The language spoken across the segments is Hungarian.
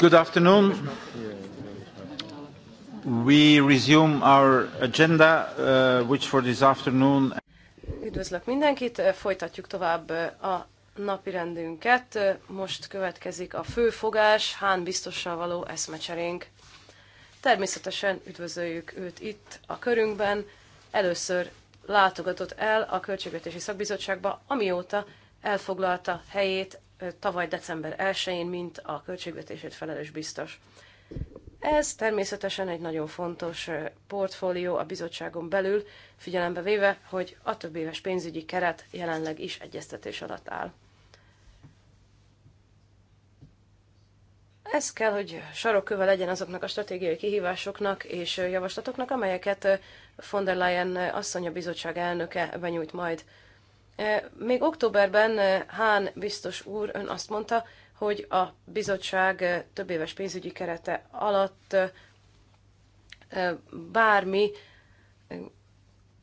Good afternoon. We resume our agenda, uh, which for this afternoon. Üdvözlök mindenkit, folytatjuk tovább uh, a napi rendünket. Uh, most következik a főfogás, Hán biztossal való eszmecserénk. Természetesen üdvözöljük őt itt a körünkben. Először látogatott el a Költségvetési Szakbizottságba, amióta elfoglalta helyét tavaly december 1-én, mint a költségvetését felelős biztos. Ez természetesen egy nagyon fontos portfólió a bizottságon belül, figyelembe véve, hogy a több éves pénzügyi keret jelenleg is egyeztetés alatt áll. Ez kell, hogy sarokköve legyen azoknak a stratégiai kihívásoknak és javaslatoknak, amelyeket von der Leyen asszony a bizottság elnöke benyújt majd még októberben Hán biztos úr ön azt mondta, hogy a bizottság több éves pénzügyi kerete alatt bármi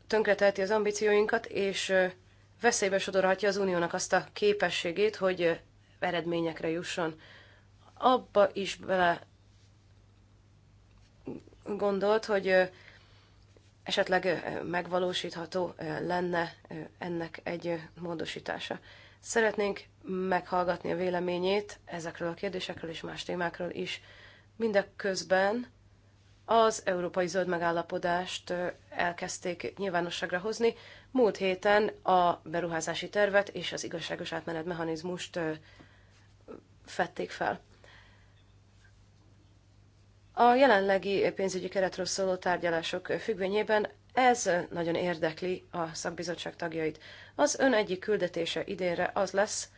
tönkretelti az ambícióinkat, és veszélybe sodorhatja az uniónak azt a képességét, hogy eredményekre jusson. Abba is bele gondolt, hogy esetleg megvalósítható lenne ennek egy módosítása. Szeretnénk meghallgatni a véleményét ezekről a kérdésekről és más témákról is. Mindeközben az európai zöld megállapodást elkezdték nyilvánosságra hozni. Múlt héten a beruházási tervet és az igazságos átmenet mechanizmust fették fel. A jelenlegi pénzügyi keretről szóló tárgyalások függvényében ez nagyon érdekli a szakbizottság tagjait. Az ön egyik küldetése idénre az lesz,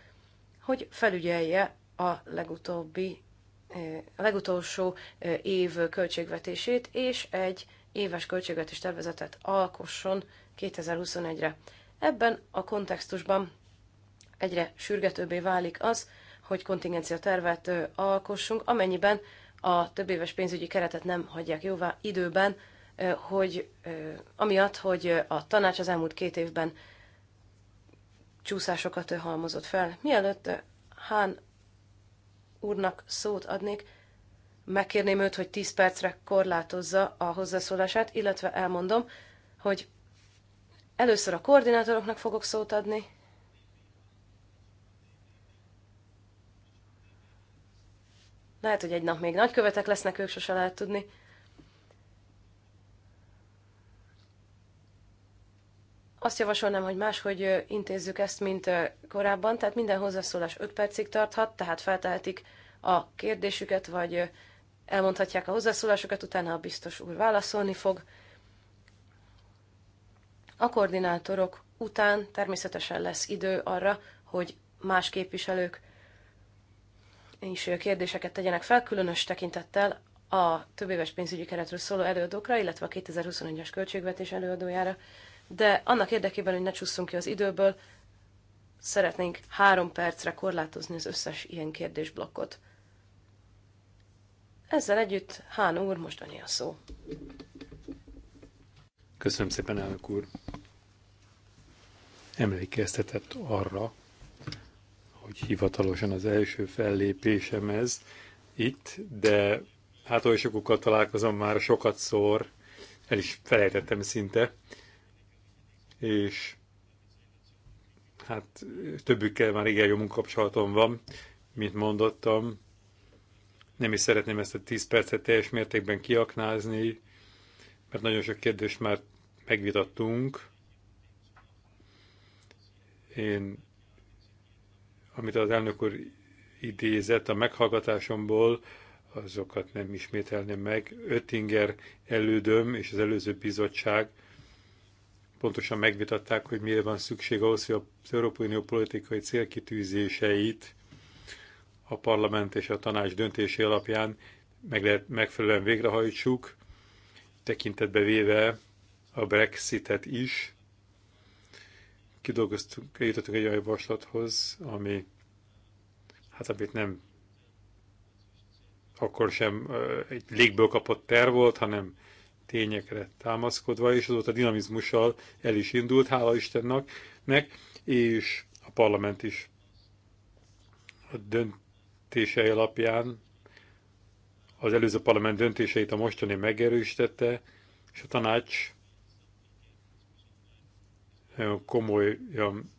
hogy felügyelje a legutóbbi, eh, a legutolsó eh, év költségvetését, és egy éves költségvetés tervezetet alkosson 2021-re. Ebben a kontextusban egyre sürgetőbbé válik az, hogy kontingencia tervet eh, alkossunk, amennyiben a több éves pénzügyi keretet nem hagyják jóvá időben, hogy amiatt, hogy a tanács az elmúlt két évben csúszásokat halmozott fel. Mielőtt Hán úrnak szót adnék, megkérném őt, hogy 10 percre korlátozza a hozzászólását, illetve elmondom, hogy először a koordinátoroknak fogok szót adni, Lehet, hogy egy nap még nagykövetek lesznek, ők sose lehet tudni. Azt javasolnám, hogy máshogy intézzük ezt, mint korábban, tehát minden hozzászólás 5 percig tarthat, tehát feltehetik a kérdésüket, vagy elmondhatják a hozzászólásokat, utána a biztos úr válaszolni fog. A koordinátorok után természetesen lesz idő arra, hogy más képviselők is kérdéseket tegyenek fel, különös tekintettel a éves pénzügyi keretről szóló előadókra, illetve a 2021-es költségvetés előadójára, de annak érdekében, hogy ne csúszunk ki az időből, szeretnénk három percre korlátozni az összes ilyen kérdésblokkot. Ezzel együtt Hán úr, most annyi a szó. Köszönöm szépen, elnök úr. Emlékeztetett arra, hogy hivatalosan az első fellépésem ez itt, de hát oly sokukkal találkozom már sokat szor, el is felejtettem szinte, és hát többükkel már igen jó munkapcsolatom van, mint mondottam. Nem is szeretném ezt a 10 percet teljes mértékben kiaknázni, mert nagyon sok kérdést már megvitattunk. Én amit az elnök úr idézett a meghallgatásomból, azokat nem ismételném meg. Öttinger elődöm és az előző bizottság pontosan megvitatták, hogy mire van szükség ahhoz, hogy az Európai Unió politikai célkitűzéseit a parlament és a tanács döntési alapján meg lehet, megfelelően végrehajtsuk, tekintetbe véve a Brexitet is, kidolgoztunk, jutottunk egy olyan javaslathoz, ami hát amit nem akkor sem egy légből kapott terv volt, hanem tényekre támaszkodva, és azóta dinamizmussal el is indult, hála Istennek, és a parlament is a döntései alapján az előző parlament döntéseit a mostani megerősítette, és a tanács nagyon komolyan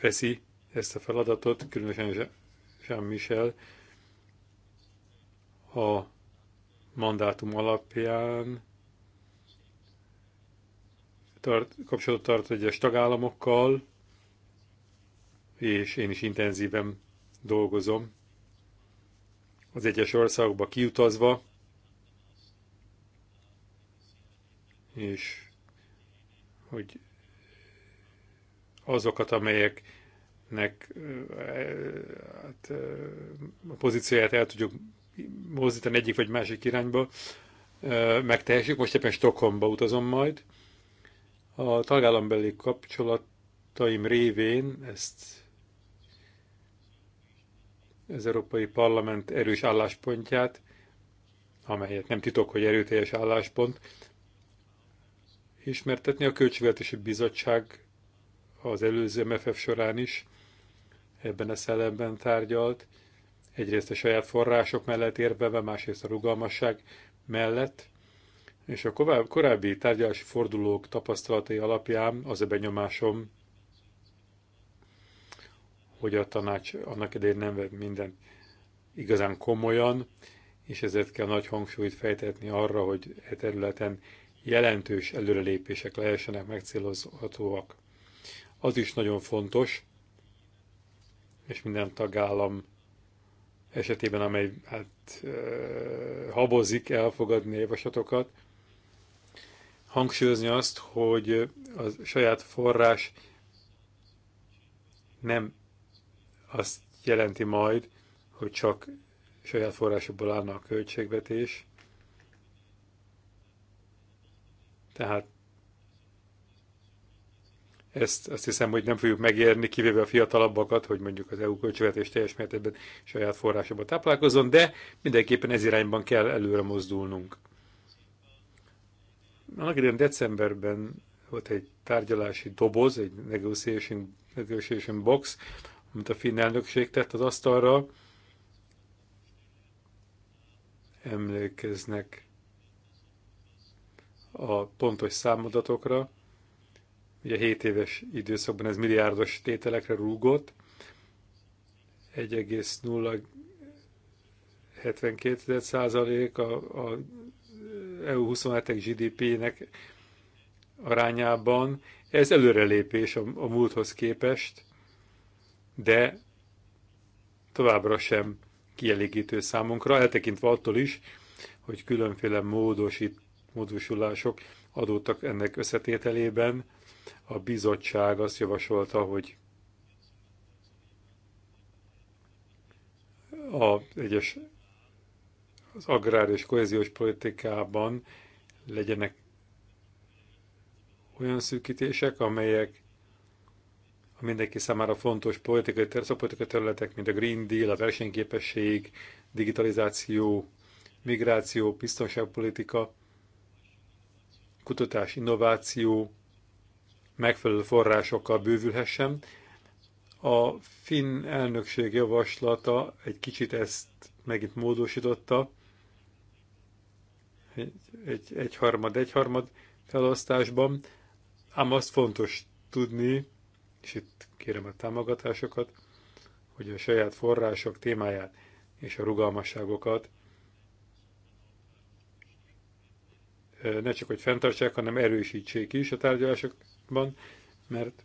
veszi ezt a feladatot, különösen Jean Michel a mandátum alapján tart, kapcsolatot tart egyes tagállamokkal, és én is intenzíven dolgozom az egyes országokba kiutazva, és hogy azokat, amelyeknek eh, hát, eh, a pozícióját el tudjuk mozdítani egyik vagy másik irányba, eh, megtehessük. Most éppen Stockholmba utazom majd. A tagállambeli kapcsolataim révén ezt az Európai Parlament erős álláspontját, amelyet nem titok, hogy erőteljes álláspont, ismertetni a Költségvetési Bizottság az előző MFF során is ebben a szellemben tárgyalt, egyrészt a saját források mellett érvelve, másrészt a rugalmasság mellett, és a korábbi tárgyalási fordulók tapasztalatai alapján az a benyomásom, hogy a tanács annak idején nem vett mindent igazán komolyan, és ezért kell nagy hangsúlyt fejtetni arra, hogy e területen jelentős előrelépések lehessenek megcélozhatóak az is nagyon fontos, és minden tagállam esetében, amely hát, habozik elfogadni javaslatokat, hangsúlyozni azt, hogy a saját forrás nem azt jelenti majd, hogy csak saját forrásokból állna a költségvetés. Tehát ezt azt hiszem, hogy nem fogjuk megérni, kivéve a fiatalabbakat, hogy mondjuk az EU költségvetés teljes mértékben saját forrásokba táplálkozzon, de mindenképpen ez irányban kell előre mozdulnunk. Annak idején decemberben volt egy tárgyalási doboz, egy negotiation, negotiation box, amit a finn elnökség tett az asztalra. Emlékeznek a pontos számadatokra. Ugye 7 éves időszakban ez milliárdos tételekre rúgott, 1,072 százalék a, a EU 27-ek GDP-nek arányában. Ez előrelépés a, a múlthoz képest, de továbbra sem kielégítő számunkra, eltekintve attól is, hogy különféle módosít, módosulások adódtak ennek összetételében, a bizottság azt javasolta, hogy a egyes az agrár és kohéziós politikában legyenek olyan szűkítések, amelyek a mindenki számára fontos politikai, politikai területek, mint a Green Deal, a versenyképesség, digitalizáció, migráció, biztonságpolitika, kutatás, innováció, megfelelő forrásokkal bővülhessen. A finn elnökség javaslata egy kicsit ezt megint módosította, egy, egyharmad, egy harmad, egy harmad felosztásban, ám azt fontos tudni, és itt kérem a támogatásokat, hogy a saját források témáját és a rugalmasságokat ne csak hogy fenntartsák, hanem erősítsék is a tárgyalások ban, mert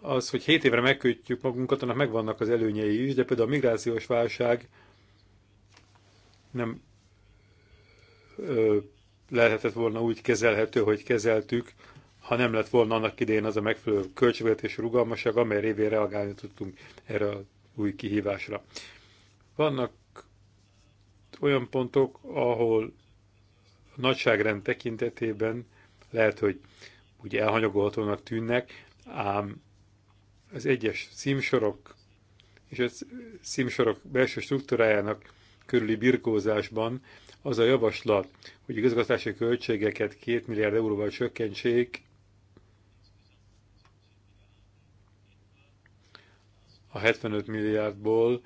az, hogy 7 évre megkötjük magunkat, annak megvannak az előnyei is, de például a migrációs válság nem ö, lehetett volna úgy kezelhető, hogy kezeltük, ha nem lett volna annak idején az a megfelelő költségvetés rugalmaság, amely révén reagálni tudtunk erre a új kihívásra. Vannak olyan pontok, ahol nagyságrend tekintetében lehet, hogy úgy elhanyagolhatónak tűnnek, ám az egyes címsorok és a címsorok belső struktúrájának körüli birkózásban az a javaslat, hogy igazgatási költségeket 2 milliárd euróval csökkentsék, a 75 milliárdból,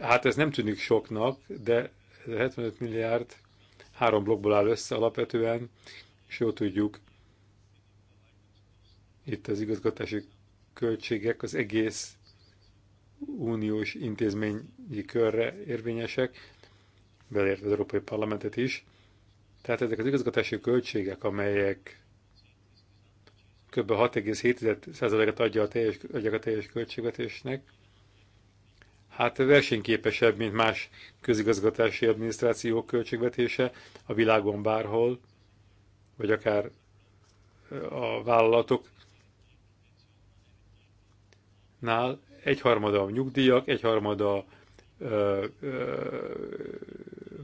hát ez nem tűnik soknak, de a 75 milliárd három blokkból áll össze alapvetően, és jól tudjuk, itt az igazgatási költségek az egész uniós intézményi körre érvényesek, beleértve az Európai Parlamentet is. Tehát ezek az igazgatási költségek, amelyek kb. 6,7%-et adja a teljes, adják a teljes költségvetésnek, hát versenyképesebb, mint más közigazgatási adminisztrációk költségvetése a világon bárhol vagy akár a vállalatoknál egyharmada a nyugdíjak, egyharmada a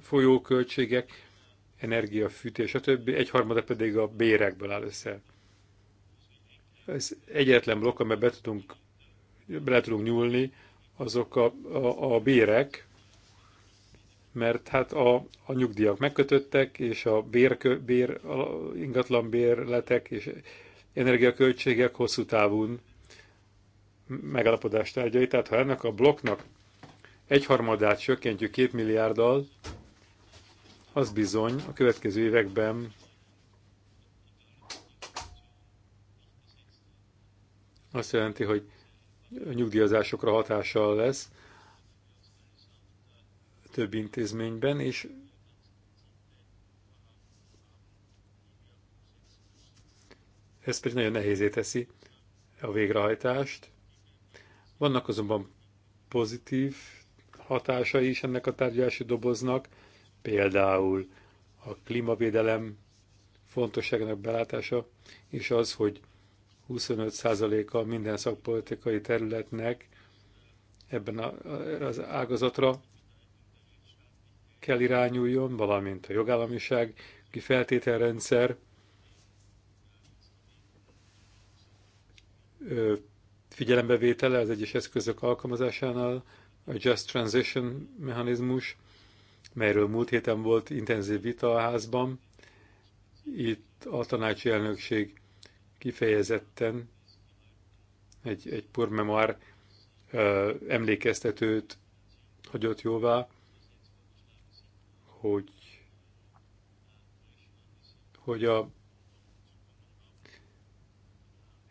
folyóköltségek, energia, fűtés, stb. Egyharmada pedig a bérekből áll össze. Ez egyetlen blokk, amely be tudunk, bele tudunk nyúlni, azok a, a, a bérek, mert hát a, a nyugdíjak megkötöttek, és a bérkö, bér, a ingatlan bérletek és energiaköltségek hosszú távon megállapodás tárgyai. Tehát ha ennek a blokknak egyharmadát csökkentjük két milliárddal, az bizony a következő években azt jelenti, hogy nyugdíjazásokra hatással lesz, több intézményben, és ez pedig nagyon nehézé teszi a végrehajtást. Vannak azonban pozitív hatásai is ennek a tárgyalási doboznak, például a klímavédelem fontosságának belátása, és az, hogy 25%-a minden szakpolitikai területnek ebben az ágazatra kell irányuljon, valamint a jogállamiság kifeltételrendszer figyelembevétele az egyes eszközök alkalmazásánál, a Just Transition mechanizmus, melyről múlt héten volt intenzív vita a házban. Itt a tanácsi elnökség kifejezetten egy, egy memoir emlékeztetőt hagyott jóvá, hogy, hogy a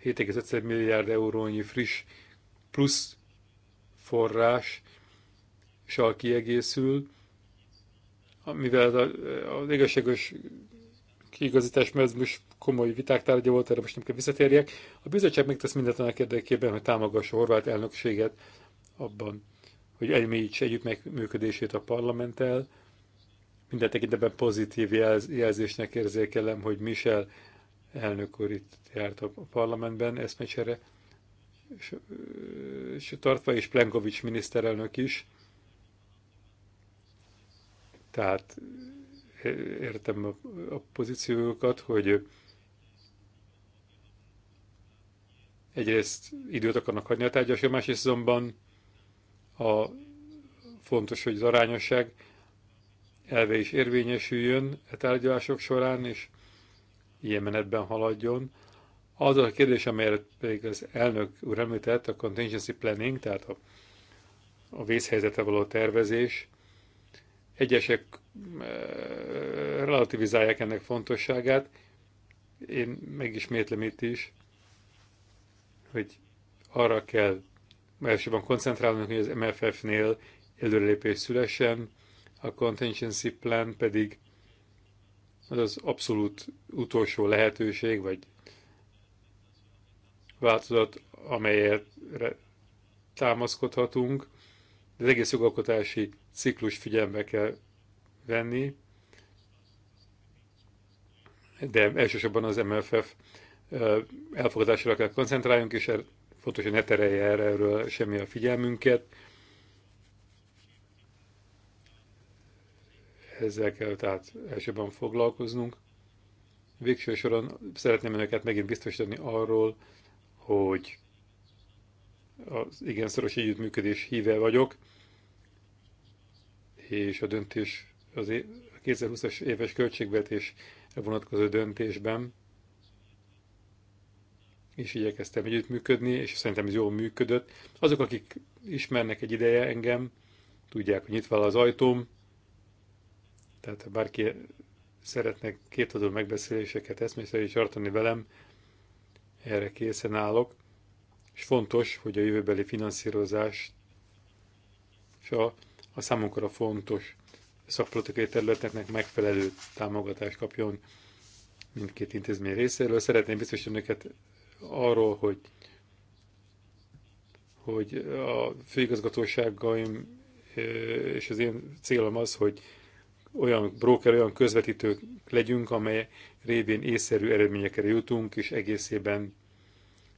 7,5 milliárd eurónyi friss plusz forrás sal kiegészül, mivel az igazságos kiigazítás most komoly viták tárgya volt, erre most nem kell visszatérjek. A bizottság megtesz mindent annak érdekében, hogy támogassa a horvát elnökséget abban, hogy elmélyítse együttműködését a parlamenttel, minden tekintetben pozitív jelz, jelzésnek érzékelem, hogy Michel elnök úr itt járt a parlamentben eszmecsere, és, és tartva is Plenkovics miniszterelnök is. Tehát értem a, a pozíciókat, hogy egyrészt időt akarnak hagyni a tárgyalásra, másrészt azonban a fontos, hogy az arányosság elve is érvényesüljön a e tárgyalások során, és ilyen menetben haladjon. Az a kérdés, amelyet pedig az elnök úr említett, a contingency planning, tehát a, a vészhelyzete való tervezés, egyesek e, relativizálják ennek fontosságát, én megismétlem itt is, hogy arra kell elsősorban koncentrálnunk, hogy az MFF-nél előrelépés szülessen, a contingency plan pedig az az abszolút utolsó lehetőség, vagy változat, amelyet támaszkodhatunk. De az egész jogalkotási ciklus figyelme kell venni, de elsősorban az MFF elfogadásra kell koncentráljunk, és er, fontos, hogy ne terelje erről semmi a figyelmünket. ezzel kell tehát elsőben foglalkoznunk. Végső soron szeretném önöket megint biztosítani arról, hogy az igen szoros együttműködés híve vagyok, és a döntés az 2020-as éves költségvetés vonatkozó döntésben és igyekeztem együttműködni, és szerintem ez jól működött. Azok, akik ismernek egy ideje engem, tudják, hogy nyitva az ajtóm, tehát ha bárki szeretne kétadó megbeszéléseket eszmészerű tartani velem, erre készen állok, és fontos, hogy a jövőbeli finanszírozás és a, a számunkra fontos szakpolitikai területeknek megfelelő támogatást kapjon mindkét intézmény részéről. Szeretném biztosítani önöket arról, hogy, hogy a főigazgatóságaim és az én célom az, hogy olyan broker, olyan közvetítők legyünk, amely révén észszerű eredményekre jutunk, és egészében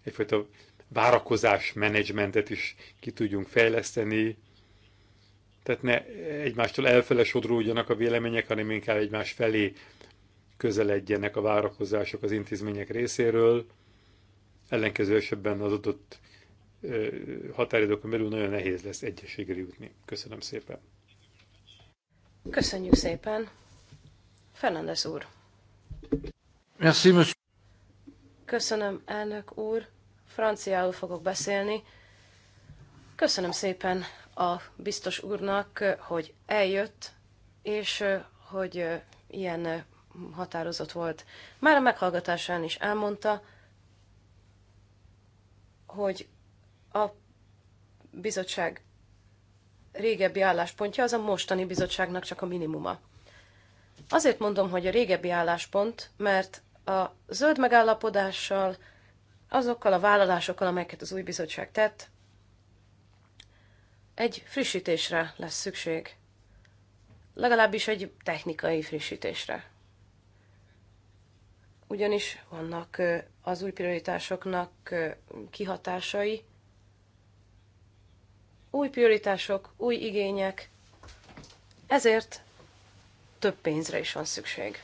egyfajta várakozás menedzsmentet is ki tudjunk fejleszteni, tehát ne egymástól elfele sodródjanak a vélemények, hanem inkább egymás felé közeledjenek a várakozások az intézmények részéről. Ellenkező esetben az adott határidókon belül nagyon nehéz lesz egyességre jutni. Köszönöm szépen! Köszönjük szépen. Fernandez úr. Merci, monsieur. Köszönöm, elnök úr. Franciául fogok beszélni. Köszönöm szépen a biztos úrnak, hogy eljött, és hogy ilyen határozott volt. Már a meghallgatásán is elmondta, hogy a bizottság régebbi álláspontja az a mostani bizottságnak csak a minimuma. Azért mondom, hogy a régebbi álláspont, mert a zöld megállapodással, azokkal a vállalásokkal, amelyeket az új bizottság tett, egy frissítésre lesz szükség. Legalábbis egy technikai frissítésre. Ugyanis vannak az új prioritásoknak kihatásai, új prioritások, új igények, ezért több pénzre is van szükség.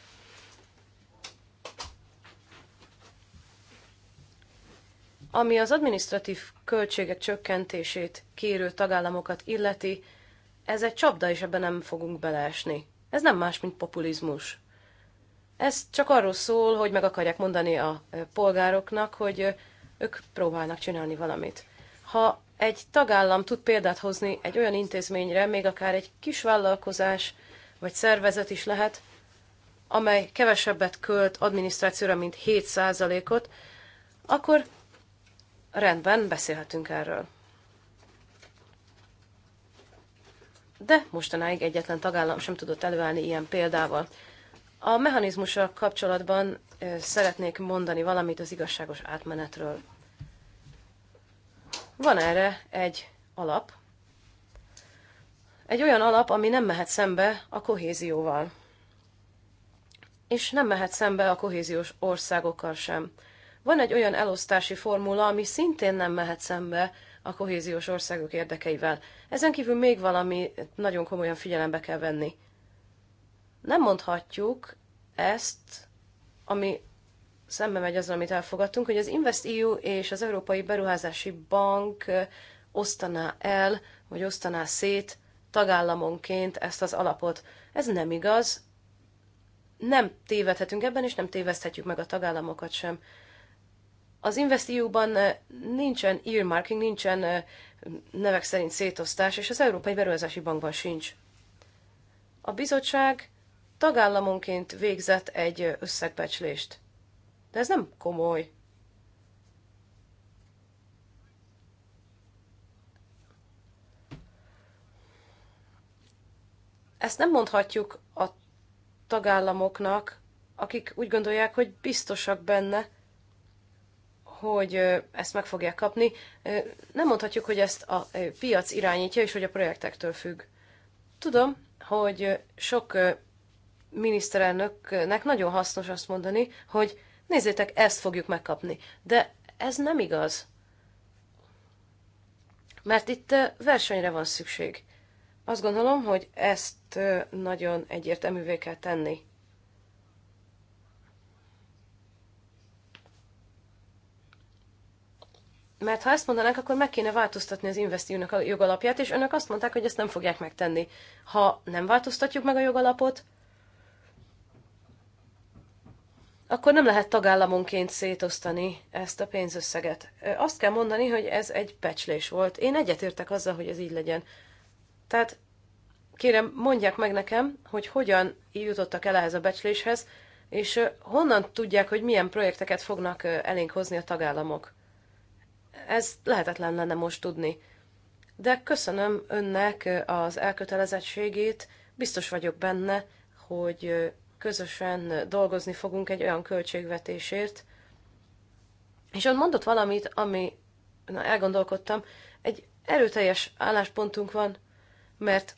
Ami az administratív költségek csökkentését kérő tagállamokat illeti, ez egy csapda, és ebben nem fogunk beleesni. Ez nem más, mint populizmus. Ez csak arról szól, hogy meg akarják mondani a eh, polgároknak, hogy eh, ők próbálnak csinálni valamit. Ha egy tagállam tud példát hozni egy olyan intézményre, még akár egy kis vállalkozás vagy szervezet is lehet, amely kevesebbet költ adminisztrációra, mint 7%-ot, akkor rendben, beszélhetünk erről. De mostanáig egyetlen tagállam sem tudott előállni ilyen példával. A mechanizmussal kapcsolatban szeretnék mondani valamit az igazságos átmenetről. Van erre egy alap. Egy olyan alap, ami nem mehet szembe a kohézióval. És nem mehet szembe a kohéziós országokkal sem. Van egy olyan elosztási formula, ami szintén nem mehet szembe a kohéziós országok érdekeivel. Ezen kívül még valami nagyon komolyan figyelembe kell venni. Nem mondhatjuk ezt, ami szembe megy azzal, amit elfogadtunk, hogy az InvestEU és az Európai Beruházási Bank osztaná el, vagy osztaná szét tagállamonként ezt az alapot. Ez nem igaz. Nem tévedhetünk ebben, és nem téveszthetjük meg a tagállamokat sem. Az InvestEU-ban nincsen earmarking, nincsen nevek szerint szétosztás, és az Európai Beruházási Bankban sincs. A bizottság tagállamonként végzett egy összegbecslést. De ez nem komoly. Ezt nem mondhatjuk a tagállamoknak, akik úgy gondolják, hogy biztosak benne, hogy ezt meg fogják kapni. Nem mondhatjuk, hogy ezt a piac irányítja, és hogy a projektektől függ. Tudom, hogy sok miniszterelnöknek nagyon hasznos azt mondani, hogy Nézzétek, ezt fogjuk megkapni. De ez nem igaz. Mert itt versenyre van szükség. Azt gondolom, hogy ezt nagyon egyértelművé kell tenni. Mert ha ezt mondanák, akkor meg kéne változtatni az investiúnak a jogalapját, és önök azt mondták, hogy ezt nem fogják megtenni. Ha nem változtatjuk meg a jogalapot, akkor nem lehet tagállamonként szétosztani ezt a pénzösszeget. Azt kell mondani, hogy ez egy becslés volt. Én egyetértek azzal, hogy ez így legyen. Tehát kérem, mondják meg nekem, hogy hogyan jutottak el ehhez a becsléshez, és honnan tudják, hogy milyen projekteket fognak elénk hozni a tagállamok. Ez lehetetlen lenne most tudni. De köszönöm önnek az elkötelezettségét, biztos vagyok benne, hogy közösen dolgozni fogunk egy olyan költségvetésért. És ott mondott valamit, ami, na elgondolkodtam, egy erőteljes álláspontunk van, mert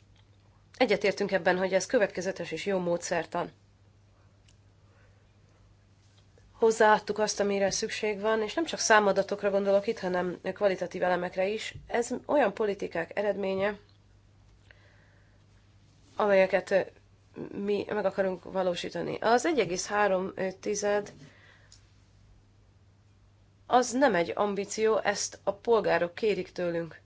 egyetértünk ebben, hogy ez következetes és jó módszertan. Hozzáadtuk azt, amire szükség van, és nem csak számadatokra gondolok itt, hanem kvalitatív elemekre is. Ez olyan politikák eredménye, amelyeket mi meg akarunk valósítani. Az 1,3 az nem egy ambíció, ezt a polgárok kérik tőlünk.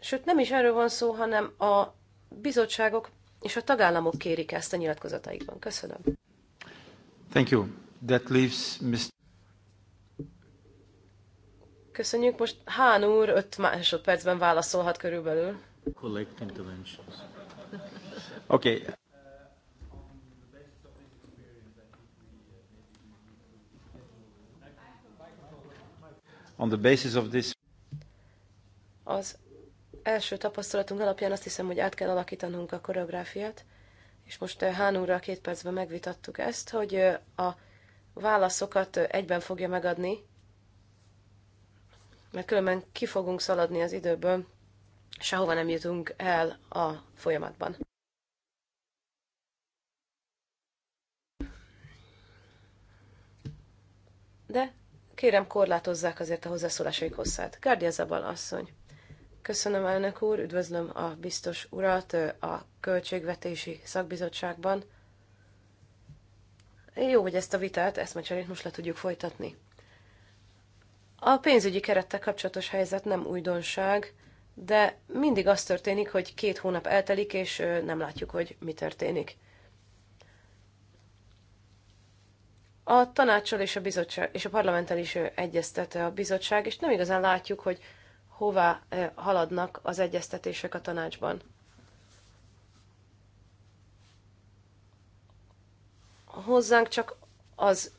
Sőt, nem is erről van szó, hanem a bizottságok és a tagállamok kérik ezt a nyilatkozataikban. Köszönöm. Thank you. That leaves Mr. Köszönjük. Most Hán úr öt másodpercben válaszolhat körülbelül. Collect interventions. Okay. On the basis of this... Az első tapasztalatunk alapján azt hiszem, hogy át kell alakítanunk a koreográfiát, és most eh, Hánúrral két percben megvitattuk ezt, hogy eh, a válaszokat eh, egyben fogja megadni, mert különben ki fogunk szaladni az időből, sehova nem jutunk el a folyamatban. De Kérem, korlátozzák azért a hozzászólásaik hosszát. Gárdia Zabal asszony. Köszönöm, elnök úr, üdvözlöm a biztos urat a Költségvetési Szakbizottságban. Jó, hogy ezt a vitát, ezt cserét most le tudjuk folytatni. A pénzügyi kerettel kapcsolatos helyzet nem újdonság, de mindig az történik, hogy két hónap eltelik, és nem látjuk, hogy mi történik. A tanácsol és a, bizottság, és a parlamenttel is egyeztet a bizottság, és nem igazán látjuk, hogy hová haladnak az egyeztetések a tanácsban. Hozzánk csak az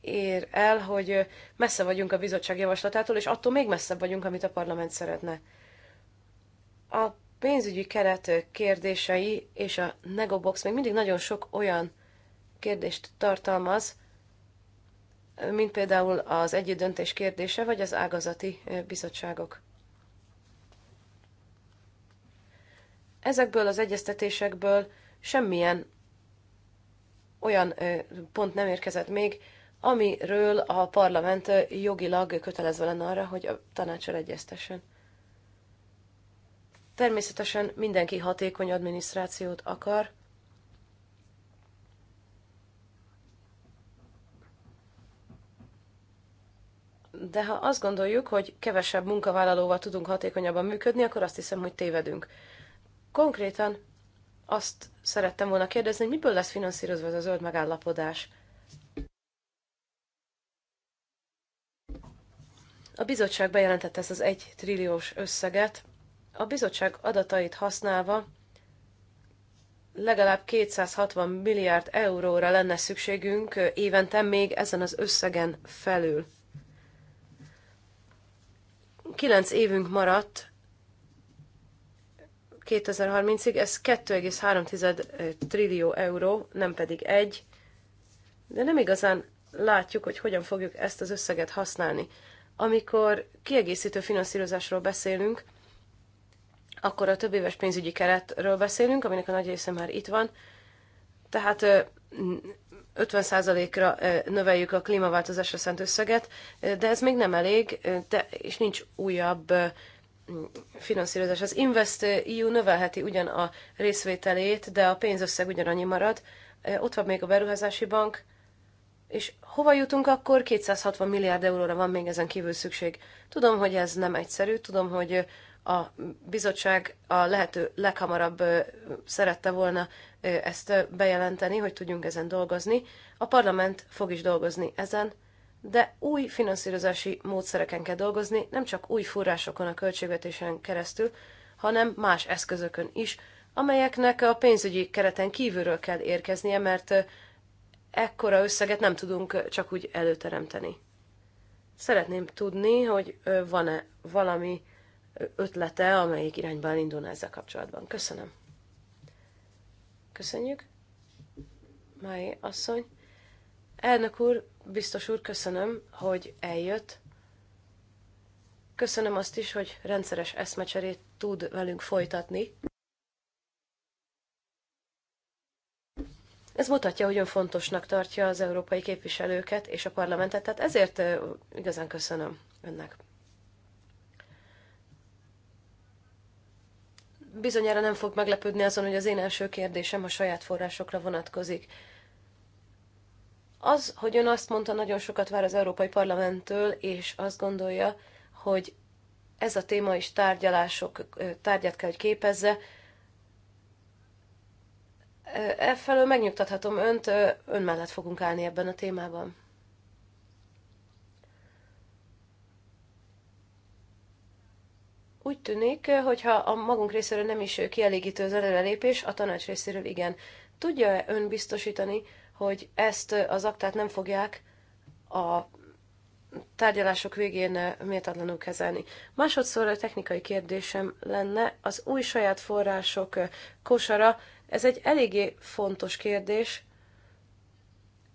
ér el, hogy messze vagyunk a bizottság javaslatától, és attól még messzebb vagyunk, amit a parlament szeretne. A pénzügyi keret kérdései és a negobox még mindig nagyon sok olyan kérdést tartalmaz, mint például az együttdöntés kérdése, vagy az ágazati bizottságok. Ezekből az egyeztetésekből semmilyen olyan pont nem érkezett még, amiről a parlament jogilag kötelezve lenne arra, hogy a tanácsal egyeztessen. Természetesen mindenki hatékony adminisztrációt akar, De ha azt gondoljuk, hogy kevesebb munkavállalóval tudunk hatékonyabban működni, akkor azt hiszem, hogy tévedünk. Konkrétan azt szerettem volna kérdezni, hogy miből lesz finanszírozva ez a zöld megállapodás? A bizottság bejelentette ezt az egy trilliós összeget. A bizottság adatait használva legalább 260 milliárd euróra lenne szükségünk évente még ezen az összegen felül. Kilenc évünk maradt 2030-ig, ez 2,3 trillió euró, nem pedig egy, de nem igazán látjuk, hogy hogyan fogjuk ezt az összeget használni. Amikor kiegészítő finanszírozásról beszélünk, akkor a több éves pénzügyi keretről beszélünk, aminek a nagy része már itt van. Tehát 50%-ra növeljük a klímaváltozásra szent összeget, de ez még nem elég, de, és nincs újabb finanszírozás. Az Invest EU növelheti ugyan a részvételét, de a pénzösszeg ugyanannyi marad. Ott van még a beruházási bank, és hova jutunk akkor? 260 milliárd euróra van még ezen kívül szükség. Tudom, hogy ez nem egyszerű, tudom, hogy a bizottság a lehető leghamarabb szerette volna ezt bejelenteni, hogy tudjunk ezen dolgozni. A parlament fog is dolgozni ezen, de új finanszírozási módszereken kell dolgozni, nem csak új forrásokon a költségvetésen keresztül, hanem más eszközökön is, amelyeknek a pénzügyi kereten kívülről kell érkeznie, mert ekkora összeget nem tudunk csak úgy előteremteni. Szeretném tudni, hogy van-e valami ötlete, amelyik irányba elindulna ezzel kapcsolatban. Köszönöm. Köszönjük. Mai asszony. Elnök úr, biztos úr, köszönöm, hogy eljött. Köszönöm azt is, hogy rendszeres eszmecserét tud velünk folytatni. Ez mutatja, hogy ön fontosnak tartja az európai képviselőket és a parlamentet, tehát ezért igazán köszönöm önnek. bizonyára nem fog meglepődni azon, hogy az én első kérdésem a saját forrásokra vonatkozik. Az, hogy ön azt mondta, nagyon sokat vár az Európai Parlamenttől, és azt gondolja, hogy ez a téma is tárgyalások tárgyat kell, hogy képezze. Efelől megnyugtathatom önt, ön mellett fogunk állni ebben a témában. Úgy tűnik, hogyha a magunk részéről nem is kielégítő az előrelépés, a tanács részéről igen. Tudja-e ön biztosítani, hogy ezt az aktát nem fogják a tárgyalások végén méltatlanul kezelni. Másodszor a technikai kérdésem lenne, az új saját források kosara, ez egy eléggé fontos kérdés.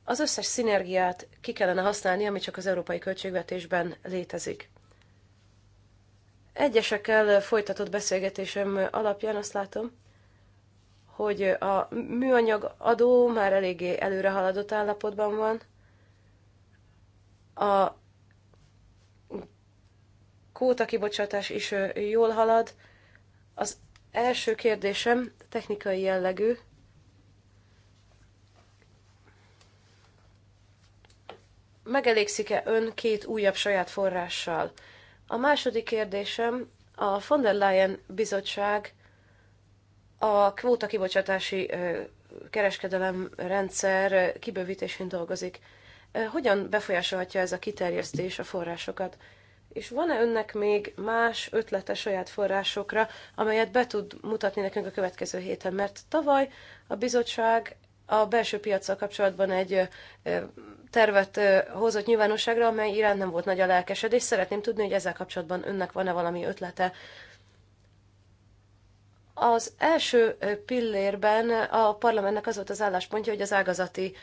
Az összes szinergiát ki kellene használni, ami csak az európai költségvetésben létezik. Egyesekkel folytatott beszélgetésem alapján azt látom, hogy a műanyag adó már eléggé előre haladott állapotban van. A kóta kibocsátás is jól halad. Az első kérdésem technikai jellegű. Megelégszik-e ön két újabb saját forrással? A második kérdésem, a von der Leyen bizottság a kvóta kibocsátási kereskedelem rendszer kibővítésén dolgozik. Hogyan befolyásolhatja ez a kiterjesztés a forrásokat? És van-e önnek még más ötlete saját forrásokra, amelyet be tud mutatni nekünk a következő héten? Mert tavaly a bizottság a belső piacsal kapcsolatban egy tervet hozott nyilvánosságra, amely iránt nem volt nagy a lelkesedés. Szeretném tudni, hogy ezzel kapcsolatban önnek van-e valami ötlete. Az első pillérben a parlamentnek az volt az álláspontja, hogy az ágazati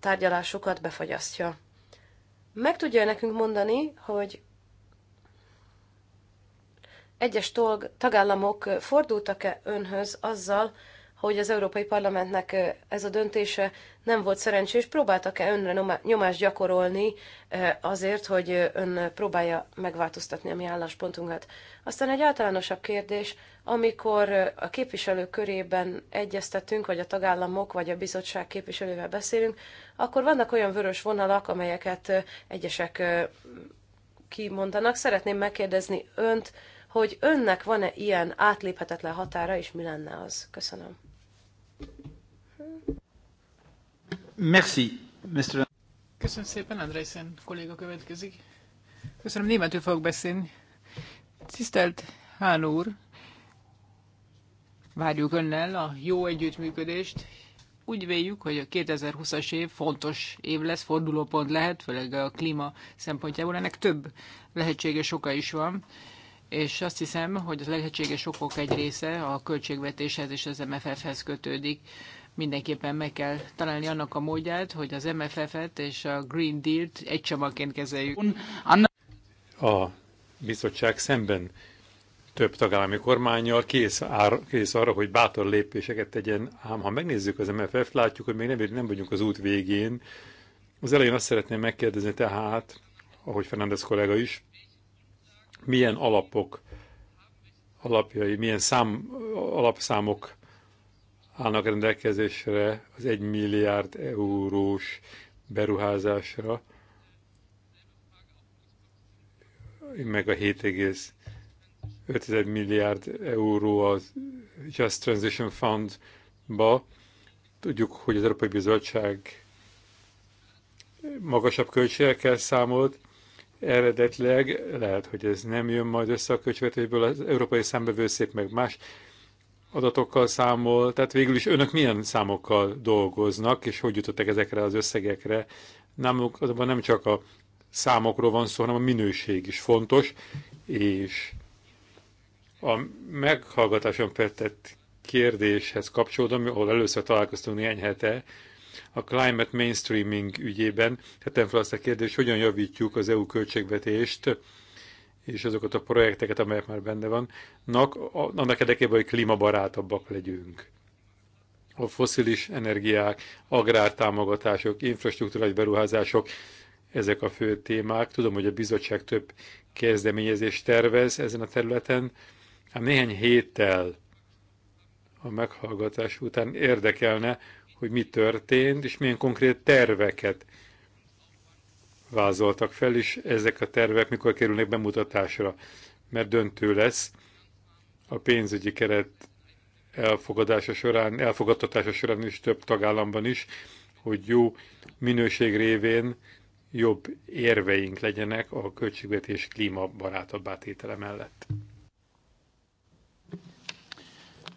tárgyalásokat befagyasztja. Meg tudja nekünk mondani, hogy egyes tagállamok fordultak-e önhöz azzal, hogy az Európai Parlamentnek ez a döntése nem volt szerencsés. Próbáltak-e önre nyomást gyakorolni azért, hogy ön próbálja megváltoztatni a mi álláspontunkat? Aztán egy általánosabb kérdés, amikor a képviselők körében egyeztetünk, vagy a tagállamok, vagy a bizottság képviselővel beszélünk, akkor vannak olyan vörös vonalak, amelyeket egyesek kimondanak. Szeretném megkérdezni önt, hogy önnek van-e ilyen átléphetetlen határa, és mi lenne az? Köszönöm. Merci, Mr. Köszönöm szépen, Andrészen kolléga következik. Köszönöm, németül fogok beszélni. Tisztelt Hán úr, várjuk önnel a jó együttműködést. Úgy véljük, hogy a 2020-as év fontos év lesz, fordulópont lehet, főleg a klíma szempontjából. Ennek több lehetséges oka is van, és azt hiszem, hogy az lehetséges okok egy része a költségvetéshez és az MFF-hez kötődik mindenképpen meg kell találni annak a módját, hogy az MFF-et és a Green Deal-t egy csomagként kezeljük. A bizottság szemben több tagállami kormányjal kész, ár, kész arra, hogy bátor lépéseket tegyen, ám ha megnézzük az MFF-t, látjuk, hogy még nem, nem vagyunk az út végén. Az elején azt szeretném megkérdezni tehát, ahogy Fernández kollega is, milyen alapok alapjai, milyen szám, alapszámok állnak rendelkezésre az 1 milliárd eurós beruházásra, meg a 7,5 milliárd euró az Just Transition Fundba. Tudjuk, hogy az Európai Bizottság magasabb költségekkel számolt, eredetleg lehet, hogy ez nem jön majd össze a költségvetésből, az Európai Számbevőszék meg más adatokkal számol, tehát végül is önök milyen számokkal dolgoznak, és hogy jutottak ezekre az összegekre. Nálunk azonban nem csak a számokról van szó, hanem a minőség is fontos, és a meghallgatáson feltett kérdéshez kapcsolódom, ahol először találkoztunk néhány hete, a climate mainstreaming ügyében tehát fel azt a kérdést, hogyan javítjuk az EU költségvetést és azokat a projekteket, amelyek már benne vannak, annak érdekében, hogy klímabarátabbak legyünk. A foszilis energiák, agrártámogatások, infrastruktúrális beruházások, ezek a fő témák. Tudom, hogy a bizottság több kezdeményezést tervez ezen a területen. Hát néhány héttel a meghallgatás után érdekelne, hogy mi történt, és milyen konkrét terveket vázoltak fel, és ezek a tervek mikor kerülnek bemutatásra, mert döntő lesz a pénzügyi keret elfogadása során, elfogadtatása során is több tagállamban is, hogy jó minőség révén jobb érveink legyenek a költségvetés klímabarátabb átétele mellett.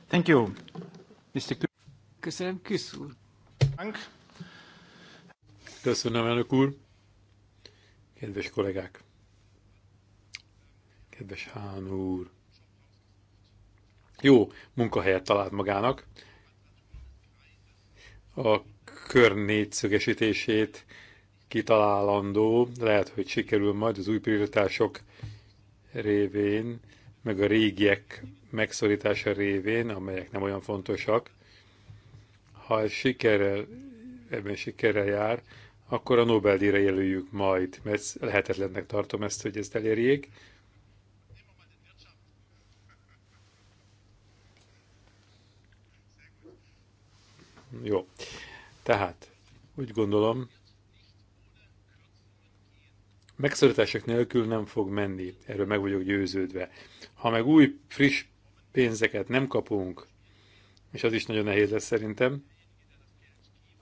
Thank you. Mr. Köszönöm, Küsz úr. Köszönöm, elnök úr. Kedves kollégák! Kedves Hán úr! Jó munkahelyet talált magának. A kör négyszögesítését kitalálandó, lehet, hogy sikerül majd az új prioritások révén, meg a régiek megszorítása révén, amelyek nem olyan fontosak. Ha ez sikerrel, ebben sikerrel jár, akkor a Nobel-díjra jelöljük majd, mert lehetetlennek tartom ezt, hogy ezt elérjék. Jó. Tehát, úgy gondolom, megszorítások nélkül nem fog menni, erről meg vagyok győződve. Ha meg új, friss pénzeket nem kapunk, és az is nagyon nehéz lesz szerintem,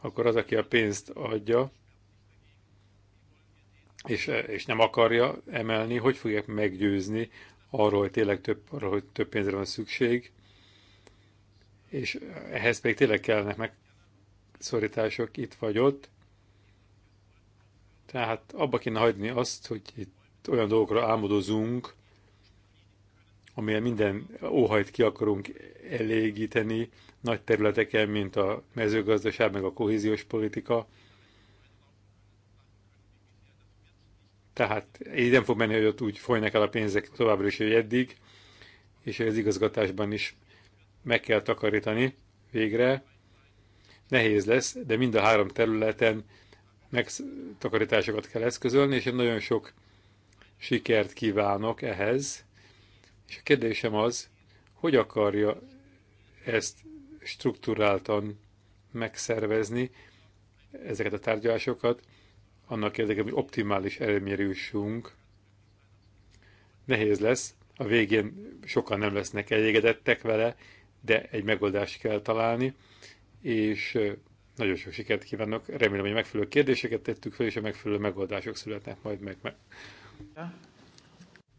akkor az, aki a pénzt adja, és, eh, és nem akarja emelni, hogy fogják meggyőzni arról, hogy tényleg több, arról, hogy több pénzre van szükség, és ehhez még tényleg kellene megszorítások itt vagy ott. Tehát abba kéne hagyni azt, hogy itt olyan dolgokra álmodozunk, amilyen minden óhajt ki akarunk elégíteni nagy területeken, mint a mezőgazdaság, meg a kohéziós politika, Tehát így nem fog menni, hogy ott úgy folynak el a pénzek továbbra is, hogy eddig, és az igazgatásban is meg kell takarítani végre. Nehéz lesz, de mind a három területen megtakarításokat kell eszközölni, és én nagyon sok sikert kívánok ehhez. És a kérdésem az, hogy akarja ezt struktúráltan megszervezni, ezeket a tárgyalásokat, annak érdekében, hogy optimális eredményre jussunk. Nehéz lesz, a végén sokan nem lesznek elégedettek vele, de egy megoldást kell találni, és nagyon sok sikert kívánok. Remélem, hogy megfelelő kérdéseket tettük fel, és a megfelelő megoldások születnek majd meg. meg.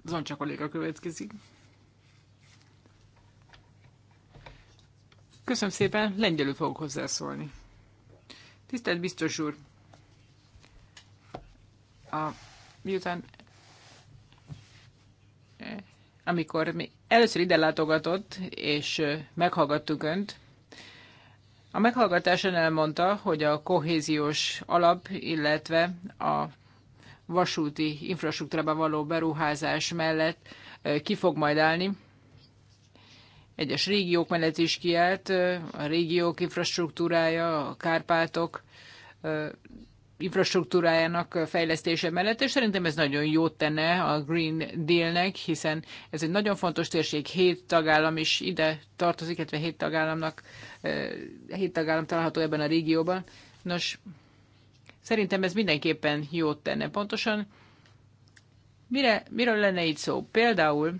Zoncsa kolléga következik. Köszönöm szépen, lengyelül fogok hozzászólni. Tisztelt biztos úr, a, miután eh, amikor mi először ide látogatott, és eh, meghallgattuk Önt, a meghallgatáson elmondta, hogy a kohéziós alap, illetve a vasúti infrastruktúrába való beruházás mellett eh, ki fog majd állni. Egyes régiók mellett is kiállt, a régiók infrastruktúrája, a Kárpátok infrastruktúrájának fejlesztése mellett, és szerintem ez nagyon jót tenne a Green Dealnek, hiszen ez egy nagyon fontos térség, hét tagállam is ide tartozik, illetve hét tagállamnak, eh, hét tagállam található ebben a régióban. Nos, szerintem ez mindenképpen jót tenne. Pontosan mire, miről lenne itt szó? Például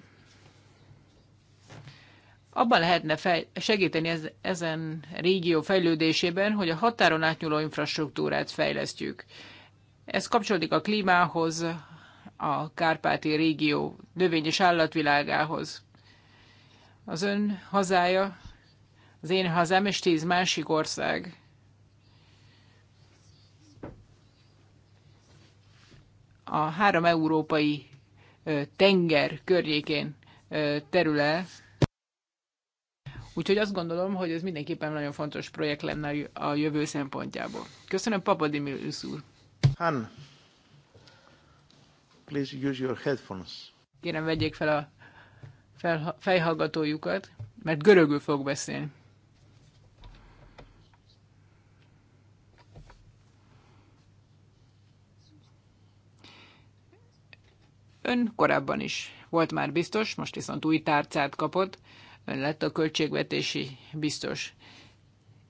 abban lehetne fej, segíteni ez, ezen régió fejlődésében, hogy a határon átnyúló infrastruktúrát fejlesztjük. Ez kapcsolódik a klímához, a kárpáti régió növény- és állatvilágához. Az ön hazája, az én hazám és tíz másik ország. A három európai tenger környékén terül el, Úgyhogy azt gondolom, hogy ez mindenképpen nagyon fontos projekt lenne a jövő szempontjából. Köszönöm, Papadimilis úr. Han, please use your headphones. Kérem, vegyék fel a fejhallgatójukat, mert görögül fog beszélni. Ön korábban is volt már biztos, most viszont új tárcát kapott ön lett a költségvetési biztos.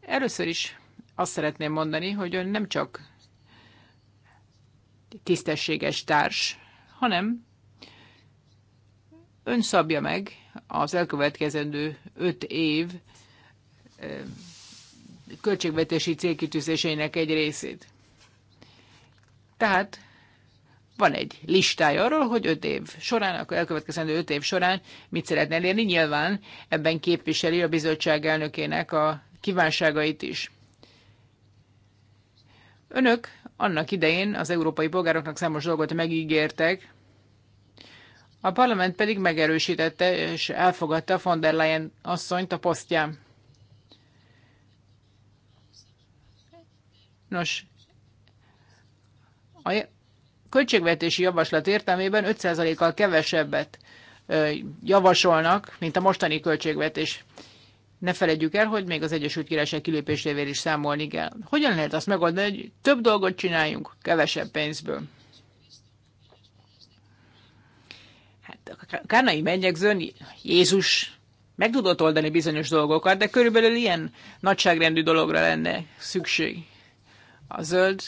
Először is azt szeretném mondani, hogy ön nem csak tisztességes társ, hanem ön szabja meg az elkövetkezendő öt év költségvetési célkitűzéseinek egy részét. Tehát van egy listája arról, hogy öt év során, akkor elkövetkezendő öt év során mit szeretne elérni. Nyilván ebben képviseli a bizottság elnökének a kívánságait is. Önök annak idején az európai polgároknak számos dolgot megígértek, a parlament pedig megerősítette és elfogadta von der Leyen asszonyt a posztján. Nos, a költségvetési javaslat értelmében 5%-kal kevesebbet javasolnak, mint a mostani költségvetés. Ne felejtjük el, hogy még az Egyesült Királyság kilépésével is számolni kell. Hogyan lehet azt megoldani, hogy több dolgot csináljunk kevesebb pénzből? Hát a kárnai mennyegzőn Jézus meg tudott oldani bizonyos dolgokat, de körülbelül ilyen nagyságrendű dologra lenne szükség. A zöld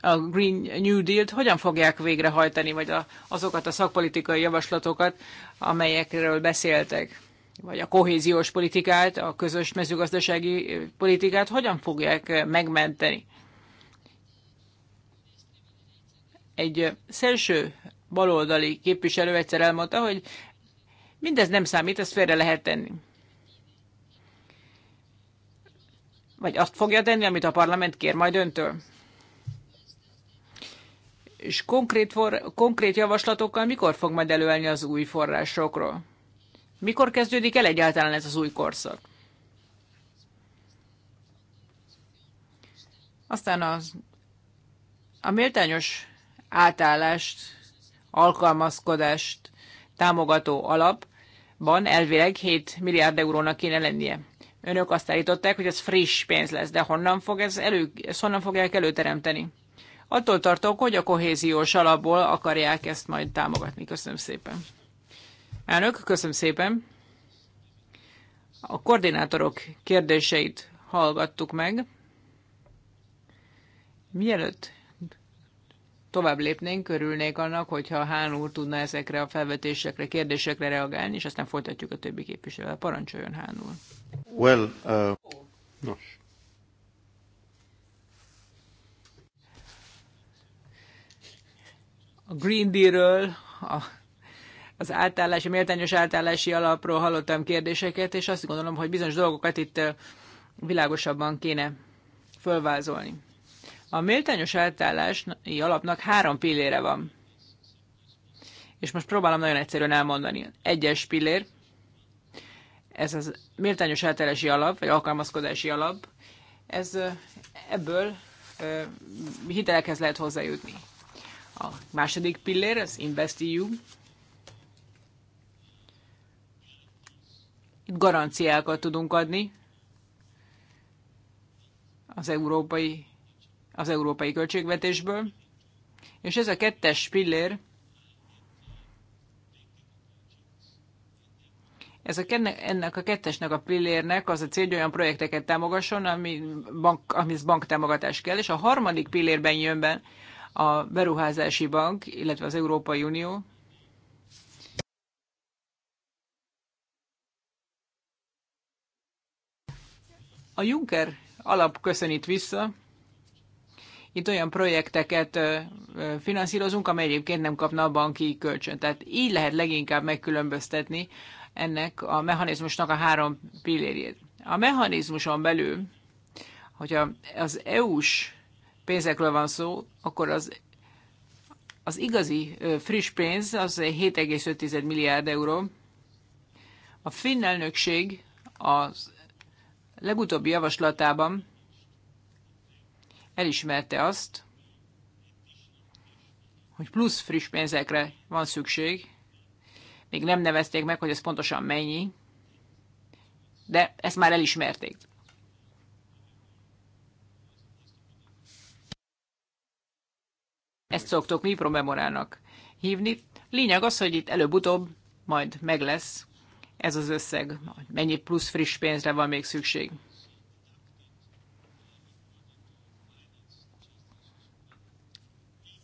a Green New Deal-t hogyan fogják végrehajtani, vagy a, azokat a szakpolitikai javaslatokat, amelyekről beszéltek, vagy a kohéziós politikát, a közös mezőgazdasági politikát hogyan fogják megmenteni. Egy szelső baloldali képviselő egyszer elmondta, hogy mindez nem számít, ezt félre lehet tenni. Vagy azt fogja tenni, amit a parlament kér majd öntől és konkrét, for, konkrét javaslatokkal mikor fog majd előállni az új forrásokról? Mikor kezdődik el egyáltalán ez az új korszak? Aztán az, a méltányos átállást, alkalmazkodást támogató alapban elvileg 7 milliárd eurónak kéne lennie. Önök azt állították, hogy ez friss pénz lesz, de honnan, fog ez elő, ezt honnan fogják előteremteni? Attól tartok, hogy a kohéziós alapból akarják ezt majd támogatni. Köszönöm szépen. Elnök, köszönöm szépen. A koordinátorok kérdéseit hallgattuk meg. Mielőtt tovább lépnénk, körülnék annak, hogyha Hán úr tudna ezekre a felvetésekre, kérdésekre reagálni, és aztán folytatjuk a többi képviselővel. Parancsoljon Hán úr. Well, uh... Nos. a Green Deal-ről, a, az átállási, méltányos átállási alapról hallottam kérdéseket, és azt gondolom, hogy bizonyos dolgokat itt világosabban kéne fölvázolni. A méltányos átállási alapnak három pillére van. És most próbálom nagyon egyszerűen elmondani. Egyes pillér, ez az méltányos átállási alap, vagy alkalmazkodási alap, ez ebből hitelekhez lehet hozzájutni. A második pillér az InvestEU. Itt garanciákat tudunk adni az európai, az európai költségvetésből. És ez a kettes pillér, ez a, ennek a kettesnek a pillérnek az a cél, hogy olyan projekteket támogasson, ami bank, amihez támogatás kell, és a harmadik pillérben jön be a Beruházási Bank, illetve az Európai Unió. A Juncker alap köszönít vissza. Itt olyan projekteket finanszírozunk, amely egyébként nem kapna a banki kölcsön. Tehát így lehet leginkább megkülönböztetni ennek a mechanizmusnak a három pillérjét. A mechanizmuson belül, hogyha az EU-s pénzekről van szó, akkor az, az igazi friss pénz az 7,5 milliárd euró. A finn elnökség az legutóbbi javaslatában elismerte azt, hogy plusz friss pénzekre van szükség. Még nem nevezték meg, hogy ez pontosan mennyi, de ezt már elismerték. Ezt szoktuk mi promemorának hívni. Lényeg az, hogy itt előbb-utóbb majd meg lesz ez az összeg, mennyi plusz friss pénzre van még szükség.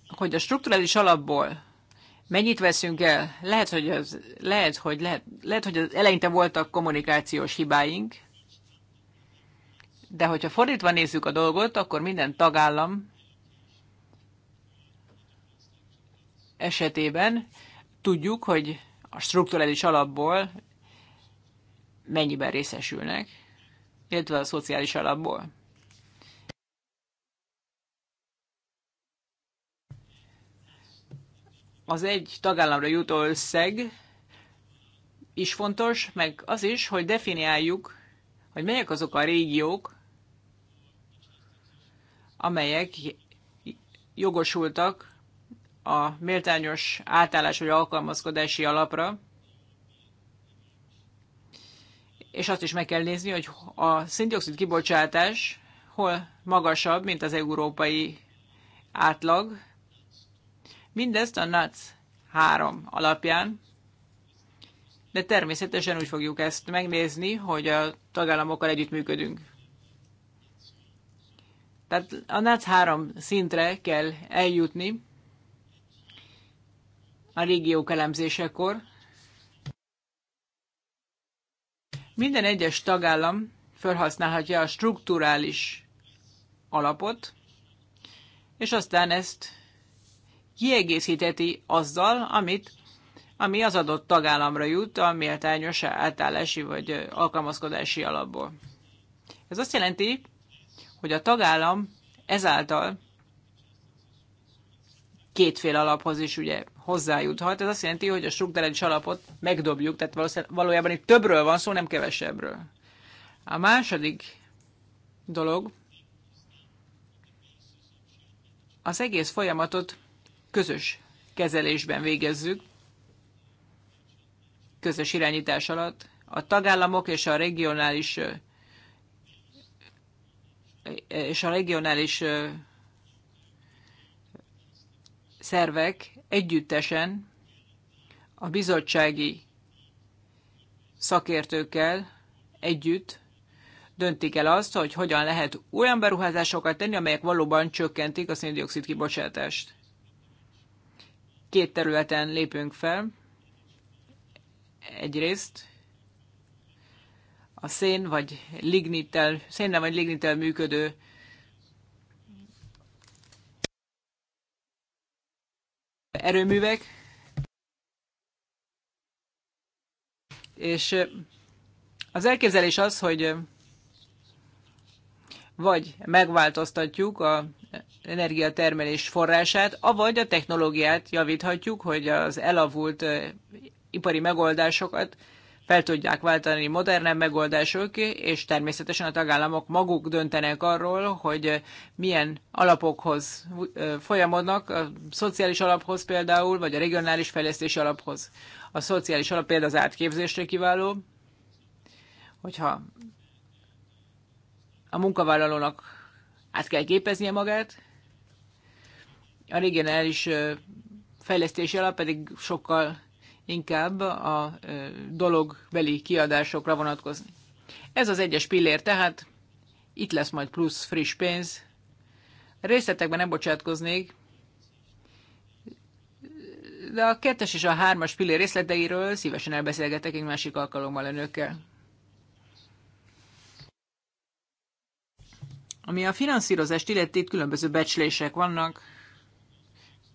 Hogy a strukturális alapból mennyit veszünk el, lehet, hogy, az, lehet, hogy, lehet, lehet, hogy az eleinte voltak kommunikációs hibáink, de hogyha fordítva nézzük a dolgot, akkor minden tagállam esetében tudjuk, hogy a strukturális alapból mennyiben részesülnek, illetve a szociális alapból. Az egy tagállamra jutó összeg is fontos, meg az is, hogy definiáljuk, hogy melyek azok a régiók, amelyek jogosultak a méltányos átállás vagy alkalmazkodási alapra, és azt is meg kell nézni, hogy a szindioxid kibocsátás hol magasabb, mint az európai átlag. Mindezt a NAC 3 alapján, de természetesen úgy fogjuk ezt megnézni, hogy a tagállamokkal együttműködünk. Tehát a NAC 3 szintre kell eljutni, a régiók elemzésekor. Minden egyes tagállam felhasználhatja a strukturális alapot, és aztán ezt kiegészíteti azzal, amit, ami az adott tagállamra jut a méltányos átállási vagy alkalmazkodási alapból. Ez azt jelenti, hogy a tagállam ezáltal kétféle alaphoz is ugye hozzájuthat. Ez azt jelenti, hogy a strukturális alapot megdobjuk, tehát valójában itt többről van szó, nem kevesebbről. A második dolog, az egész folyamatot közös kezelésben végezzük, közös irányítás alatt. A tagállamok és a regionális és a regionális szervek együttesen a bizottsági szakértőkkel együtt döntik el azt, hogy hogyan lehet olyan beruházásokat tenni, amelyek valóban csökkentik a széndiokszid kibocsátást. Két területen lépünk fel. Egyrészt a szén vagy lignittel, szénnel vagy lignittel működő erőművek, és az elképzelés az, hogy vagy megváltoztatjuk a energiatermelés forrását, avagy a technológiát javíthatjuk, hogy az elavult ipari megoldásokat fel tudják váltani modernebb megoldások, és természetesen a tagállamok maguk döntenek arról, hogy milyen alapokhoz folyamodnak, a szociális alaphoz például, vagy a regionális fejlesztési alaphoz. A szociális alap például az átképzésre kiváló, hogyha a munkavállalónak át kell képeznie magát, a regionális fejlesztési alap pedig sokkal inkább a dologbeli kiadásokra vonatkozni. Ez az egyes pillér tehát, itt lesz majd plusz friss pénz. Részletekben nem bocsátkoznék, de a kettes és a hármas pillér részleteiről szívesen elbeszélgetek egy másik alkalommal önökkel. Ami a finanszírozást illeti, itt különböző becslések vannak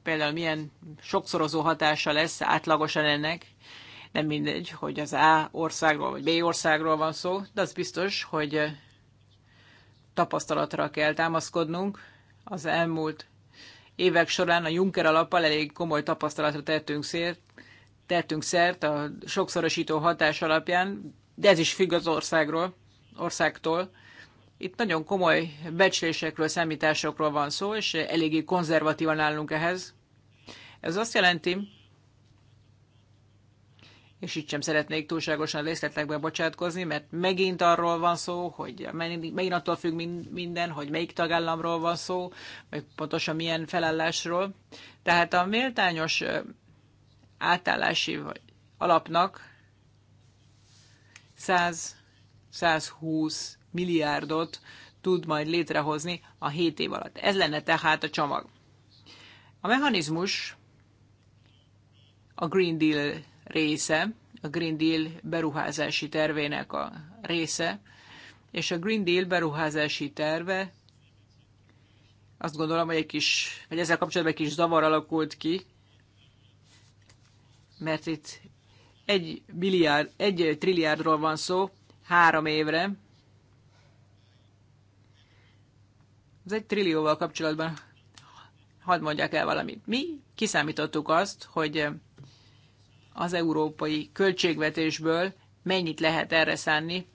például milyen sokszorozó hatása lesz átlagosan ennek. Nem mindegy, hogy az A országról vagy B országról van szó, de az biztos, hogy tapasztalatra kell támaszkodnunk. Az elmúlt évek során a Juncker alappal elég komoly tapasztalatra tettünk szért, tettünk szert a sokszorosító hatás alapján, de ez is függ az országról, országtól. Itt nagyon komoly becslésekről, számításokról van szó, és eléggé konzervatívan állunk ehhez. Ez azt jelenti, és itt sem szeretnék túlságosan részletekbe bocsátkozni, mert megint arról van szó, hogy megint attól függ minden, hogy melyik tagállamról van szó, vagy pontosan milyen felállásról. Tehát a méltányos átállási alapnak 100-120 milliárdot tud majd létrehozni a 7 év alatt. Ez lenne tehát a csomag. A mechanizmus a Green Deal része, a Green Deal beruházási tervének a része, és a Green Deal beruházási terve azt gondolom, hogy egy kis, hogy ezzel kapcsolatban egy kis zavar alakult ki, mert itt egy, milliárd, egy trilliárdról van szó három évre, Ez egy trillióval kapcsolatban hadd mondják el valamit. Mi kiszámítottuk azt, hogy az európai költségvetésből mennyit lehet erre szánni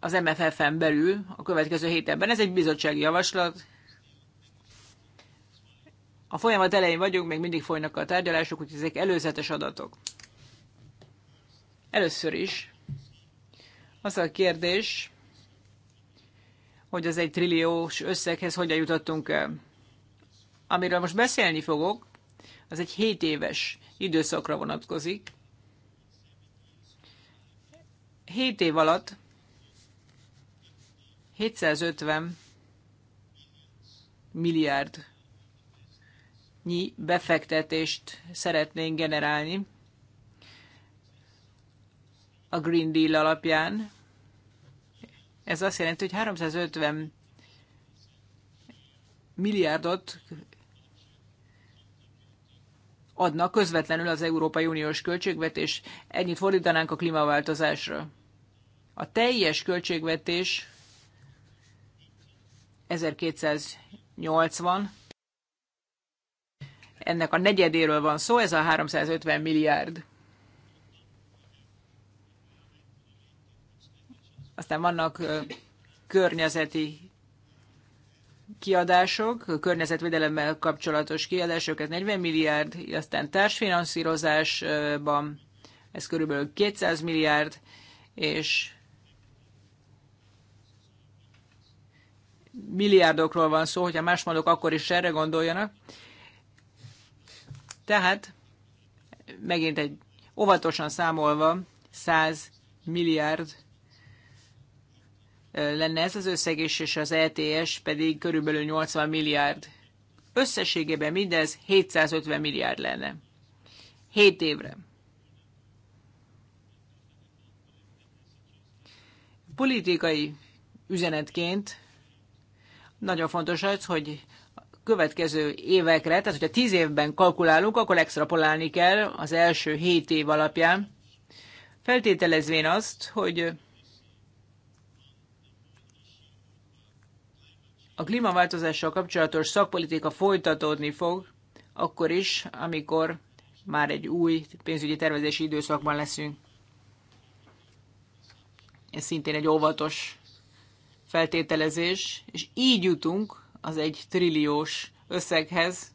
az MFF-en belül a következő hétenben. Ez egy bizottsági javaslat. A folyamat elején vagyunk, még mindig folynak a tárgyalások, úgyhogy ezek előzetes adatok. Először is az a kérdés, hogy az egy trilliós összeghez hogyan jutottunk el. Amiről most beszélni fogok, az egy 7 éves időszakra vonatkozik. 7 év alatt 750 milliárd nyi befektetést szeretnénk generálni a Green Deal alapján. Ez azt jelenti, hogy 350 milliárdot adnak közvetlenül az Európai Uniós költségvetés, ennyit fordítanánk a klímaváltozásra. A teljes költségvetés 1280, ennek a negyedéről van szó, ez a 350 milliárd. Aztán vannak környezeti kiadások, környezetvédelemmel kapcsolatos kiadások, ez 40 milliárd, aztán társfinanszírozásban ez körülbelül 200 milliárd, és milliárdokról van szó, hogyha más mondok, akkor is erre gondoljanak. Tehát megint egy óvatosan számolva 100 milliárd lenne ez az összeg és az ETS pedig körülbelül 80 milliárd. Összességében mindez 750 milliárd lenne. 7 évre. Politikai üzenetként nagyon fontos az, hogy következő évekre, tehát hogyha 10 évben kalkulálunk, akkor extrapolálni kell az első 7 év alapján, feltételezvén azt, hogy A klímaváltozással kapcsolatos szakpolitika folytatódni fog, akkor is, amikor már egy új pénzügyi tervezési időszakban leszünk. Ez szintén egy óvatos feltételezés, és így jutunk az egy trilliós összeghez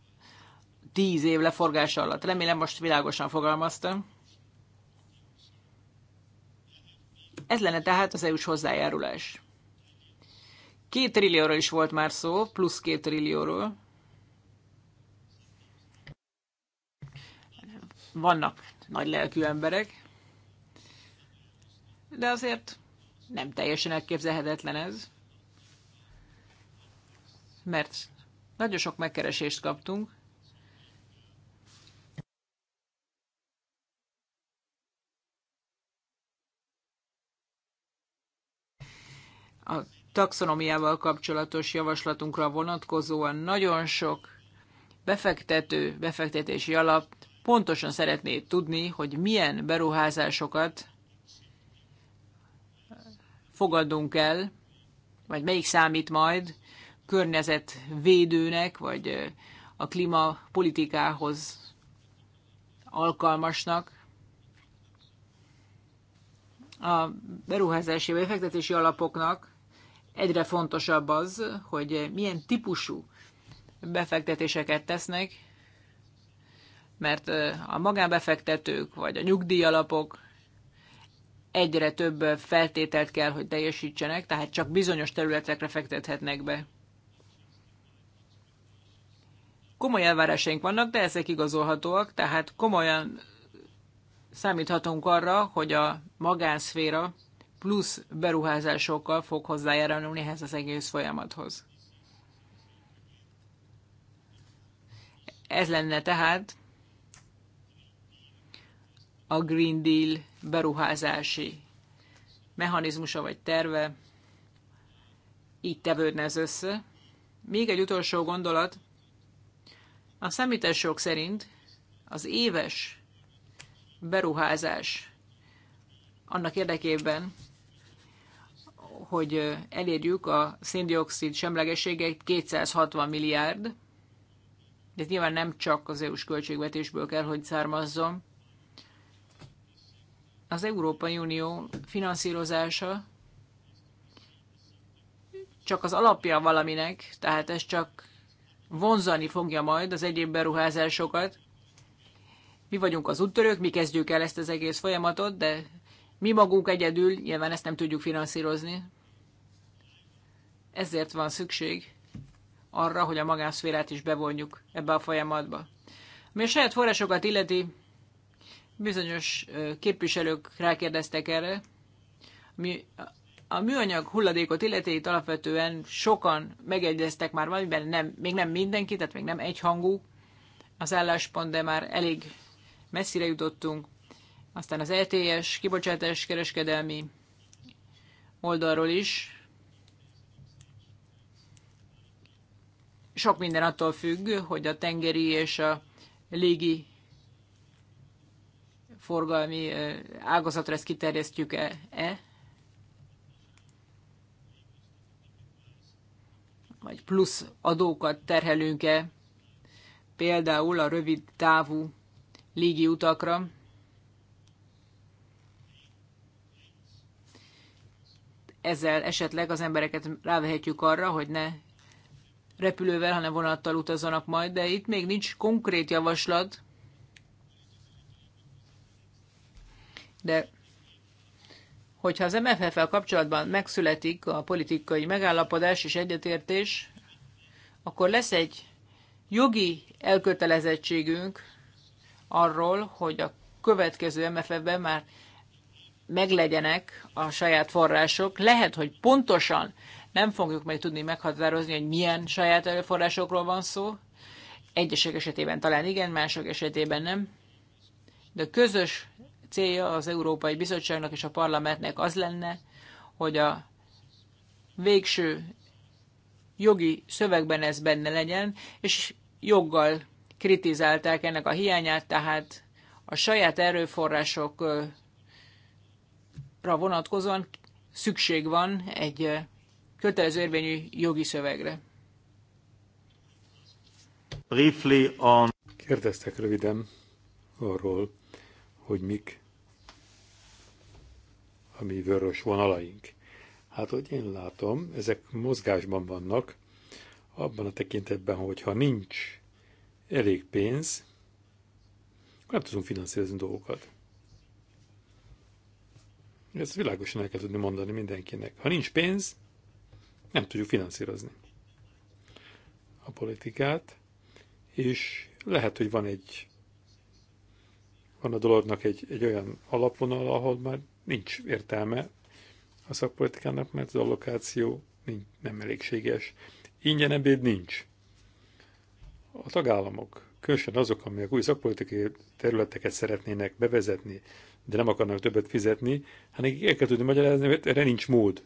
tíz év leforgása alatt. Remélem most világosan fogalmaztam. Ez lenne tehát az EU-s hozzájárulás. Két trillióról is volt már szó, plusz két trillióról. Vannak nagy lelkű emberek, de azért nem teljesen elképzelhetetlen ez, mert nagyon sok megkeresést kaptunk, a taxonomiával kapcsolatos javaslatunkra vonatkozóan nagyon sok befektető, befektetési alap pontosan szeretné tudni, hogy milyen beruházásokat fogadunk el, vagy melyik számít majd környezetvédőnek, vagy a klímapolitikához alkalmasnak. A beruházási befektetési alapoknak egyre fontosabb az, hogy milyen típusú befektetéseket tesznek, mert a magánbefektetők vagy a nyugdíjalapok egyre több feltételt kell, hogy teljesítsenek, tehát csak bizonyos területekre fektethetnek be. Komoly elvárásaink vannak, de ezek igazolhatóak, tehát komolyan számíthatunk arra, hogy a magánszféra plusz beruházásokkal fog hozzájárulni ehhez az egész folyamathoz. Ez lenne tehát a Green Deal beruházási mechanizmusa vagy terve. Így tevődne ez össze. Még egy utolsó gondolat. A számítások szerint az éves beruházás annak érdekében, hogy elérjük a széndiokszid semlegességet 260 milliárd, de nyilván nem csak az EU-s költségvetésből kell, hogy származzon. Az Európai Unió finanszírozása csak az alapja valaminek, tehát ez csak vonzani fogja majd az egyéb beruházásokat. Mi vagyunk az úttörők, mi kezdjük el ezt az egész folyamatot, de mi magunk egyedül nyilván ezt nem tudjuk finanszírozni. Ezért van szükség arra, hogy a magánszférát is bevonjuk ebbe a folyamatba. Mi a saját forrásokat illeti, bizonyos képviselők rákérdeztek erre, mi a műanyag hulladékot illetét alapvetően sokan megegyeztek már valamiben, nem, még nem mindenki, tehát még nem egyhangú az álláspont, de már elég messzire jutottunk. Aztán az LTS, e kibocsátás kereskedelmi oldalról is. Sok minden attól függ, hogy a tengeri és a légi forgalmi ágazatra ezt kiterjesztjük-e. -e? Vagy plusz adókat terhelünk-e például a rövid távú légi utakra. ezzel esetleg az embereket rávehetjük arra, hogy ne repülővel, hanem vonattal utazzanak majd, de itt még nincs konkrét javaslat, de hogyha az MFF-el kapcsolatban megszületik a politikai megállapodás és egyetértés, akkor lesz egy jogi elkötelezettségünk arról, hogy a következő MFF-ben már meglegyenek a saját források. Lehet, hogy pontosan nem fogjuk majd tudni meghatározni, hogy milyen saját erőforrásokról van szó. Egyesek esetében talán igen, mások esetében nem. De a közös célja az Európai Bizottságnak és a parlamentnek az lenne, hogy a végső jogi szövegben ez benne legyen, és joggal kritizálták ennek a hiányát, tehát a saját erőforrások vonatkozóan szükség van egy kötelező érvényű jogi szövegre. Briefly on... Kérdeztek röviden arról, hogy mik a mi vörös vonalaink. Hát, hogy én látom, ezek mozgásban vannak, abban a tekintetben, hogyha nincs elég pénz, akkor nem tudunk finanszírozni dolgokat. Ezt világosan el kell tudni mondani mindenkinek. Ha nincs pénz, nem tudjuk finanszírozni a politikát, és lehet, hogy van egy van a dolognak egy, egy olyan alapvonal, ahol már nincs értelme a szakpolitikának, mert az allokáció nem elégséges. Ingyen ebéd nincs. A tagállamok, különösen azok, amelyek új szakpolitikai területeket szeretnének bevezetni, de nem akarnak többet fizetni, hát nekik el kell tudni magyarázni, hogy erre nincs mód.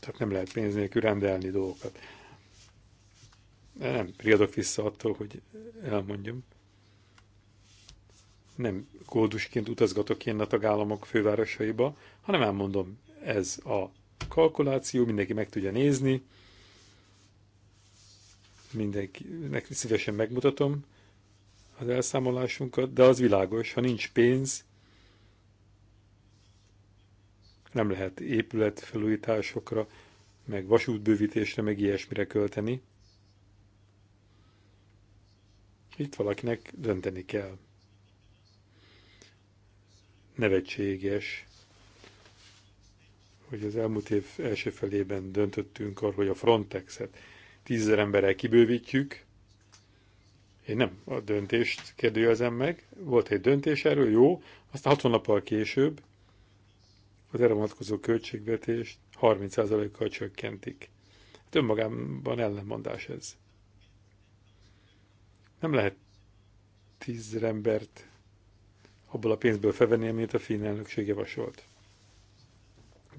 Tehát nem lehet pénz nélkül rendelni dolgokat. Nem riadok vissza attól, hogy elmondjam. Nem kódusként utazgatok én a tagállamok fővárosaiba, hanem elmondom, ez a kalkuláció, mindenki meg tudja nézni, mindenkinek szívesen megmutatom, az elszámolásunkat, de az világos, ha nincs pénz, nem lehet épületfelújításokra, meg vasútbővítésre, meg ilyesmire költeni. Itt valakinek dönteni kell. Nevetséges, hogy az elmúlt év első felében döntöttünk arról, hogy a Frontexet tízezer emberrel kibővítjük, én nem a döntést kérdőjelezem meg, volt egy döntés erről, jó, aztán 60 nappal később az erre vonatkozó költségvetést 30%-kal csökkentik. Hát önmagában ellenmondás ez. Nem lehet tíz embert abból a pénzből felvenni, amit a finn elnökség javasolt.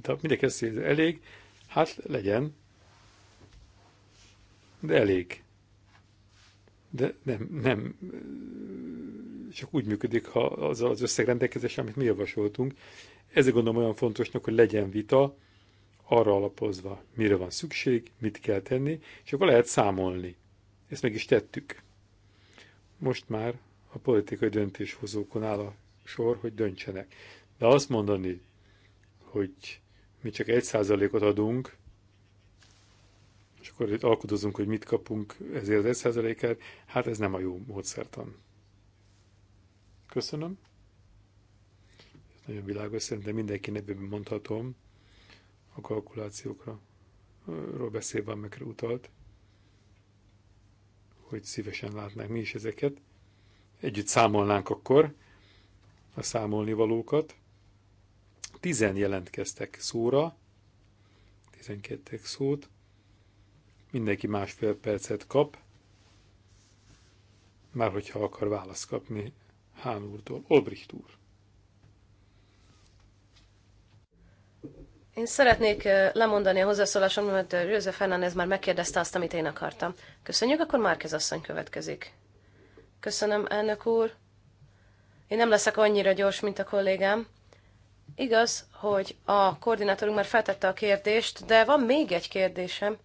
De ez elég, hát legyen, de elég de nem, nem csak úgy működik, ha az az összegrendelkezés, amit mi javasoltunk. Ezért gondolom olyan fontosnak, hogy legyen vita, arra alapozva, mire van szükség, mit kell tenni, és akkor lehet számolni. Ezt meg is tettük. Most már a politikai döntéshozókon áll a sor, hogy döntsenek. De azt mondani, hogy mi csak egy százalékot adunk, és akkor itt alkudozunk, hogy mit kapunk ezért az 1%-ért, hát ez nem a jó módszertan. Köszönöm. Ez nagyon világos, szerintem mindenki nevében mondhatom a kalkulációkra. Ról beszélve, amikre utalt, hogy szívesen látnánk mi is ezeket. Együtt számolnánk akkor a számolni valókat. Tizen jelentkeztek szóra, 12 szót. Mindenki másfél percet kap, már hogyha akar választ kapni Hán úrtól. Olbricht úr. Én szeretnék lemondani a hozzászólásom, mert József Fernández már megkérdezte azt, amit én akartam. Köszönjük, akkor Márkez asszony következik. Köszönöm, elnök úr. Én nem leszek annyira gyors, mint a kollégám. Igaz, hogy a koordinátorunk már feltette a kérdést, de van még egy kérdésem.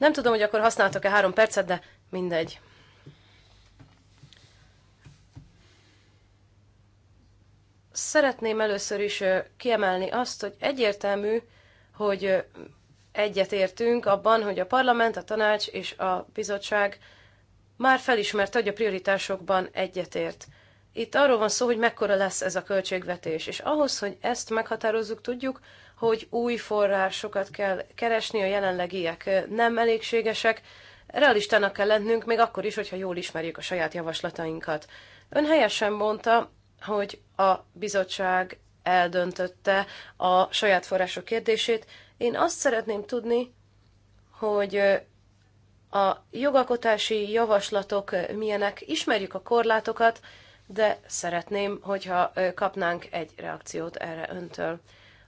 Nem tudom, hogy akkor használtok-e három percet, de mindegy. Szeretném először is kiemelni azt, hogy egyértelmű, hogy egyetértünk abban, hogy a parlament, a tanács és a bizottság már felismerte, hogy a prioritásokban egyetért. Itt arról van szó, hogy mekkora lesz ez a költségvetés, és ahhoz, hogy ezt meghatározzuk, tudjuk, hogy új forrásokat kell keresni, a jelenlegiek nem elégségesek, realistának kell lennünk, még akkor is, hogyha jól ismerjük a saját javaslatainkat. Ön helyesen mondta, hogy a bizottság eldöntötte a saját források kérdését. Én azt szeretném tudni, hogy a jogalkotási javaslatok milyenek, ismerjük a korlátokat, de szeretném, hogyha kapnánk egy reakciót erre öntől.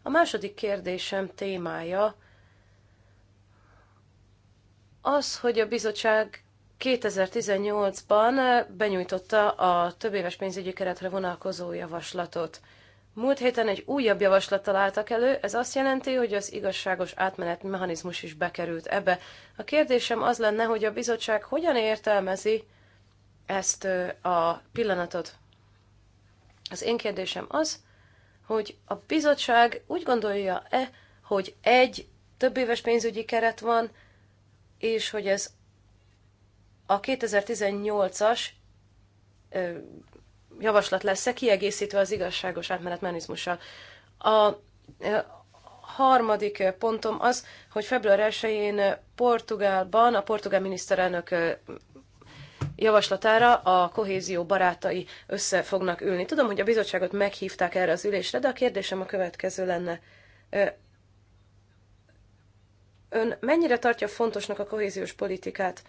A második kérdésem témája az, hogy a bizottság 2018-ban benyújtotta a többéves pénzügyi keretre vonalkozó javaslatot. Múlt héten egy újabb javaslat találtak elő, ez azt jelenti, hogy az igazságos átmenet mechanizmus is bekerült ebbe. A kérdésem az lenne, hogy a bizottság hogyan értelmezi ezt a pillanatot. Az én kérdésem az, hogy a bizottság úgy gondolja-e, hogy egy több éves pénzügyi keret van, és hogy ez a 2018-as javaslat lesz-e kiegészítve az igazságos átmenetmechanizmussal. A harmadik pontom az, hogy február 1-én Portugálban a portugál miniszterelnök javaslatára a kohézió barátai össze fognak ülni. Tudom, hogy a bizottságot meghívták erre az ülésre, de a kérdésem a következő lenne. Ön mennyire tartja fontosnak a kohéziós politikát?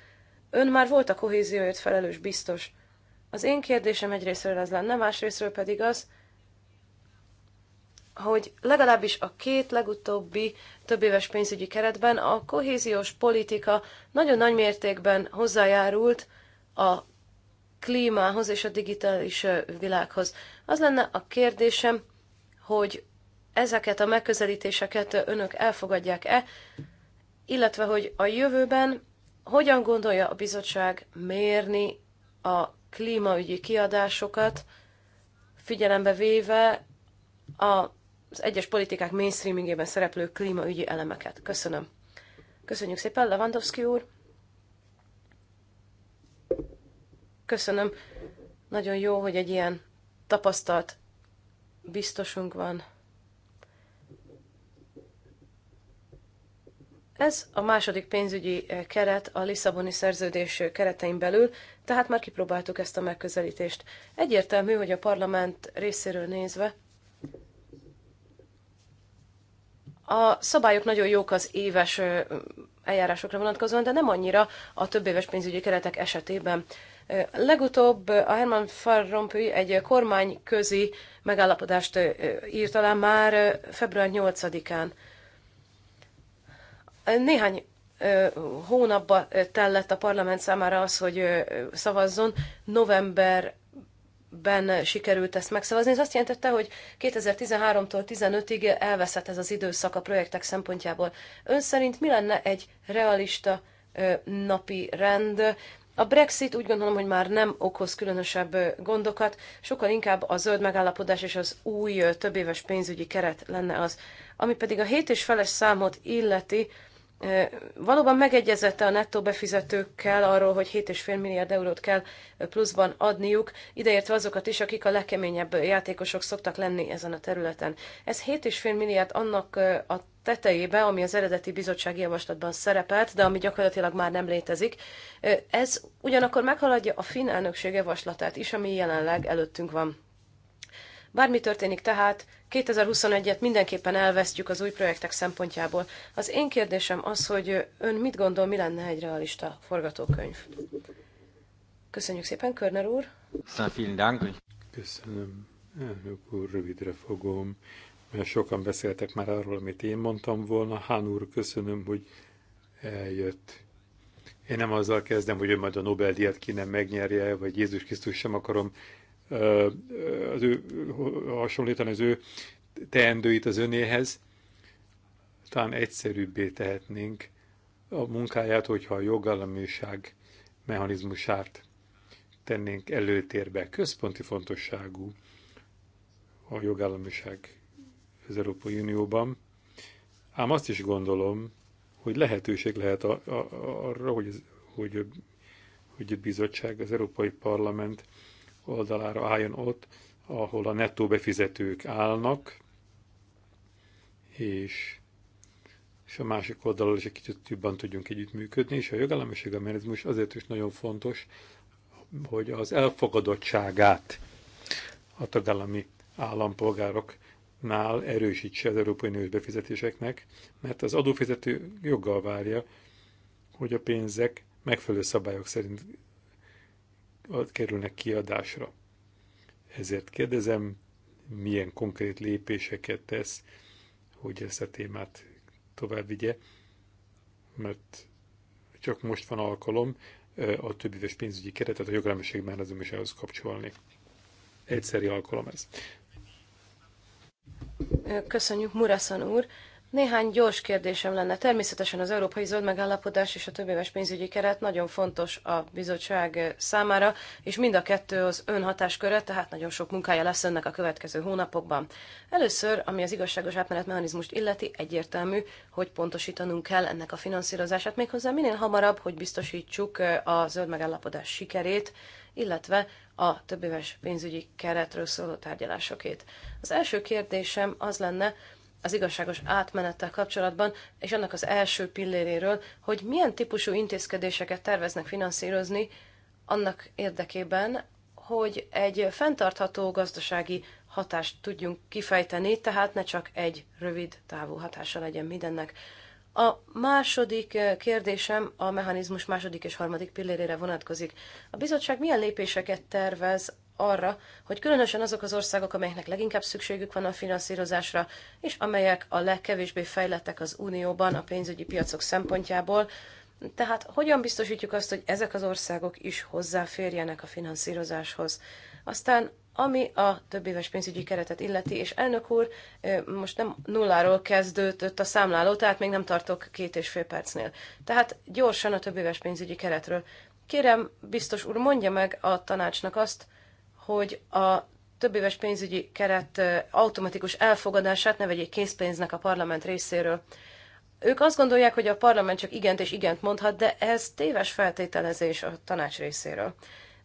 Ön már volt a kohézióért felelős biztos. Az én kérdésem egyrésztről ez lenne, másrésztről pedig az, hogy legalábbis a két legutóbbi éves pénzügyi keretben a kohéziós politika nagyon nagy mértékben hozzájárult a klímához és a digitális világhoz. Az lenne a kérdésem, hogy ezeket a megközelítéseket önök elfogadják-e, illetve hogy a jövőben hogyan gondolja a bizottság mérni a klímaügyi kiadásokat, figyelembe véve az egyes politikák mainstreamingében szereplő klímaügyi elemeket. Köszönöm. Köszönjük szépen, Lewandowski úr! Köszönöm. Nagyon jó, hogy egy ilyen tapasztalt biztosunk van. Ez a második pénzügyi keret a Lisszaboni szerződés keretein belül, tehát már kipróbáltuk ezt a megközelítést. Egyértelmű, hogy a parlament részéről nézve a szabályok nagyon jók az éves eljárásokra vonatkozóan, de nem annyira a több éves pénzügyi keretek esetében. Legutóbb a Herman Van Rompuy egy kormányközi megállapodást írt alá már február 8-án. Néhány hónapba tellett a parlament számára az, hogy szavazzon. Novemberben sikerült ezt megszavazni. Ez azt jelentette, hogy 2013-tól 15-ig elveszett ez az időszak a projektek szempontjából. Ön szerint mi lenne egy realista napi rend, a Brexit úgy gondolom, hogy már nem okoz különösebb gondokat, sokkal inkább a zöld megállapodás és az új többéves pénzügyi keret lenne az. Ami pedig a 7 és feles számot illeti, Valóban megegyezett a nettó befizetőkkel arról, hogy 7,5 milliárd eurót kell pluszban adniuk, ideértve azokat is, akik a legkeményebb játékosok szoktak lenni ezen a területen. Ez 7,5 milliárd annak a tetejébe, ami az eredeti bizottsági javaslatban szerepelt, de ami gyakorlatilag már nem létezik. Ez ugyanakkor meghaladja a finn elnökség javaslatát is, ami jelenleg előttünk van. Bármi történik tehát, 2021-et mindenképpen elvesztjük az új projektek szempontjából. Az én kérdésem az, hogy ön mit gondol, mi lenne egy realista forgatókönyv? Köszönjük szépen, Körner úr! Köszönöm, elnök úr, rövidre fogom, mert sokan beszéltek már arról, amit én mondtam volna. Hán úr, köszönöm, hogy eljött. Én nem azzal kezdem, hogy ő majd a Nobel-díjat ki nem megnyerje, vagy Jézus Krisztus sem akarom az ő, hasonlítani az ő teendőit az önéhez, talán egyszerűbbé tehetnénk a munkáját, hogyha a jogállamiság mechanizmusát tennénk előtérbe. Központi fontosságú a jogállamiság az Európai Unióban, ám azt is gondolom, hogy lehetőség lehet a, a, arra, hogy, ez, hogy, hogy a bizottság, az Európai Parlament oldalára álljon ott, ahol a nettó befizetők állnak, és, és a másik oldalról is egy kicsit jobban tudjunk együttműködni, és a jogállamiság a mechanizmus azért is nagyon fontos, hogy az elfogadottságát a tagállami állampolgároknál erősítse az Európai Uniós befizetéseknek, mert az adófizető joggal várja, hogy a pénzek megfelelő szabályok szerint kerülnek kiadásra. Ezért kérdezem, milyen konkrét lépéseket tesz, hogy ezt a témát tovább vigye, mert csak most van alkalom eh, a több éves pénzügyi keretet a az mechanizmusához kapcsolni. Egyszeri alkalom ez. Köszönjük, Muraszan úr. Néhány gyors kérdésem lenne. Természetesen az európai zöld megállapodás és a többéves pénzügyi keret nagyon fontos a bizottság számára, és mind a kettő az önhatásköre, tehát nagyon sok munkája lesz önnek a következő hónapokban. Először, ami az igazságos átmenetmechanizmust illeti, egyértelmű, hogy pontosítanunk kell ennek a finanszírozását méghozzá minél hamarabb, hogy biztosítsuk eh, a zöld megállapodás sikerét, illetve a többéves pénzügyi keretről szóló tárgyalásokét. Az első kérdésem az lenne, az igazságos átmenettel kapcsolatban, és annak az első pilléréről, hogy milyen típusú intézkedéseket terveznek finanszírozni annak érdekében, hogy egy fenntartható gazdasági hatást tudjunk kifejteni, tehát ne csak egy rövid távú hatása legyen mindennek. A második eh, kérdésem a mechanizmus második és harmadik pillérére vonatkozik. A bizottság milyen lépéseket tervez arra, hogy különösen azok az országok, amelyeknek leginkább szükségük van a finanszírozásra, és amelyek a legkevésbé fejlettek az Unióban a pénzügyi piacok szempontjából, tehát hogyan biztosítjuk azt, hogy ezek az országok is hozzáférjenek a finanszírozáshoz? Aztán ami a több éves pénzügyi keretet illeti, és elnök úr, most nem nulláról kezdődött a számláló, tehát még nem tartok két és fél percnél. Tehát gyorsan a több éves pénzügyi keretről. Kérem, biztos úr, mondja meg a tanácsnak azt, hogy a több éves pénzügyi keret automatikus elfogadását ne vegyék készpénznek a parlament részéről. Ők azt gondolják, hogy a parlament csak igent és igent mondhat, de ez téves feltételezés a tanács részéről.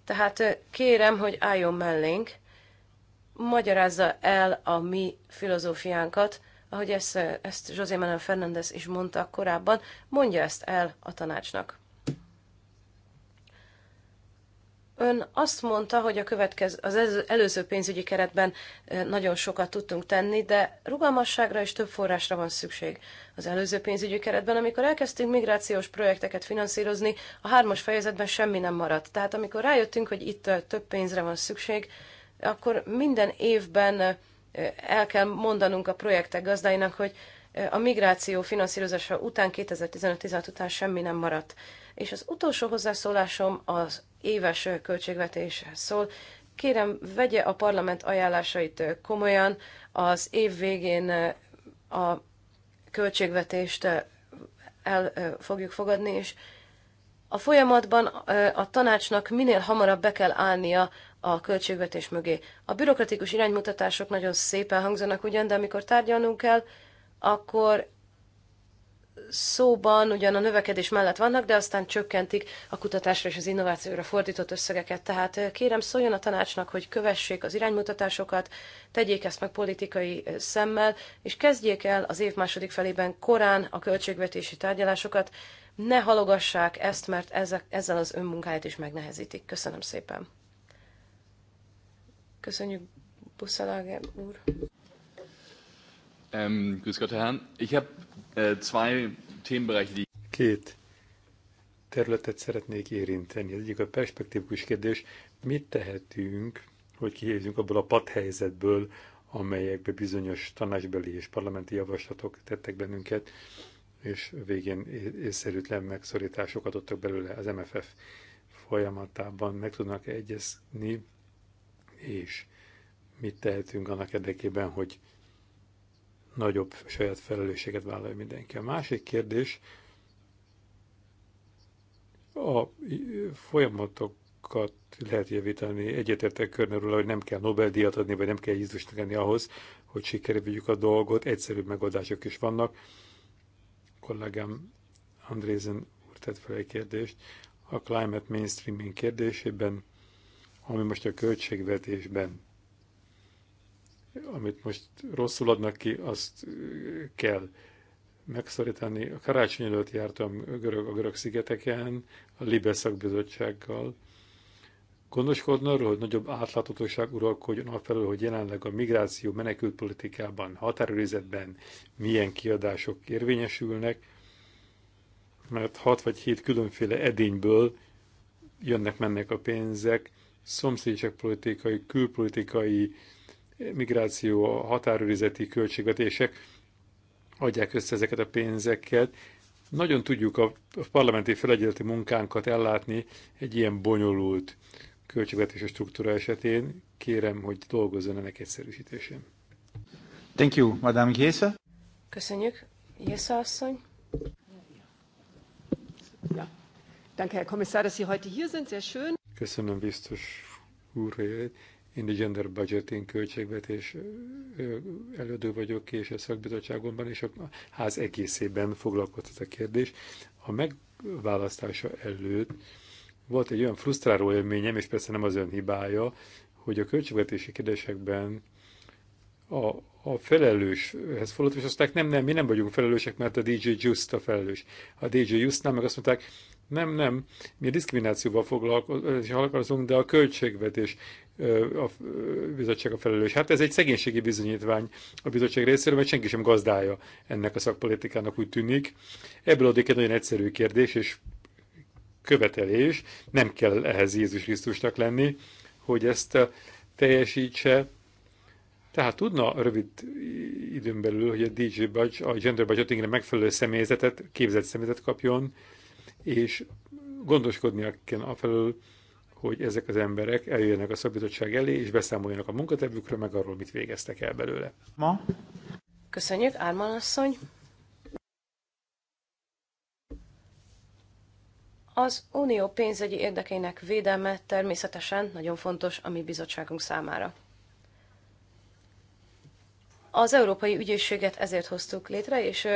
Tehát kérem, hogy álljon mellénk, magyarázza el a mi filozófiánkat, ahogy ezt, ezt José Manuel Fernández is mondta korábban, mondja ezt el a tanácsnak. Ön azt mondta, hogy a következő, az előző pénzügyi keretben nagyon sokat tudtunk tenni, de rugalmasságra és több forrásra van szükség. Az előző pénzügyi keretben, amikor elkezdtünk migrációs projekteket finanszírozni, a hármas fejezetben semmi nem maradt. Tehát amikor rájöttünk, hogy itt több pénzre van szükség, akkor minden évben el kell mondanunk a projektek gazdáinak, hogy a migráció finanszírozása után, 2015-16 után semmi nem maradt. És az utolsó hozzászólásom az éves költségvetés szól. Kérem, vegye a parlament ajánlásait komolyan, az év végén a költségvetést el fogjuk fogadni, és a folyamatban a tanácsnak minél hamarabb be kell állnia a költségvetés mögé. A bürokratikus iránymutatások nagyon szépen hangzanak ugyan, de amikor tárgyalnunk kell, akkor szóban ugyan a növekedés mellett vannak, de aztán csökkentik a kutatásra és az innovációra fordított összegeket. Tehát kérem szóljon a tanácsnak, hogy kövessék az iránymutatásokat, tegyék ezt meg politikai szemmel, és kezdjék el az év második felében korán a költségvetési tárgyalásokat. Ne halogassák ezt, mert ezzel az önmunkáját is megnehezítik. Köszönöm szépen. Köszönjük, Buszalager úr. Ähm, grüß Gott, Herr Herrn. Ich habe äh, zwei Themenbereiche, die... Két területet szeretnék érinteni. Az egyik a perspektívikus kérdés, mit tehetünk, hogy kihívjunk abból a padhelyzetből, amelyekbe bizonyos tanácsbeli és parlamenti javaslatok tettek bennünket, és végén észszerűtlen megszorításokat adtak belőle az MFF folyamatában. Meg tudnak egyezni, és mit tehetünk annak érdekében, hogy nagyobb saját felelősséget vállalja mindenki. A másik kérdés a folyamatokat lehet javítani. Egyetértek körnerül, hogy nem kell Nobel-díjat adni, vagy nem kell Jézusnak lenni ahhoz, hogy sikerre vigyük a dolgot. Egyszerűbb megoldások is vannak. A kollégám Andrézen úr tett fel egy kérdést. A climate mainstreaming kérdésében, ami most a költségvetésben amit most rosszul adnak ki, azt kell megszorítani. A karácsony előtt jártam a görög, a görög szigeteken, a Libe szakbizottsággal. Gondoskodna arról, hogy nagyobb átláthatóság uralkodjon afelől, hogy jelenleg a migráció menekültpolitikában, határőrizetben milyen kiadások érvényesülnek, mert 6 vagy 7 különféle edényből jönnek-mennek a pénzek, politikai, külpolitikai migráció, a határőrizeti költségvetések adják össze ezeket a pénzeket. Nagyon tudjuk a parlamenti felegyeleti munkánkat ellátni egy ilyen bonyolult költségvetési struktúra esetén. Kérem, hogy dolgozzon ennek egyszerűsítésén. Thank you, Madame Giesa. Köszönjük. Giesa asszony. Ja. Danke, Herr Kommissar, dass Sie heute hier sind. Sehr schön. Köszönöm, biztos úr, én a gender budgeting költségvetés elődő vagyok, és a szakbizottságomban, és a ház egészében foglalkoztat a kérdés. A megválasztása előtt volt egy olyan frusztráló élményem, és persze nem az ön hibája, hogy a költségvetési kérdésekben a, a felelőshez fordult, és azt mondták, nem, nem, mi nem vagyunk felelősek, mert a DJ Just a felelős. A DJ Just nem, meg azt mondták, nem, nem, mi a diszkriminációval foglalkozunk, de a költségvetés a bizottság a felelős. Hát ez egy szegénységi bizonyítvány a bizottság részéről, mert senki sem gazdája ennek a szakpolitikának úgy tűnik. Ebből adik egy nagyon egyszerű kérdés és követelés, nem kell ehhez Jézus Krisztusnak lenni, hogy ezt teljesítse. Tehát tudna rövid időn belül, hogy a DJ Budge, a Gender Budgetingre megfelelő személyzetet, képzett személyzetet kapjon, és gondoskodnia kell afelől, hogy ezek az emberek eljöjjenek a szakbizottság elé, és beszámoljanak a munkatevőkről, meg arról, mit végeztek el belőle. Ma. Köszönjük, Árman asszony. Az unió pénzügyi érdekeinek védelme természetesen nagyon fontos a mi bizottságunk számára. Az Európai Ügyészséget ezért hoztuk létre, és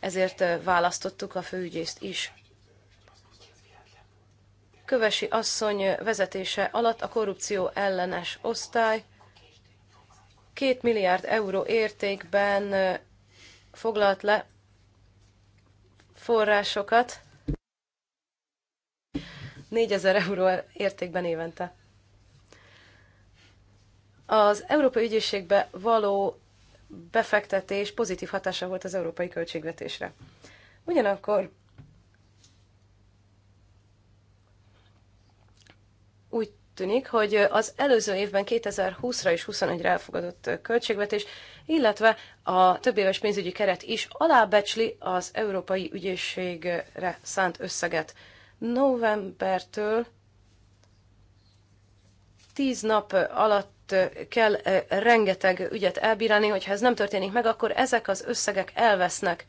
ezért választottuk a főügyészt is. Kövesi asszony vezetése alatt a korrupció ellenes osztály két milliárd euró értékben foglalt le forrásokat 4000 euró értékben évente. Az Európai Ügyészségbe való befektetés pozitív hatása volt az európai költségvetésre. Ugyanakkor úgy tűnik, hogy az előző évben 2020-ra és 21 re elfogadott költségvetés, illetve a több éves pénzügyi keret is alábecsli az Európai Ügyészségre szánt összeget. Novembertől 10 nap alatt kell eh, rengeteg ügyet elbírálni, hogyha ez nem történik meg, akkor ezek az összegek elvesznek.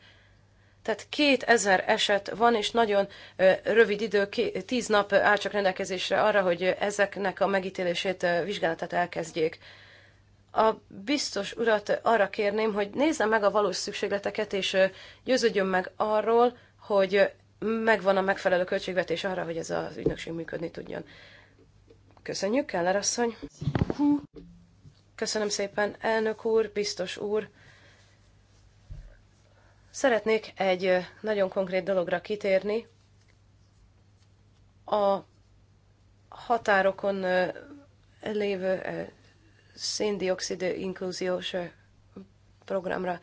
Tehát 2000 eset van, és nagyon rövid idő, tíz nap áll csak rendelkezésre arra, hogy ezeknek a megítélését, vizsgálatát elkezdjék. A biztos urat arra kérném, hogy nézze meg a valós szükségleteket, és győződjön meg arról, hogy megvan a megfelelő költségvetés arra, hogy ez az ügynökség működni tudjon. Köszönjük, Keller asszony! Köszönöm szépen, elnök úr, biztos úr! Szeretnék egy nagyon konkrét dologra kitérni. A határokon lévő széndiokszid inkluziós programra.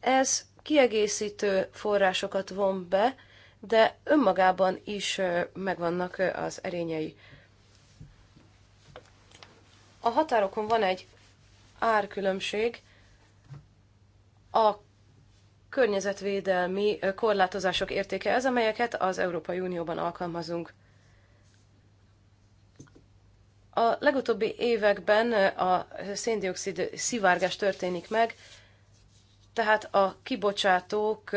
Ez kiegészítő forrásokat von be, de önmagában is megvannak az erényei. A határokon van egy árkülönbség, a környezetvédelmi korlátozások értéke ez, amelyeket az Európai Unióban alkalmazunk. A legutóbbi években a széndiokszid szivárgás történik meg, tehát a kibocsátók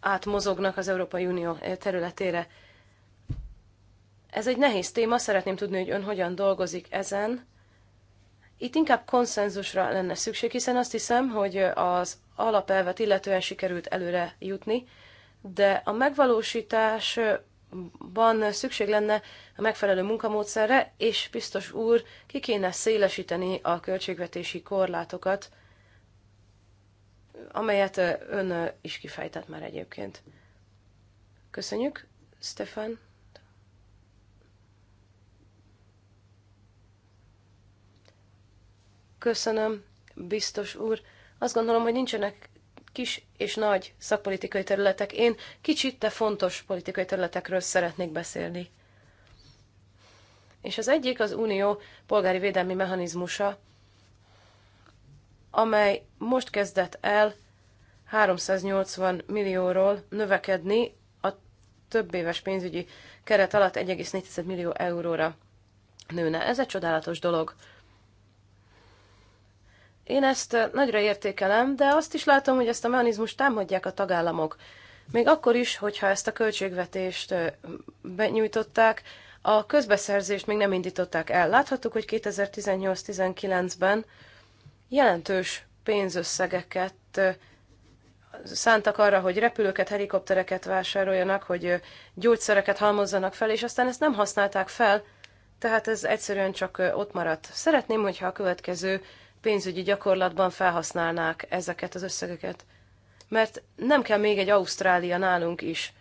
átmozognak az Európai Unió területére. Ez egy nehéz téma, szeretném tudni, hogy ön hogyan dolgozik ezen. Itt inkább konszenzusra lenne szükség, hiszen azt hiszem, hogy az alapelvet illetően sikerült előre jutni, de a megvalósításban szükség lenne a megfelelő munkamódszerre, és biztos úr, ki kéne szélesíteni a költségvetési korlátokat, amelyet ön is kifejtett már egyébként. Köszönjük, Stefan. Köszönöm, biztos úr. Azt gondolom, hogy nincsenek kis és nagy szakpolitikai területek. Én kicsit, de fontos politikai területekről szeretnék beszélni. És az egyik az Unió polgári védelmi mechanizmusa, amely most kezdett el 380 millióról növekedni a több éves pénzügyi keret alatt 1,4 millió euróra nőne. Ez egy csodálatos dolog. Én ezt nagyra értékelem, de azt is látom, hogy ezt a mechanizmust támadják a tagállamok. Még akkor is, hogyha ezt a költségvetést benyújtották, a közbeszerzést még nem indították el. Láthattuk, hogy 2018-19-ben jelentős pénzösszegeket szántak arra, hogy repülőket, helikoptereket vásároljanak, hogy gyógyszereket halmozzanak fel, és aztán ezt nem használták fel, tehát ez egyszerűen csak ott maradt. Szeretném, hogyha a következő pénzügyi gyakorlatban felhasználnák ezeket az összegeket. Mert nem kell még egy Ausztrália nálunk is.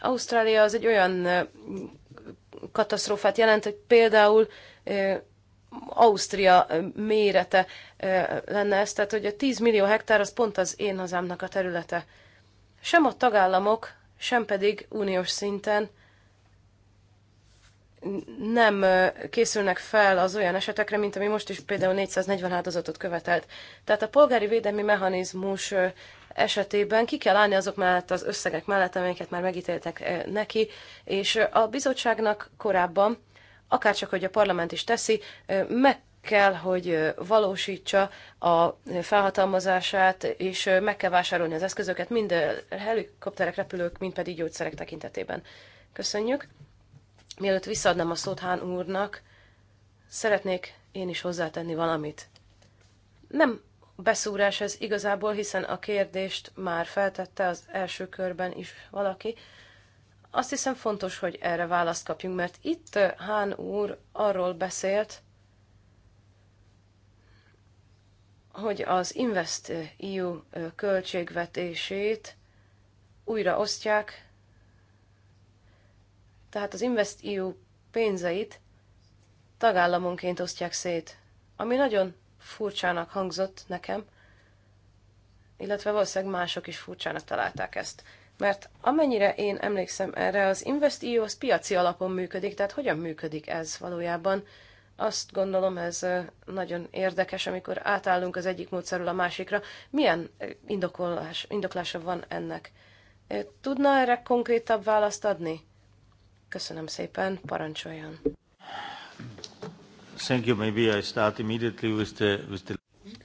Ausztrália az egy olyan katasztrófát jelent, hogy például Ausztria mérete lenne ez, tehát hogy a 10 millió hektár az pont az én hazámnak a területe. Sem a tagállamok, sem pedig uniós szinten nem készülnek fel az olyan esetekre, mint ami most is például 440 áldozatot követelt. Tehát a polgári védelmi mechanizmus esetében ki kell állni azok mellett az összegek mellett, amelyeket már megítéltek neki, és a bizottságnak korábban, akárcsak, hogy a parlament is teszi, meg kell, hogy valósítsa a felhatalmazását, és meg kell vásárolni az eszközöket, mind helikopterek, repülők, mind pedig gyógyszerek tekintetében. Köszönjük! Mielőtt visszaadnám a szót Hán úrnak, szeretnék én is hozzátenni valamit. Nem beszúrás ez igazából, hiszen a kérdést már feltette az első körben is valaki. Azt hiszem fontos, hogy erre választ kapjunk, mert itt Hán úr arról beszélt, hogy az Invest EU költségvetését újra osztják tehát az InvestEU pénzeit tagállamonként osztják szét, ami nagyon furcsának hangzott nekem, illetve valószínűleg mások is furcsának találták ezt. Mert amennyire én emlékszem erre, az InvestEU az piaci alapon működik, tehát hogyan működik ez valójában? Azt gondolom, ez nagyon érdekes, amikor átállunk az egyik módszerről a másikra. Milyen indokolás, indoklása van ennek? Tudna erre konkrétabb választ adni? Köszönöm szépen, parancsoljon. Thank you, maybe I start immediately with the, with the...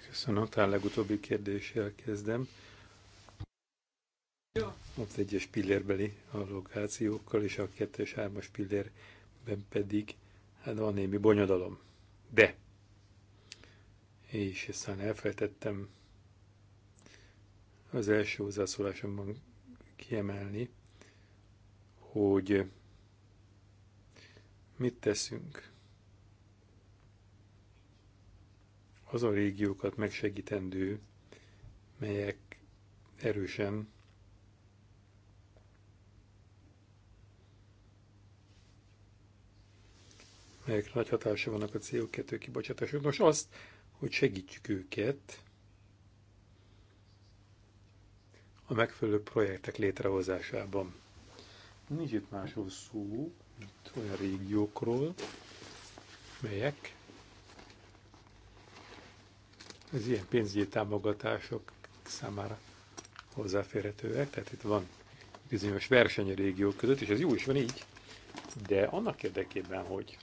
Köszönöm, talán legutóbbi kérdéssel kezdem. Az egyes pillérbeli allokációkkal és a kettes hármas pillérben pedig hát van némi bonyodalom. De, és ezt elfelejtettem az első hozzászólásomban kiemelni, hogy Mit teszünk? a régiókat megsegítendő, melyek erősen melyek nagy hatása vannak a CO2 kibocsátások. Nos, azt, hogy segítjük őket a megfelelő projektek létrehozásában. Nincs itt máshol szó, itt olyan régiókról, melyek az ilyen pénzügyi támogatások számára hozzáférhetőek, tehát itt van bizonyos verseny a régiók között, és ez jó is van így, de annak érdekében, hogy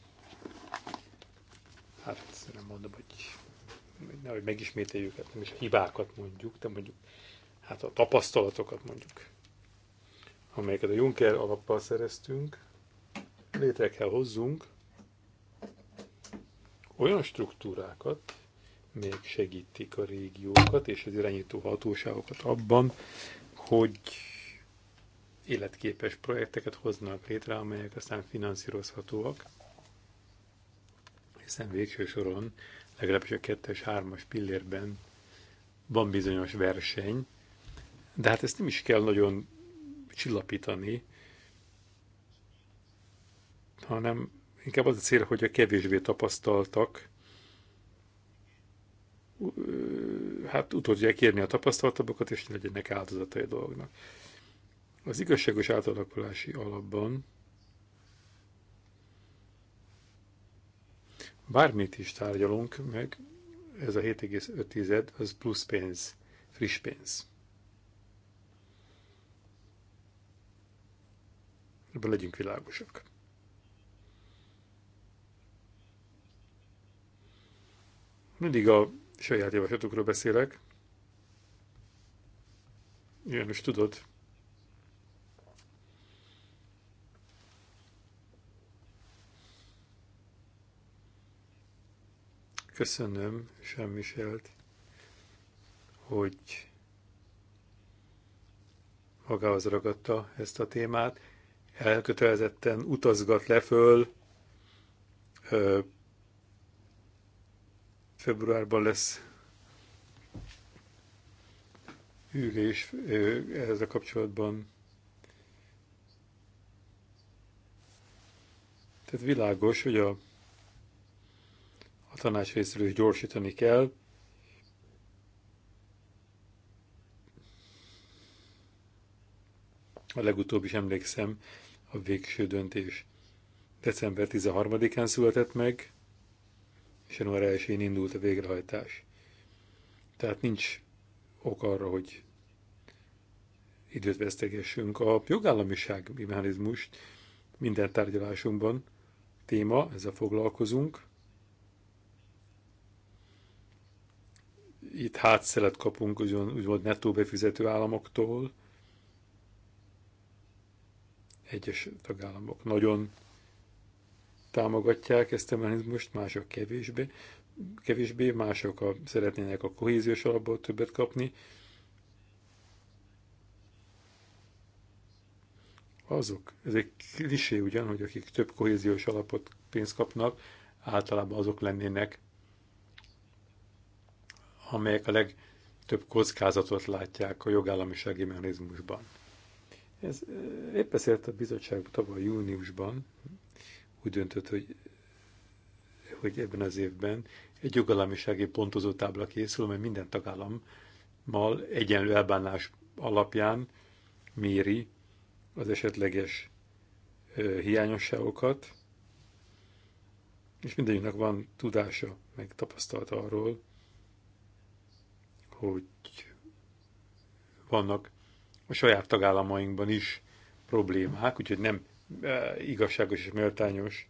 hát nem mondom, hogy nehogy megismételjük, hát nem is a hibákat mondjuk, de mondjuk hát a tapasztalatokat mondjuk, amelyeket a Juncker alappal szereztünk, létre kell hozzunk olyan struktúrákat, még segítik a régiókat és az irányító hatóságokat abban, hogy életképes projekteket hoznak létre, amelyek aztán finanszírozhatóak, hiszen végső soron, legalábbis a 2-es, 3 pillérben van bizonyos verseny, de hát ezt nem is kell nagyon csillapítani, hanem inkább az a cél, hogy a kevésbé tapasztaltak, hát utódják érni a tapasztaltabbakat, és legyenek áldozatai a dolognak. Az igazságos átalakulási alapban bármit is tárgyalunk, meg ez a 7,5 az plusz pénz, friss pénz. Ebben legyünk világosak. Mindig a saját javaslatokról beszélek. Ilyen is tudod. Köszönöm Semmiselt, hogy magához ragadta ezt a témát. Elkötelezetten utazgat le föl Februárban lesz ülés ehhez a kapcsolatban. Tehát világos, hogy a, a tanács részéről is gyorsítani kell. A legutóbb is emlékszem, a végső döntés december 13-án született meg, és január 1-én indult a végrehajtás. Tehát nincs ok arra, hogy időt vesztegessünk. A jogállamiság mechanizmust minden tárgyalásunkban téma, ezzel foglalkozunk. Itt hátszelet kapunk úgymond nettó befizető államoktól. Egyes tagállamok nagyon támogatják ezt a mechanizmust, mások kevésbé, kevésbé mások a, szeretnének a kohéziós alapból többet kapni. Azok, ez egy klisé ugyan, hogy akik több kohéziós alapot pénzt kapnak, általában azok lennének, amelyek a legtöbb kockázatot látják a jogállamisági mechanizmusban. Ez eh, épp beszélt a bizottság tavaly júniusban, úgy döntött, hogy, hogy ebben az évben egy jogállamisági pontozó tábla készül, mert minden tagállammal egyenlő elbánás alapján méri az esetleges hiányosságokat, és mindegyiknek van tudása, meg tapasztalata arról, hogy vannak a saját tagállamainkban is problémák, úgyhogy nem igazságos és méltányos.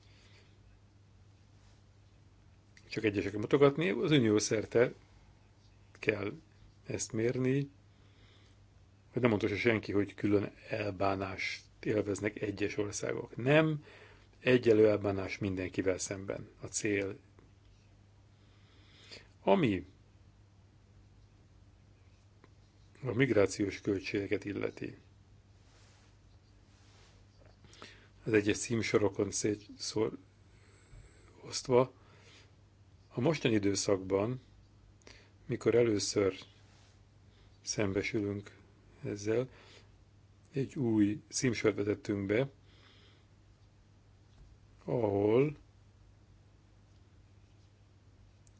Csak egyesekre mutogatni, az unió szerte kell ezt mérni, hogy nem mondta senki, hogy külön elbánást élveznek egyes országok. Nem, egyelő elbánás mindenkivel szemben a cél. Ami a migrációs költségeket illeti. az egyes címsorokon szétszor osztva. A mostani időszakban, mikor először szembesülünk ezzel, egy új címsort vezettünk be, ahol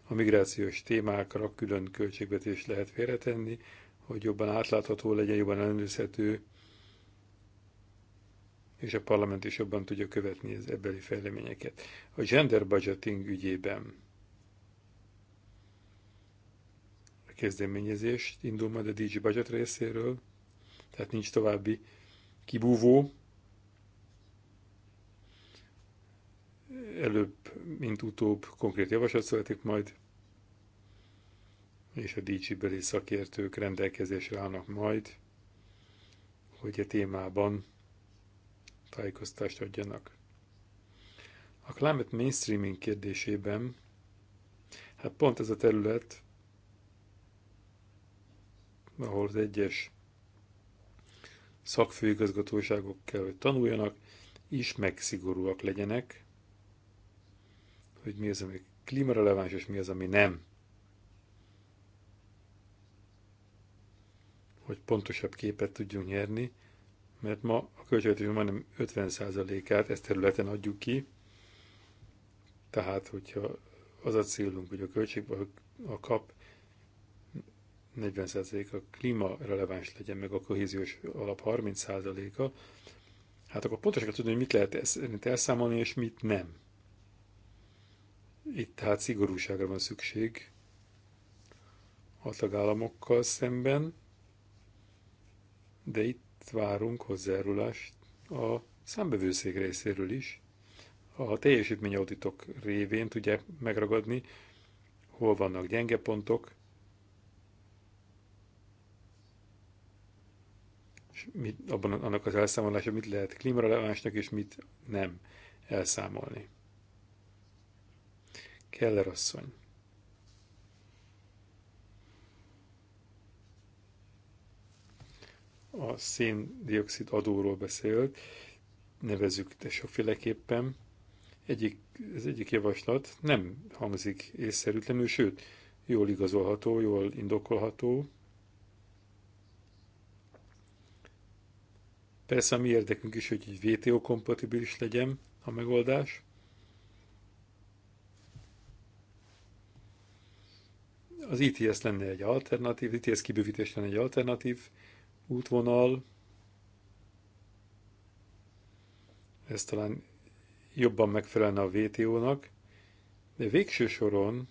a migrációs témákra külön költségvetést lehet félretenni, hogy jobban átlátható legyen, jobban ellenőrizhető és a parlament is jobban tudja követni az ebbeli fejleményeket. A gender budgeting ügyében a kezdeményezés indul majd a DG budget részéről, tehát nincs további kibúvó. Előbb, mint utóbb konkrét javaslat születik majd, és a DG-beli szakértők rendelkezésre állnak majd, hogy a témában tájékoztást adjanak. A climate mainstreaming kérdésében, hát pont ez a terület, ahol az egyes szakfőigazgatóságok kell, hogy tanuljanak, is megszigorúak legyenek, hogy mi az, ami klímareleváns, és mi az, ami nem. Hogy pontosabb képet tudjunk nyerni mert ma a költségvetésünk majdnem 50%-át ezt területen adjuk ki, tehát hogyha az a célunk, hogy a költség a kap 40%-a klíma releváns legyen, meg a kohéziós alap 30%-a, hát akkor pontosan kell tudni, hogy mit lehet ezt elszámolni, és mit nem. Itt tehát szigorúságra van szükség a tagállamokkal szemben, de itt várunk hozzájárulást a számbevőszék részéről is. A teljesítményauditok révén tudják megragadni, hol vannak gyenge pontok, és mit, abban annak az elszámolása mit lehet klímarelevánsnak, és mit nem elszámolni. Keller asszony. a széndiokszid adóról beszélt, nevezük te sokféleképpen. Egyik, ez egyik javaslat nem hangzik észszerűtlenül, sőt, jól igazolható, jól indokolható. Persze a mi érdekünk is, hogy egy VTO kompatibilis legyen a megoldás. Az ITS lenne egy alternatív, ITS kibővítés lenne egy alternatív útvonal. Ez talán jobban megfelelne a VTO-nak, de végső soron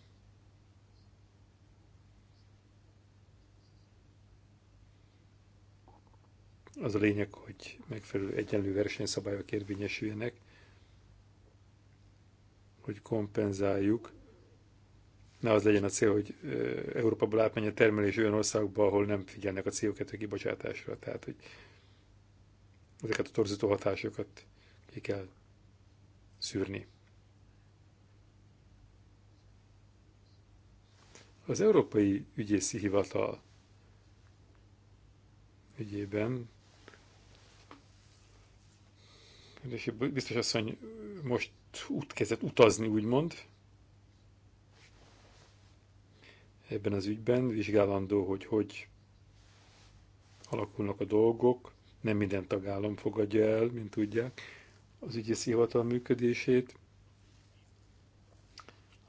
az a lényeg, hogy megfelelő egyenlő versenyszabályok érvényesüljenek, hogy kompenzáljuk ne az legyen a cél, hogy Európából átmenj a termelés olyan országokba, ahol nem figyelnek a CO2 kibocsátásra. Tehát, hogy ezeket a torzító hatásokat ki kell szűrni. Az Európai Ügyészi Hivatal ügyében és biztos asszony most út kezdett utazni, úgymond, ebben az ügyben, vizsgálandó, hogy hogy alakulnak a dolgok, nem minden tagállam fogadja el, mint tudják, az ügyészi hivatal működését.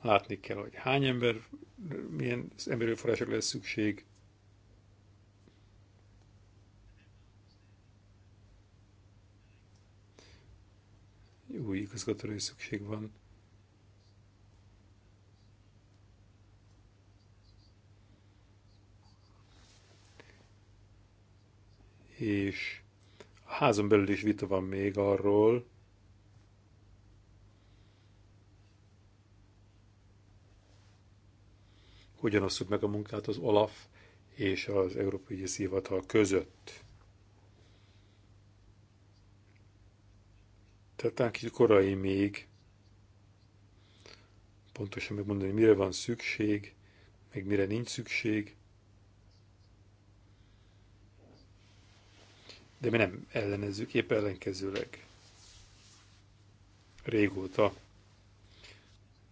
Látni kell, hogy hány ember, milyen emberőforrásokra lesz szükség, új igazgatóra is szükség van. és a házon belül is vita van még arról, hogyan osszuk meg a munkát az OLAF és az Európai Ügyész Hivatal között. Tehát kicsit korai még pontosan megmondani, mire van szükség, meg mire nincs szükség. de mi nem ellenezzük, épp ellenkezőleg. Régóta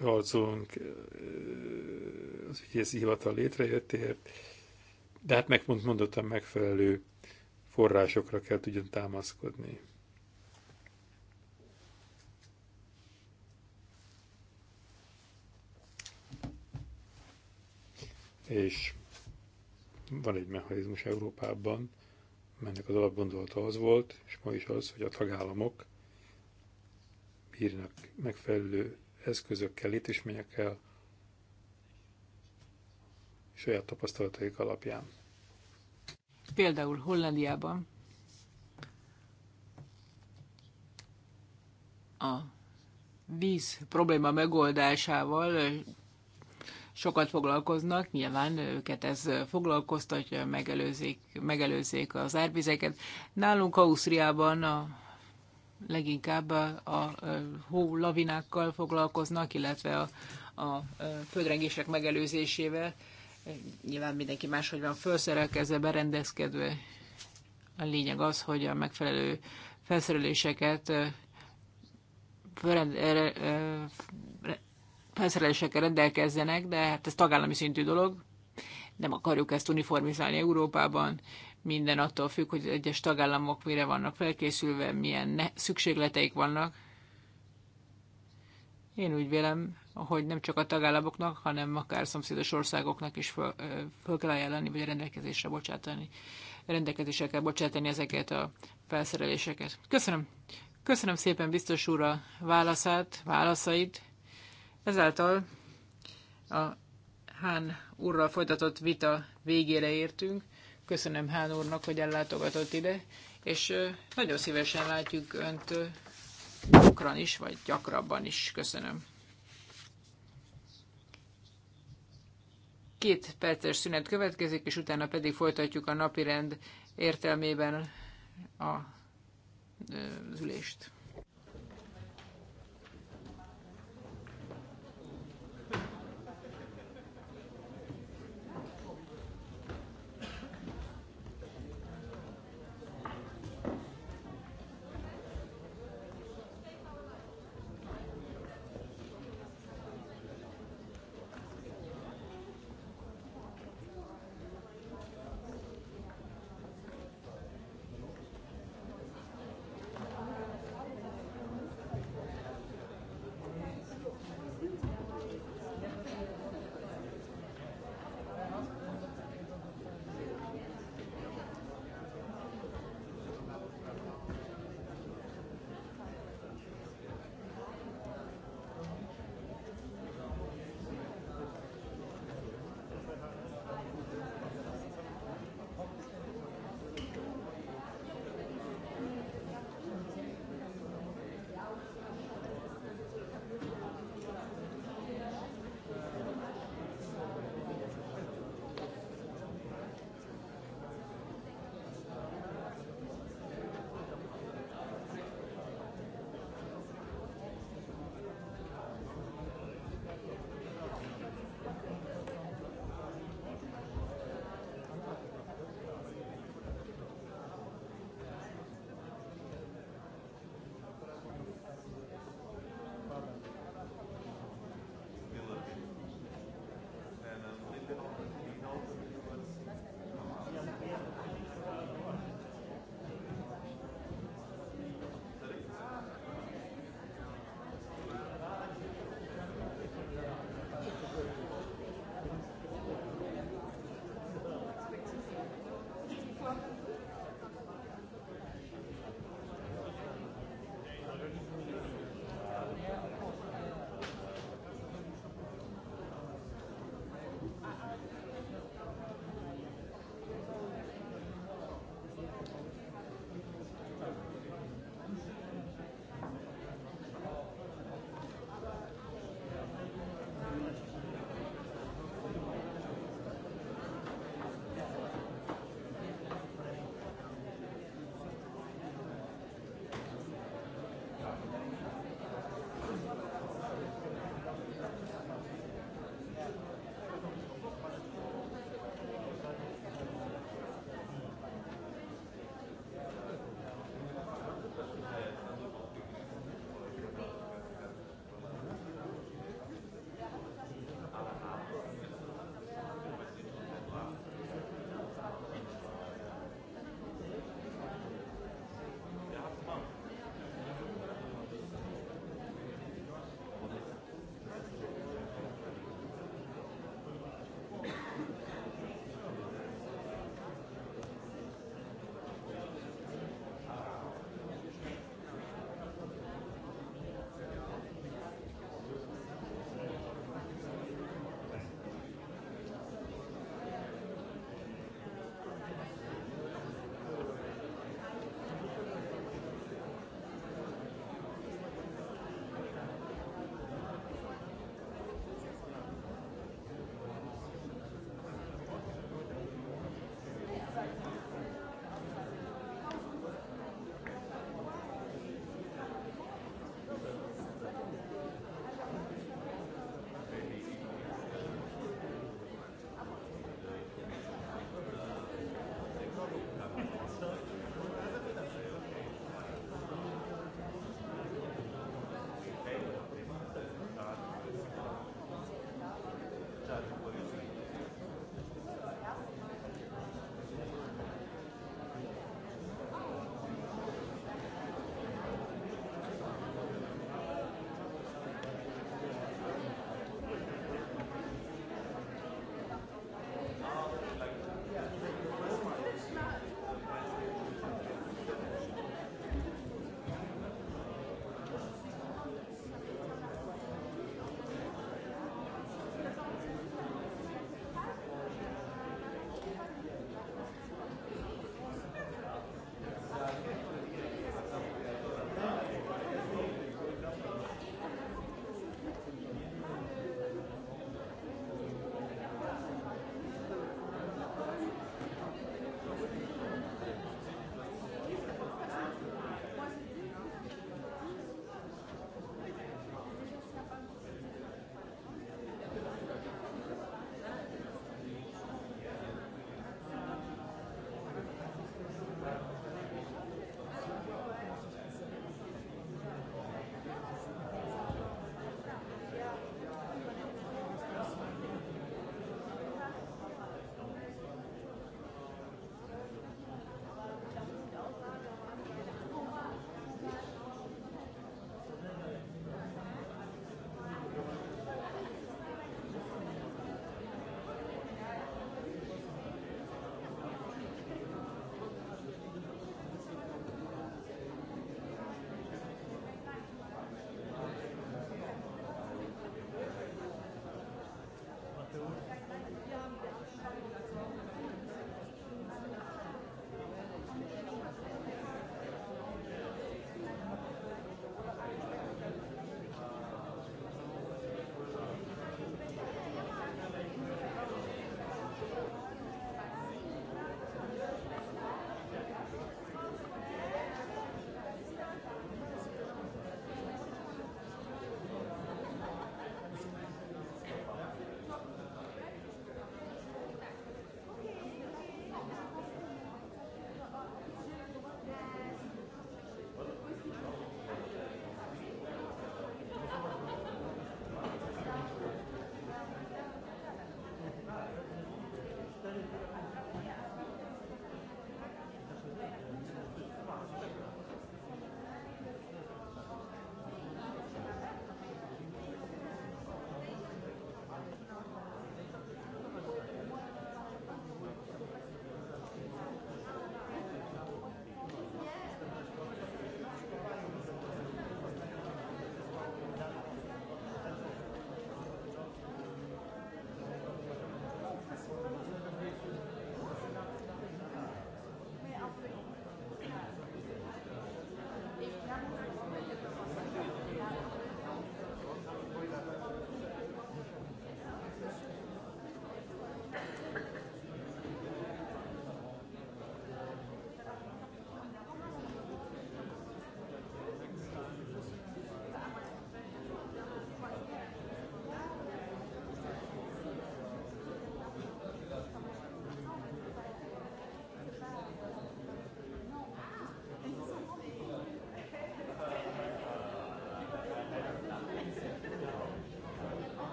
harcolunk az ügyész hivatal létrejöttéért, de hát megmond, mondottam, megfelelő forrásokra kell tudjon támaszkodni. És van egy mechanizmus Európában, mennek az alapgondolata az volt, és ma is az, hogy a tagállamok bírnak megfelelő eszközökkel, létesményekkel, saját tapasztalataik alapján. Például Hollandiában a víz probléma megoldásával sokat foglalkoznak, nyilván őket ez foglalkoztatja, megelőzik, megelőzik az árvizeket. Nálunk Ausztriában a, leginkább a, a hó lavinákkal foglalkoznak, illetve a, a földrengések megelőzésével. Nyilván mindenki máshogy van felszerelkezve, berendezkedve. A lényeg az, hogy a megfelelő felszereléseket felszerelésekkel rendelkezzenek, de hát ez tagállami szintű dolog. Nem akarjuk ezt uniformizálni Európában. Minden attól függ, hogy egyes tagállamok mire vannak felkészülve, milyen ne- szükségleteik vannak. Én úgy vélem, hogy nem csak a tagállamoknak, hanem akár szomszédos országoknak is föl, föl kell ajánlani, vagy a rendelkezésre bocsátani. Rendelkezésre kell bocsátani ezeket a felszereléseket. Köszönöm. Köszönöm szépen biztos úr a válaszát, válaszait. Ezáltal a Hán úrral folytatott vita végére értünk. Köszönöm Hán úrnak, hogy ellátogatott ide, és nagyon szívesen látjuk Önt gyakran is, vagy gyakrabban is. Köszönöm. Két perces szünet következik, és utána pedig folytatjuk a napirend értelmében a, az ülést.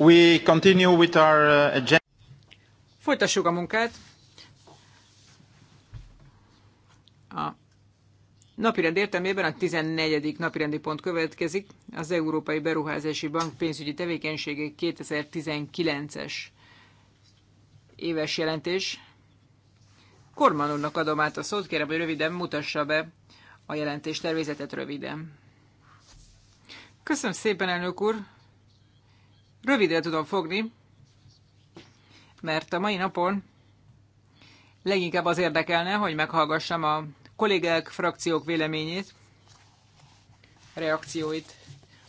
We continue with our uh, agenda. Folytassuk a munkát. A napirend értelmében a 14. napirendi pont következik, az Európai Beruházási Bank pénzügyi tevékenysége 2019-es éves jelentés. Korman úrnak adom át a szót, kérem, hogy röviden mutassa be a jelentés tervezetet röviden. Köszönöm szépen, elnök úr! Rövidre tudom fogni, mert a mai napon leginkább az érdekelne, hogy meghallgassam a kollégák, frakciók véleményét, reakcióit.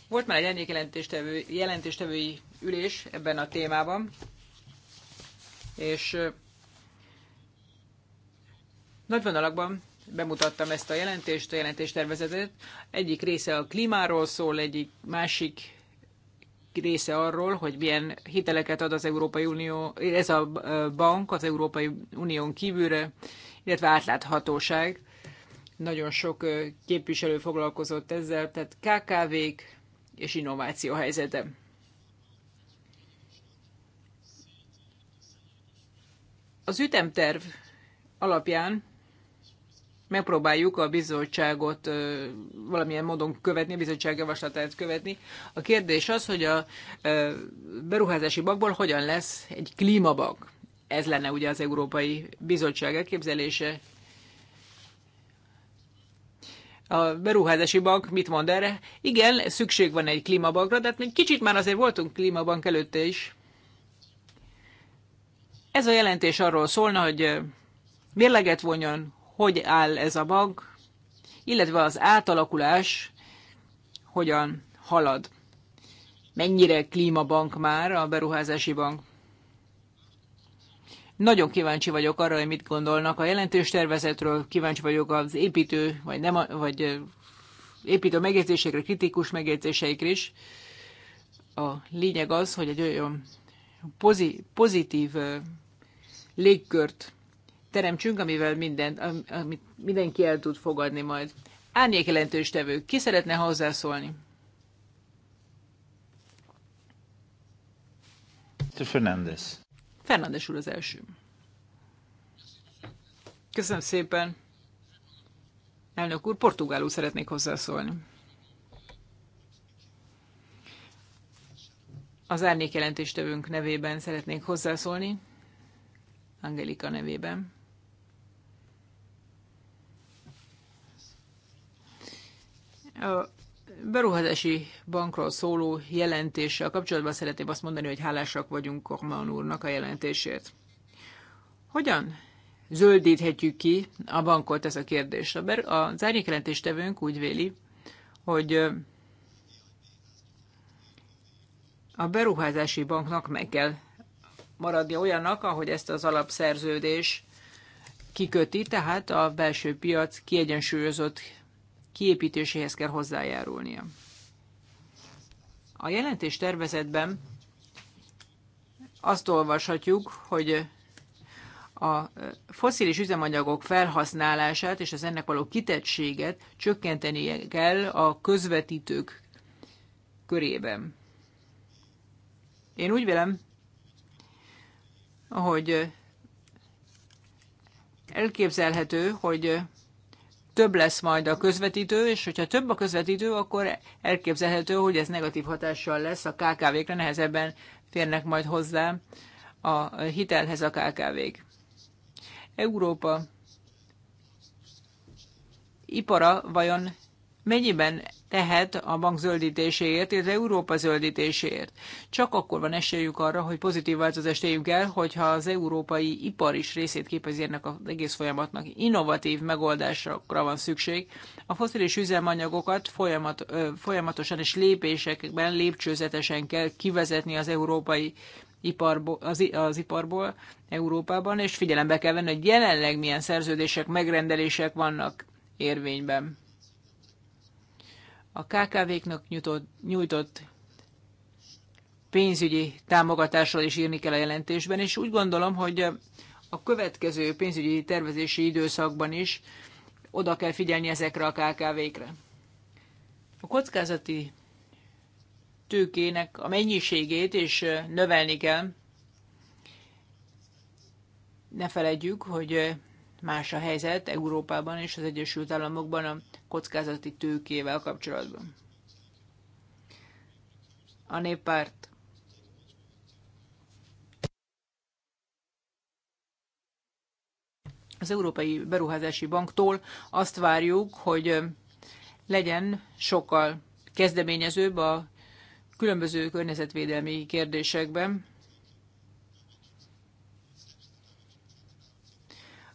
Volt már egy jelentéstevő, jelentéstevői ülés ebben a témában, és nagy vonalakban bemutattam ezt a jelentést, a jelentéstervezetet. Egyik része a klímáról szól, egyik másik része arról, hogy milyen hiteleket ad az Európai Unió, ez a bank az Európai Unión kívülre, illetve átláthatóság. Nagyon sok képviselő foglalkozott ezzel, tehát KKV-k és innováció helyzete. Az ütemterv alapján megpróbáljuk a bizottságot valamilyen módon követni, a bizottság javaslatát követni. A kérdés az, hogy a beruházási bankból hogyan lesz egy klímabank. Ez lenne ugye az Európai Bizottság elképzelése. A beruházási bank mit mond erre? Igen, szükség van egy klímabankra, de hát kicsit már azért voltunk klímabank előtte is. Ez a jelentés arról szólna, hogy mérleget vonjon, hogy áll ez a bank, illetve az átalakulás hogyan halad. Mennyire klímabank már a beruházási bank? Nagyon kíváncsi vagyok arra, hogy mit gondolnak a jelentős tervezetről, kíváncsi vagyok az építő, vagy, nem, vagy építő megjegyzésekre, kritikus megjegyzéseikre is. A lényeg az, hogy egy olyan pozitív légkört teremtsünk, amivel minden, amit mindenki el tud fogadni majd. Árnyék jelentős tevő, ki szeretne hozzászólni? Mr. Fernandez. Fernandes úr az első. Köszönöm szépen. Elnök úr, portugálul szeretnék hozzászólni. Az árnyék jelentéstevőnk nevében szeretnék hozzászólni, Angelika nevében. A beruházási bankról szóló jelentéssel kapcsolatban szeretném azt mondani, hogy hálásak vagyunk Kormán úrnak a jelentésért. Hogyan zöldíthetjük ki a bankot, ez a kérdés. Az árnyékjelentéstevőnk úgy véli, hogy a beruházási banknak meg kell maradnia olyannak, ahogy ezt az alapszerződés kiköti, tehát a belső piac kiegyensúlyozott kiépítéséhez kell hozzájárulnia. A jelentés tervezetben azt olvashatjuk, hogy a foszilis üzemanyagok felhasználását és az ennek való kitettséget csökkenteni kell a közvetítők körében. Én úgy vélem, hogy elképzelhető, hogy több lesz majd a közvetítő, és hogyha több a közvetítő, akkor elképzelhető, hogy ez negatív hatással lesz a KKV-kre, nehezebben férnek majd hozzá a hitelhez a KKV-k. Európa ipara vajon mennyiben tehet a bank zöldítéséért, illetve Európa zöldítéséért. Csak akkor van esélyük arra, hogy pozitív változást éljünk el, hogyha az európai ipar is részét képezi ennek az egész folyamatnak. Innovatív megoldásokra van szükség. A foszilis üzemanyagokat folyamat, folyamatosan és lépésekben lépcsőzetesen kell kivezetni az európai iparból, az, az iparból Európában, és figyelembe kell venni, hogy jelenleg milyen szerződések, megrendelések vannak érvényben a KKV-knak nyújtott, nyújtott pénzügyi támogatásról is írni kell a jelentésben, és úgy gondolom, hogy a következő pénzügyi tervezési időszakban is oda kell figyelni ezekre a KKV-kre. A kockázati tőkének a mennyiségét is növelni kell. Ne feledjük, hogy más a helyzet Európában és az Egyesült Államokban a kockázati tőkével kapcsolatban. A néppárt az Európai Beruházási Banktól azt várjuk, hogy legyen sokkal kezdeményezőbb a különböző környezetvédelmi kérdésekben.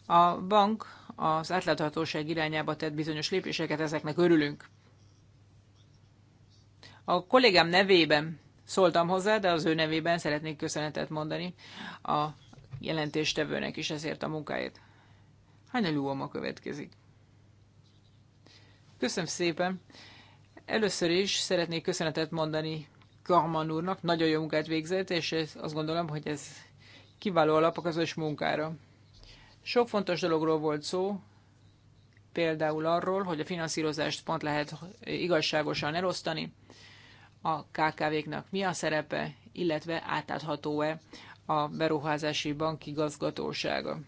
A bank az átláthatóság irányába tett bizonyos lépéseket, ezeknek örülünk. A kollégám nevében szóltam hozzá, de az ő nevében szeretnék köszönetet mondani a jelentéstevőnek is ezért a munkáért. Hány a következik. Köszönöm szépen. Először is szeretnék köszönetet mondani Karman úrnak. Nagyon jó munkát végzett, és azt gondolom, hogy ez kiváló alap a közös munkára. Sok fontos dologról volt szó, például arról, hogy a finanszírozást pont lehet igazságosan elosztani, a KKV-knak mi a szerepe, illetve átadható-e a beruházási bank igazgatósága.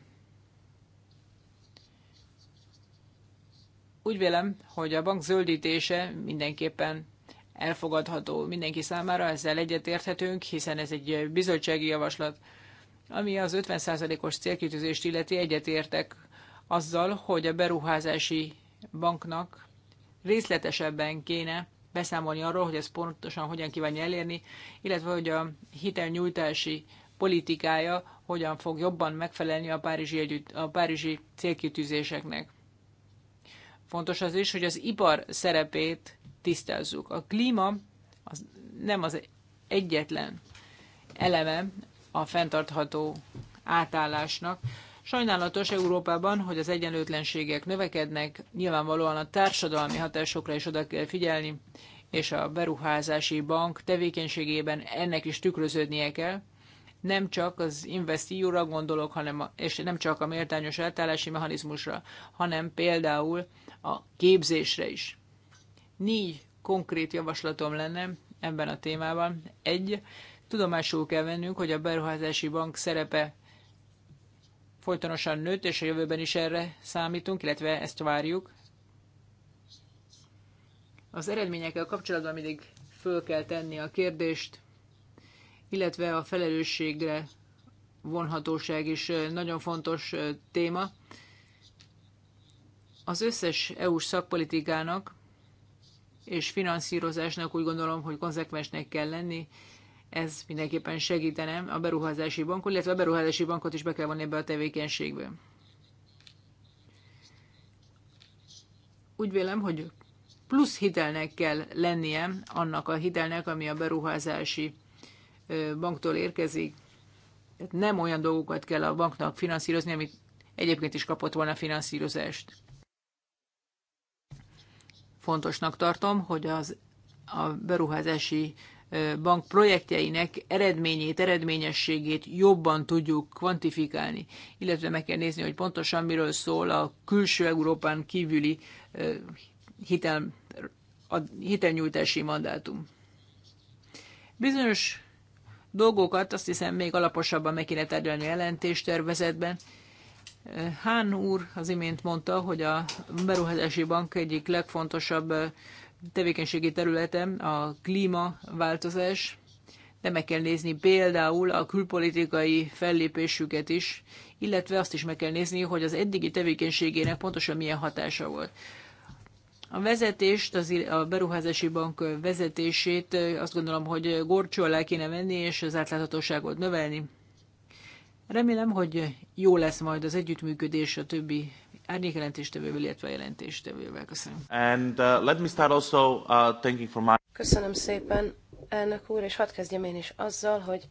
Úgy vélem, hogy a bank zöldítése mindenképpen elfogadható mindenki számára, ezzel egyetérthetünk, hiszen ez egy bizottsági javaslat, ami az 50%-os célkitűzést illeti, egyetértek azzal, hogy a beruházási banknak részletesebben kéne beszámolni arról, hogy ezt pontosan hogyan kívánja elérni, illetve hogy a hitelnyújtási politikája hogyan fog jobban megfelelni a párizsi, együtt, a párizsi célkitűzéseknek. Fontos az is, hogy az ipar szerepét tisztázzuk. A klíma az nem az egyetlen eleme a fenntartható átállásnak. Sajnálatos Európában, hogy az egyenlőtlenségek növekednek, nyilvánvalóan a társadalmi hatásokra is oda kell figyelni, és a beruházási bank tevékenységében ennek is tükröződnie kell. Nem csak az investíjúra gondolok, hanem a, és nem csak a méltányos eltállási mechanizmusra, hanem például a képzésre is. Négy konkrét javaslatom lenne ebben a témában. Egy, Tudomásul kell vennünk, hogy a beruházási bank szerepe folytonosan nőtt, és a jövőben is erre számítunk, illetve ezt várjuk. Az eredményekkel kapcsolatban mindig föl kell tenni a kérdést, illetve a felelősségre vonhatóság is nagyon fontos téma. Az összes EU-s szakpolitikának és finanszírozásnak úgy gondolom, hogy konzekvensnek kell lenni, ez mindenképpen segítene a beruházási bankot, illetve a beruházási bankot is be kell vonni ebbe a tevékenységbe. Úgy vélem, hogy plusz hitelnek kell lennie annak a hitelnek, ami a beruházási banktól érkezik. Tehát nem olyan dolgokat kell a banknak finanszírozni, amit egyébként is kapott volna finanszírozást. Fontosnak tartom, hogy az a beruházási bank projektjeinek eredményét, eredményességét jobban tudjuk kvantifikálni, illetve meg kell nézni, hogy pontosan miről szól a külső Európán kívüli hitel, a hitelnyújtási mandátum. Bizonyos dolgokat azt hiszem még alaposabban meg kéne tárgyalni a jelentéstervezetben. Hán úr az imént mondta, hogy a beruházási bank egyik legfontosabb tevékenységi területem a klímaváltozás, de meg kell nézni például a külpolitikai fellépésüket is, illetve azt is meg kell nézni, hogy az eddigi tevékenységének pontosan milyen hatása volt. A vezetést, az, a beruházási bank vezetését azt gondolom, hogy gorcsó alá kéne venni, és az átláthatóságot növelni. Remélem, hogy jó lesz majd az együttműködés a többi jelentéstevővel, illetve jelentéstevővel. Köszönöm. And uh, let me start also uh, thanking for my... Köszönöm szépen, elnök úr, és hadd kezdjem én is azzal, hogy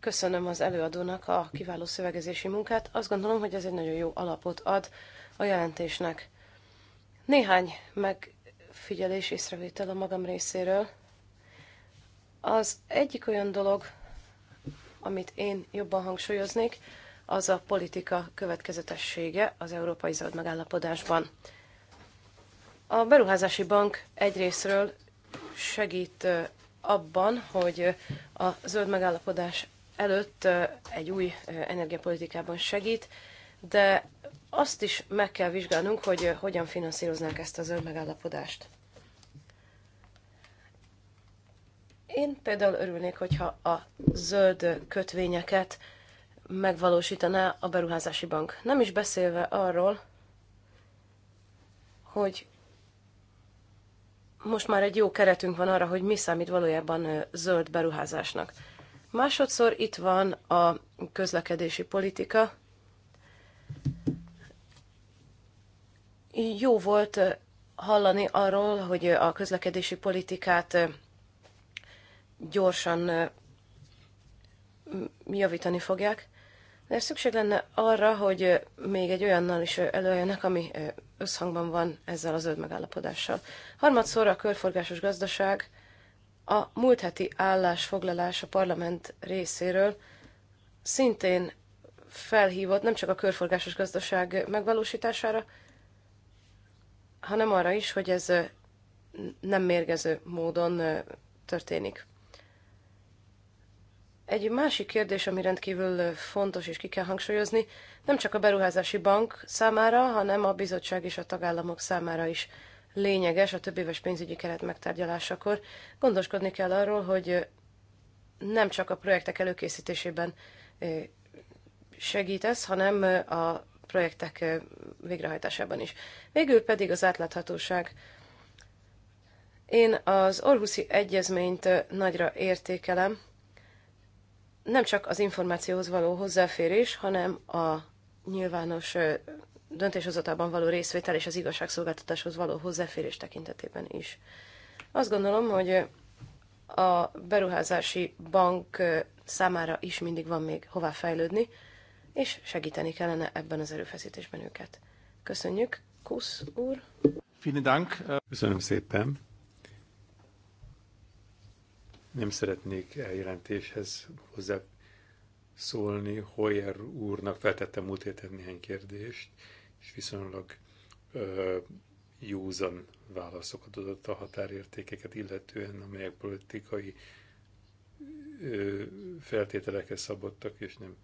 köszönöm az előadónak a kiváló szövegezési munkát. Azt gondolom, hogy ez egy nagyon jó alapot ad a jelentésnek. Néhány megfigyelés észrevétel a magam részéről. Az egyik olyan dolog, amit én jobban hangsúlyoznék, az a politika következetessége az Európai Zöld Megállapodásban. A Beruházási Bank egyrésztről segít abban, hogy a zöld megállapodás előtt egy új energiapolitikában segít, de azt is meg kell vizsgálnunk, hogy hogyan finanszíroznák ezt a zöld megállapodást. Én például örülnék, hogyha a zöld kötvényeket megvalósítaná a beruházási bank. Nem is beszélve arról, hogy most már egy jó keretünk van arra, hogy mi számít valójában zöld beruházásnak. Másodszor itt van a közlekedési politika. Jó volt hallani arról, hogy a közlekedési politikát gyorsan javítani fogják. De szükség lenne arra, hogy még egy olyannal is előjönnek, ami összhangban van ezzel az öt megállapodással. Harmadszor a körforgásos gazdaság a múlt heti állásfoglalás a parlament részéről szintén felhívott nem csak a körforgásos gazdaság megvalósítására, hanem arra is, hogy ez nem mérgező módon történik. Egy másik kérdés, ami rendkívül fontos és ki kell hangsúlyozni, nem csak a beruházási bank számára, hanem a bizottság és a tagállamok számára is lényeges a éves pénzügyi keret megtárgyalásakor. Gondoskodni kell arról, hogy nem csak a projektek előkészítésében eh, segítesz, hanem eh, a projektek eh, végrehajtásában is. Végül pedig az átláthatóság. Én az Orhuszi Egyezményt nagyra értékelem, nem csak az információhoz való hozzáférés, hanem a nyilvános döntéshozatalban való részvétel és az igazságszolgáltatáshoz való hozzáférés tekintetében is. Azt gondolom, hogy a beruházási bank számára is mindig van még hová fejlődni, és segíteni kellene ebben az erőfeszítésben őket. Köszönjük, Kusz úr! Vielen Dank! Köszönöm szépen! Nem szeretnék eljelentéshez hozzá szólni. Hoyer úrnak feltettem múlt héten néhány kérdést, és viszonylag ö, józan válaszokat adott a határértékeket, illetően amelyek politikai ö, feltételekhez szabottak, és nem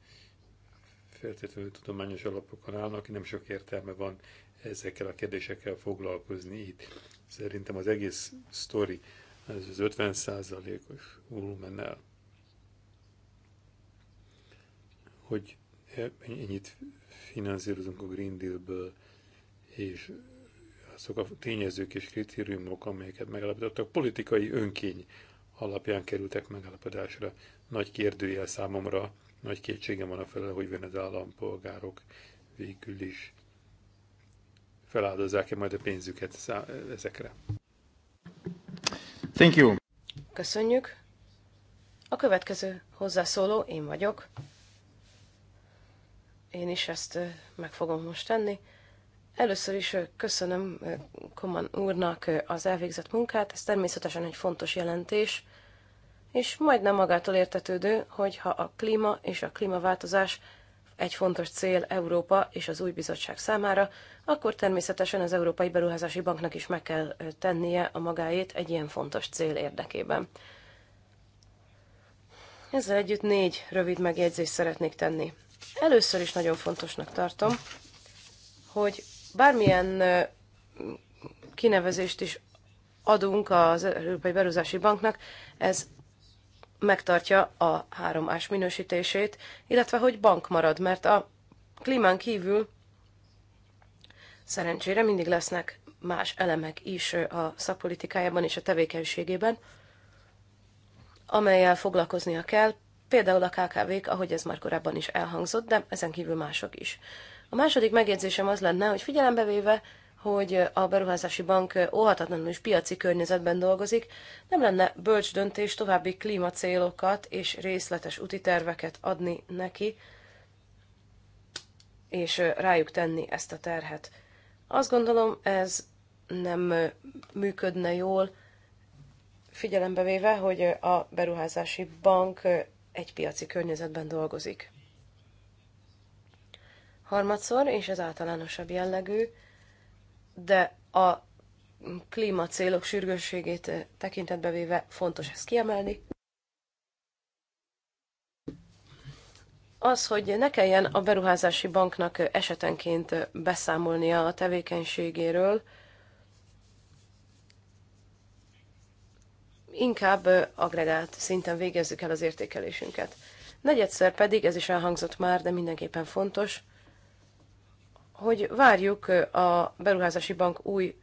feltétlenül tudományos alapokon állnak, nem sok értelme van ezekkel a kérdésekkel foglalkozni itt. Szerintem az egész sztori ez az 50 százalékos volumennel, hogy ennyit finanszírozunk a Green Deal-ből, és azok a tényezők és kritériumok, amelyeket megállapítottak, politikai önkény alapján kerültek megállapodásra. Nagy kérdőjel számomra, nagy kétségem van a felel, hogy az állampolgárok végül is feláldozzák-e majd a pénzüket ezekre. Thank you. Köszönjük. A következő hozzászóló én vagyok. Én is ezt meg fogom most tenni. Először is köszönöm Koman úrnak az elvégzett munkát, ez természetesen egy fontos jelentés, és majdnem magától értetődő, hogy ha a klíma és a klímaváltozás egy fontos cél Európa és az új bizottság számára, akkor természetesen az Európai Beruházási Banknak is meg kell tennie a magáét egy ilyen fontos cél érdekében. Ezzel együtt négy rövid megjegyzést szeretnék tenni. Először is nagyon fontosnak tartom, hogy bármilyen kinevezést is adunk az Európai Beruházási Banknak, ez megtartja a 3-ás minősítését, illetve hogy bank marad, mert a klímán kívül szerencsére mindig lesznek más elemek is a szakpolitikájában és a tevékenységében, amelyel foglalkoznia kell, például a KKV-k, ahogy ez már korábban is elhangzott, de ezen kívül mások is. A második megjegyzésem az lenne, hogy figyelembe véve, hogy a beruházási bank óhatatlanul is piaci környezetben dolgozik, nem lenne bölcs döntés további klímacélokat és részletes úti terveket adni neki, és rájuk tenni ezt a terhet. Azt gondolom, ez nem működne jól, figyelembe véve, hogy a beruházási bank egy piaci környezetben dolgozik. Harmadszor, és ez általánosabb jellegű, de a klímacélok sürgősségét eh, tekintetbe véve fontos ezt kiemelni. az, hogy ne kelljen a beruházási banknak eh, esetenként eh, beszámolnia a tevékenységéről, inkább agregált szinten végezzük el az értékelésünket. Negyedszer pedig, ez is elhangzott már, de mindenképpen fontos, hogy várjuk a beruházási bank új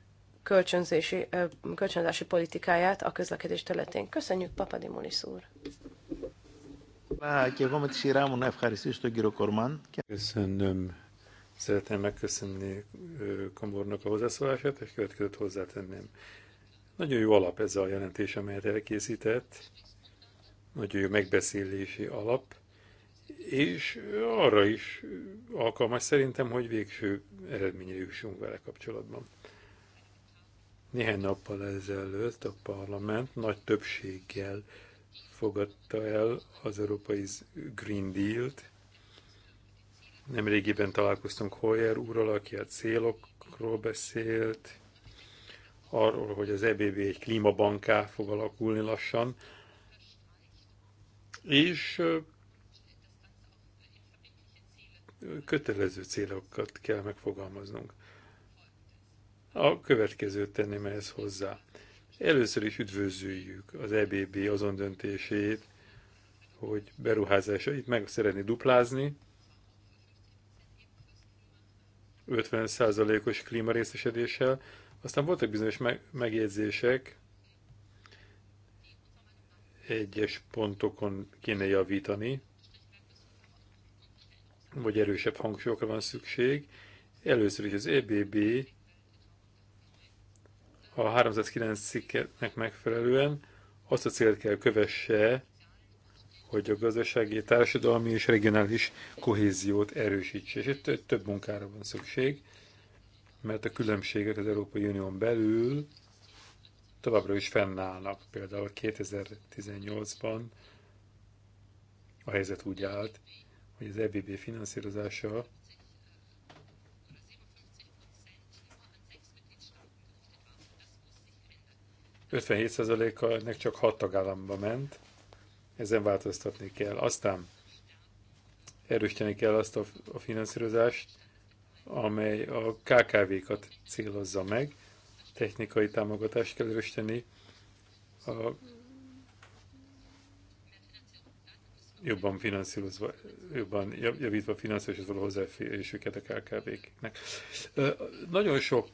kölcsönzési, kölcsönzési politikáját a közlekedés területén. Köszönjük, Papadimulis úr! Ah, Köszönöm. Szeretném megköszönni Kambornak a hozzászólását, és következőt hozzátenném. Nagyon jó alap ez a jelentés, amelyet elkészített. Nagyon jó megbeszélési alap és arra is alkalmas szerintem, hogy végső eredményre jussunk vele kapcsolatban. Néhány nappal ezelőtt a parlament nagy többséggel fogadta el az Európai Green Deal-t. Nemrégiben találkoztunk Hoyer úrral, aki a célokról beszélt, arról, hogy az EBB egy klímabanká fog alakulni lassan, és kötelező célokat kell megfogalmaznunk. A következőt tenném ehhez hozzá. Először is üdvözöljük az EBB azon döntését, hogy beruházásait meg szeretné duplázni, 50%-os klímarészesedéssel. Aztán voltak bizonyos megjegyzések, egyes pontokon kéne javítani, vagy erősebb hangsúlyokra van szükség. Először is az EBB a 309 cikknek megfelelően azt a célt kell kövesse, hogy a gazdasági, társadalmi és regionális kohéziót erősítse. És itt több munkára van szükség, mert a különbségek az Európai Unión belül továbbra is fennállnak. Például 2018-ban a helyzet úgy állt, hogy az EBB finanszírozása a ennek csak 6 tagállamba ment, ezen változtatni kell. Aztán erősíteni kell azt a, a finanszírozást, amely a KKV-kat célozza meg, technikai támogatást kell erősíteni a jobban finanszírozva, jobban javítva finanszírozva hozzáférésüket a KKV-knek. Nagyon sok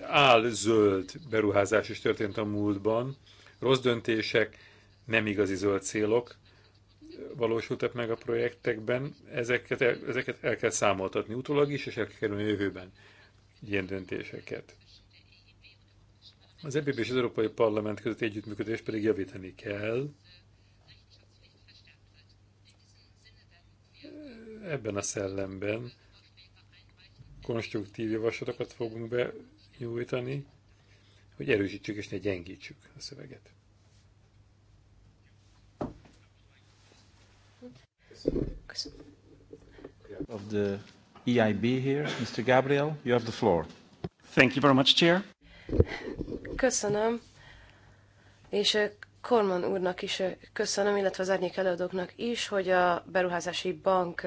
áll-zöld beruházás is történt a múltban, rossz döntések, nem igazi zöld célok valósultak meg a projektekben, ezeket el, ezeket el kell számoltatni utólag is, és el kell kerülni a jövőben ilyen döntéseket. Az EBB és az Európai Parlament között együttműködés pedig javítani kell, ebben a szellemben konstruktív javaslatokat fogunk benyújtani, hogy erősítsük és ne gyengítsük a szöveget. Of the EIB here, Mr. Gabriel, you have the floor. Thank you very much, Chair. Köszönöm. És Korman úrnak is köszönöm, illetve az árnyék előadóknak is, hogy a beruházási bank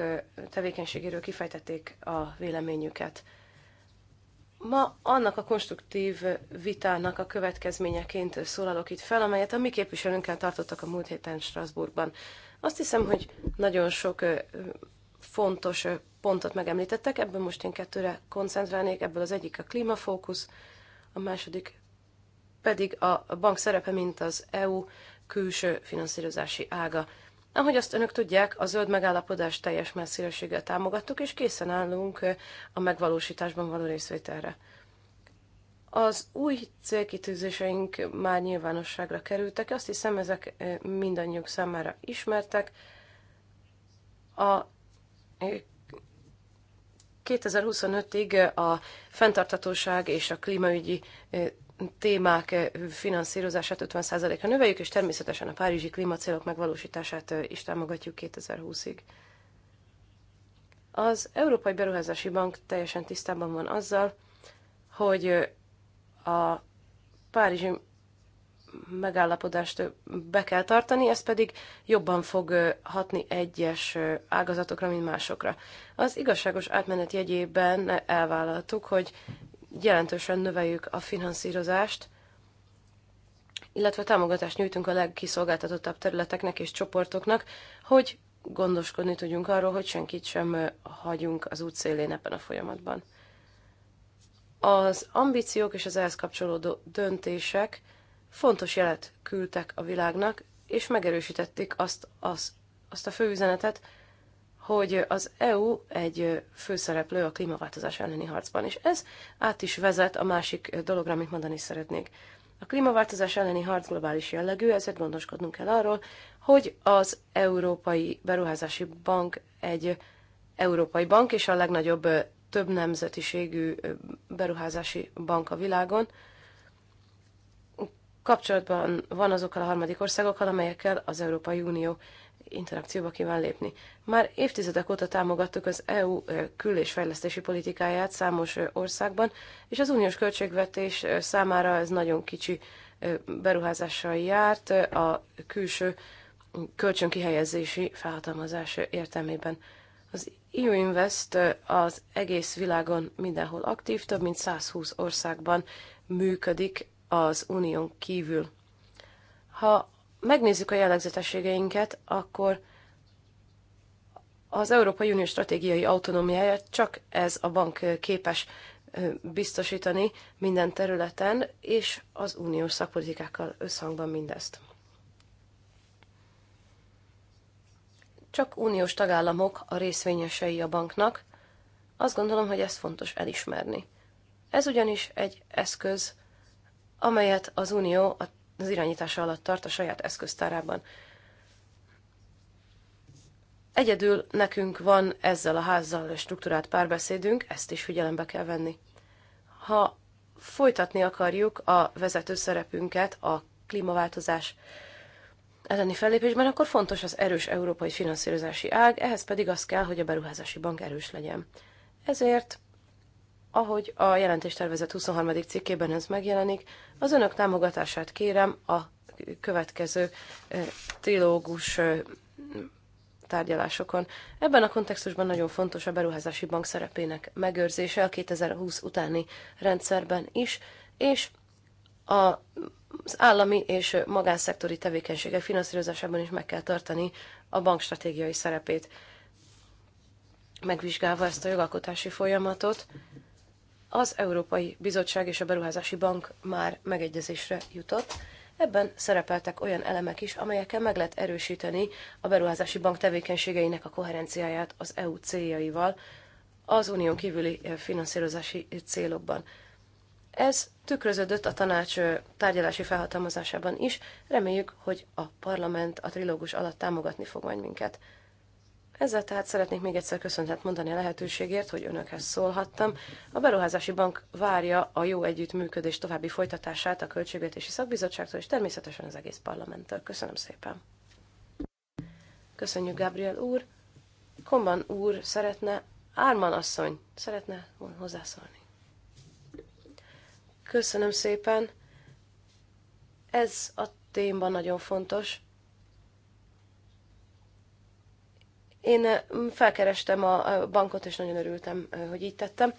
tevékenységéről kifejtették a véleményüket. Ma annak a konstruktív vitának a következményeként szólalok itt fel, amelyet a mi képviselőnkkel tartottak a múlt héten Strasbourgban. Azt hiszem, hogy nagyon sok fontos pontot megemlítettek, ebből most én kettőre koncentrálnék, ebből az egyik a klímafókusz, a második pedig a bank szerepe, mint az EU külső finanszírozási ága. Ahogy azt önök tudják, a zöld megállapodás teljes messzélességgel támogattuk, és készen állunk a megvalósításban való részvételre. Az új célkitűzéseink már nyilvánosságra kerültek, azt hiszem ezek mindannyiuk számára ismertek. A 2025-ig a fenntartatóság és a klímaügyi témák eh, finanszírozását 50%-ra növeljük, és természetesen a párizsi klímacélok megvalósítását eh, is támogatjuk 2020-ig. Az Európai Beruházási Bank teljesen tisztában van azzal, hogy eh, a párizsi megállapodást be kell tartani, ez pedig jobban fog hatni egyes ágazatokra, mint másokra. Az igazságos átmenet jegyében elvállaltuk, hogy jelentősen növeljük a finanszírozást, illetve támogatást nyújtunk a legkiszolgáltatottabb területeknek és csoportoknak, hogy gondoskodni tudjunk arról, hogy senkit sem hagyunk az út szélén ebben a folyamatban. Az ambíciók és az ehhez kapcsolódó döntések fontos jelet küldtek a világnak, és megerősítették azt, az, azt a fő üzenetet, hogy az EU egy főszereplő a klímaváltozás elleni harcban, és ez át is vezet a másik dologra, amit mondani szeretnék. A klímaváltozás elleni harc globális jellegű, ezért gondoskodnunk kell arról, hogy az Európai Beruházási Bank egy európai bank, és a legnagyobb több nemzetiségű beruházási bank a világon, kapcsolatban van azokkal a harmadik országokkal, amelyekkel az Európai Unió interakcióba kíván lépni. Már évtizedek óta támogattuk az EU kül- és fejlesztési politikáját számos országban, és az uniós költségvetés számára ez nagyon kicsi beruházással járt a külső kölcsönkihelyezési felhatalmazás értelmében. Az EU Invest az egész világon mindenhol aktív, több mint 120 országban működik az unión kívül. Ha megnézzük a jellegzetességeinket, akkor az Európai Unió stratégiai autonómiáját csak ez a bank képes biztosítani minden területen, és az uniós szakpolitikákkal összhangban mindezt. Csak uniós tagállamok a részvényesei a banknak, azt gondolom, hogy ez fontos elismerni. Ez ugyanis egy eszköz, amelyet az Unió a az irányítása alatt tart a saját eszköztárában. Egyedül nekünk van ezzel a házzal struktúrált párbeszédünk, ezt is figyelembe kell venni. Ha folytatni akarjuk a vezető szerepünket a klímaváltozás elleni fellépésben, akkor fontos az erős európai finanszírozási ág, ehhez pedig az kell, hogy a beruházási bank erős legyen. Ezért ahogy a jelentéstervezet 23. cikkében ez megjelenik, az önök támogatását kérem a következő eh, trilógus eh, tárgyalásokon. Ebben a kontextusban nagyon fontos a beruházási bank szerepének megőrzése a 2020 utáni rendszerben is, és a, az állami és magánszektori tevékenységek finanszírozásában is meg kell tartani a bank stratégiai szerepét. Megvizsgálva ezt a jogalkotási folyamatot, az Európai Bizottság és a Beruházási Bank már megegyezésre jutott. Ebben szerepeltek olyan elemek is, amelyekkel meg lehet erősíteni a Beruházási Bank tevékenységeinek a koherenciáját az EU céljaival, az unión kívüli eh, finanszírozási célokban. Ez tükröződött a tanács eh, tárgyalási felhatalmazásában is, reméljük, hogy a parlament a trilógus alatt támogatni fog majd minket. Ezzel tehát szeretnék még egyszer köszönetet mondani a lehetőségért, hogy önökhez szólhattam. A Beruházási Bank várja a jó együttműködés további folytatását a Költségvetési Szakbizottságtól és természetesen az egész parlamenttől. Köszönöm szépen. Köszönjük, Gabriel úr. Komban úr szeretne, Árman asszony szeretne hozzászólni. Köszönöm szépen. Ez a téma nagyon fontos Én felkerestem a bankot, és nagyon örültem, hogy így tettem.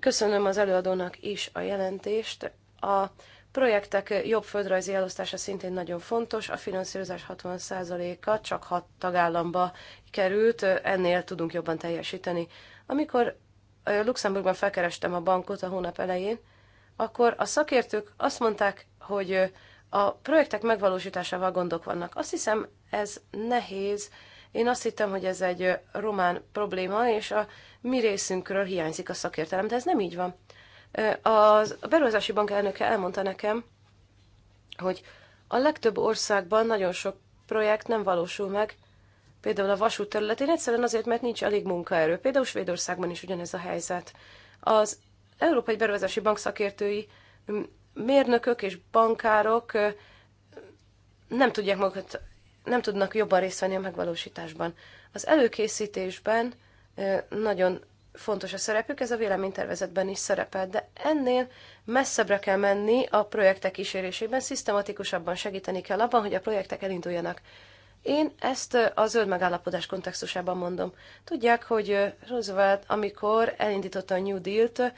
Köszönöm az előadónak is a jelentést. A projektek jobb földrajzi elosztása szintén nagyon fontos. A finanszírozás 60%-a csak hat tagállamba került, ennél tudunk jobban teljesíteni. Amikor Luxemburgban felkerestem a bankot a hónap elején, akkor a szakértők azt mondták, hogy a projektek megvalósításával gondok vannak. Azt hiszem, ez nehéz én azt hittem, hogy ez egy román probléma, és a mi részünkről hiányzik a szakértelem, de ez nem így van. Az, a beruházási bank elnöke elmondta nekem, hogy a legtöbb országban nagyon sok projekt nem valósul meg, például a vasút területén egyszerűen azért, mert nincs elég munkaerő. Például Svédországban is ugyanez a helyzet. Az Európai Beruházási Bank szakértői mérnökök és bankárok nem tudják magukat nem tudnak jobban részt venni a megvalósításban. Az előkészítésben nagyon fontos a szerepük, ez a véleménytervezetben is szerepel, de ennél messzebbre kell menni a projektek kísérésében, szisztematikusabban segíteni kell abban, hogy a projektek elinduljanak. Én ezt a zöld megállapodás kontextusában mondom. Tudják, hogy Roosevelt, amikor elindította a New Deal-t,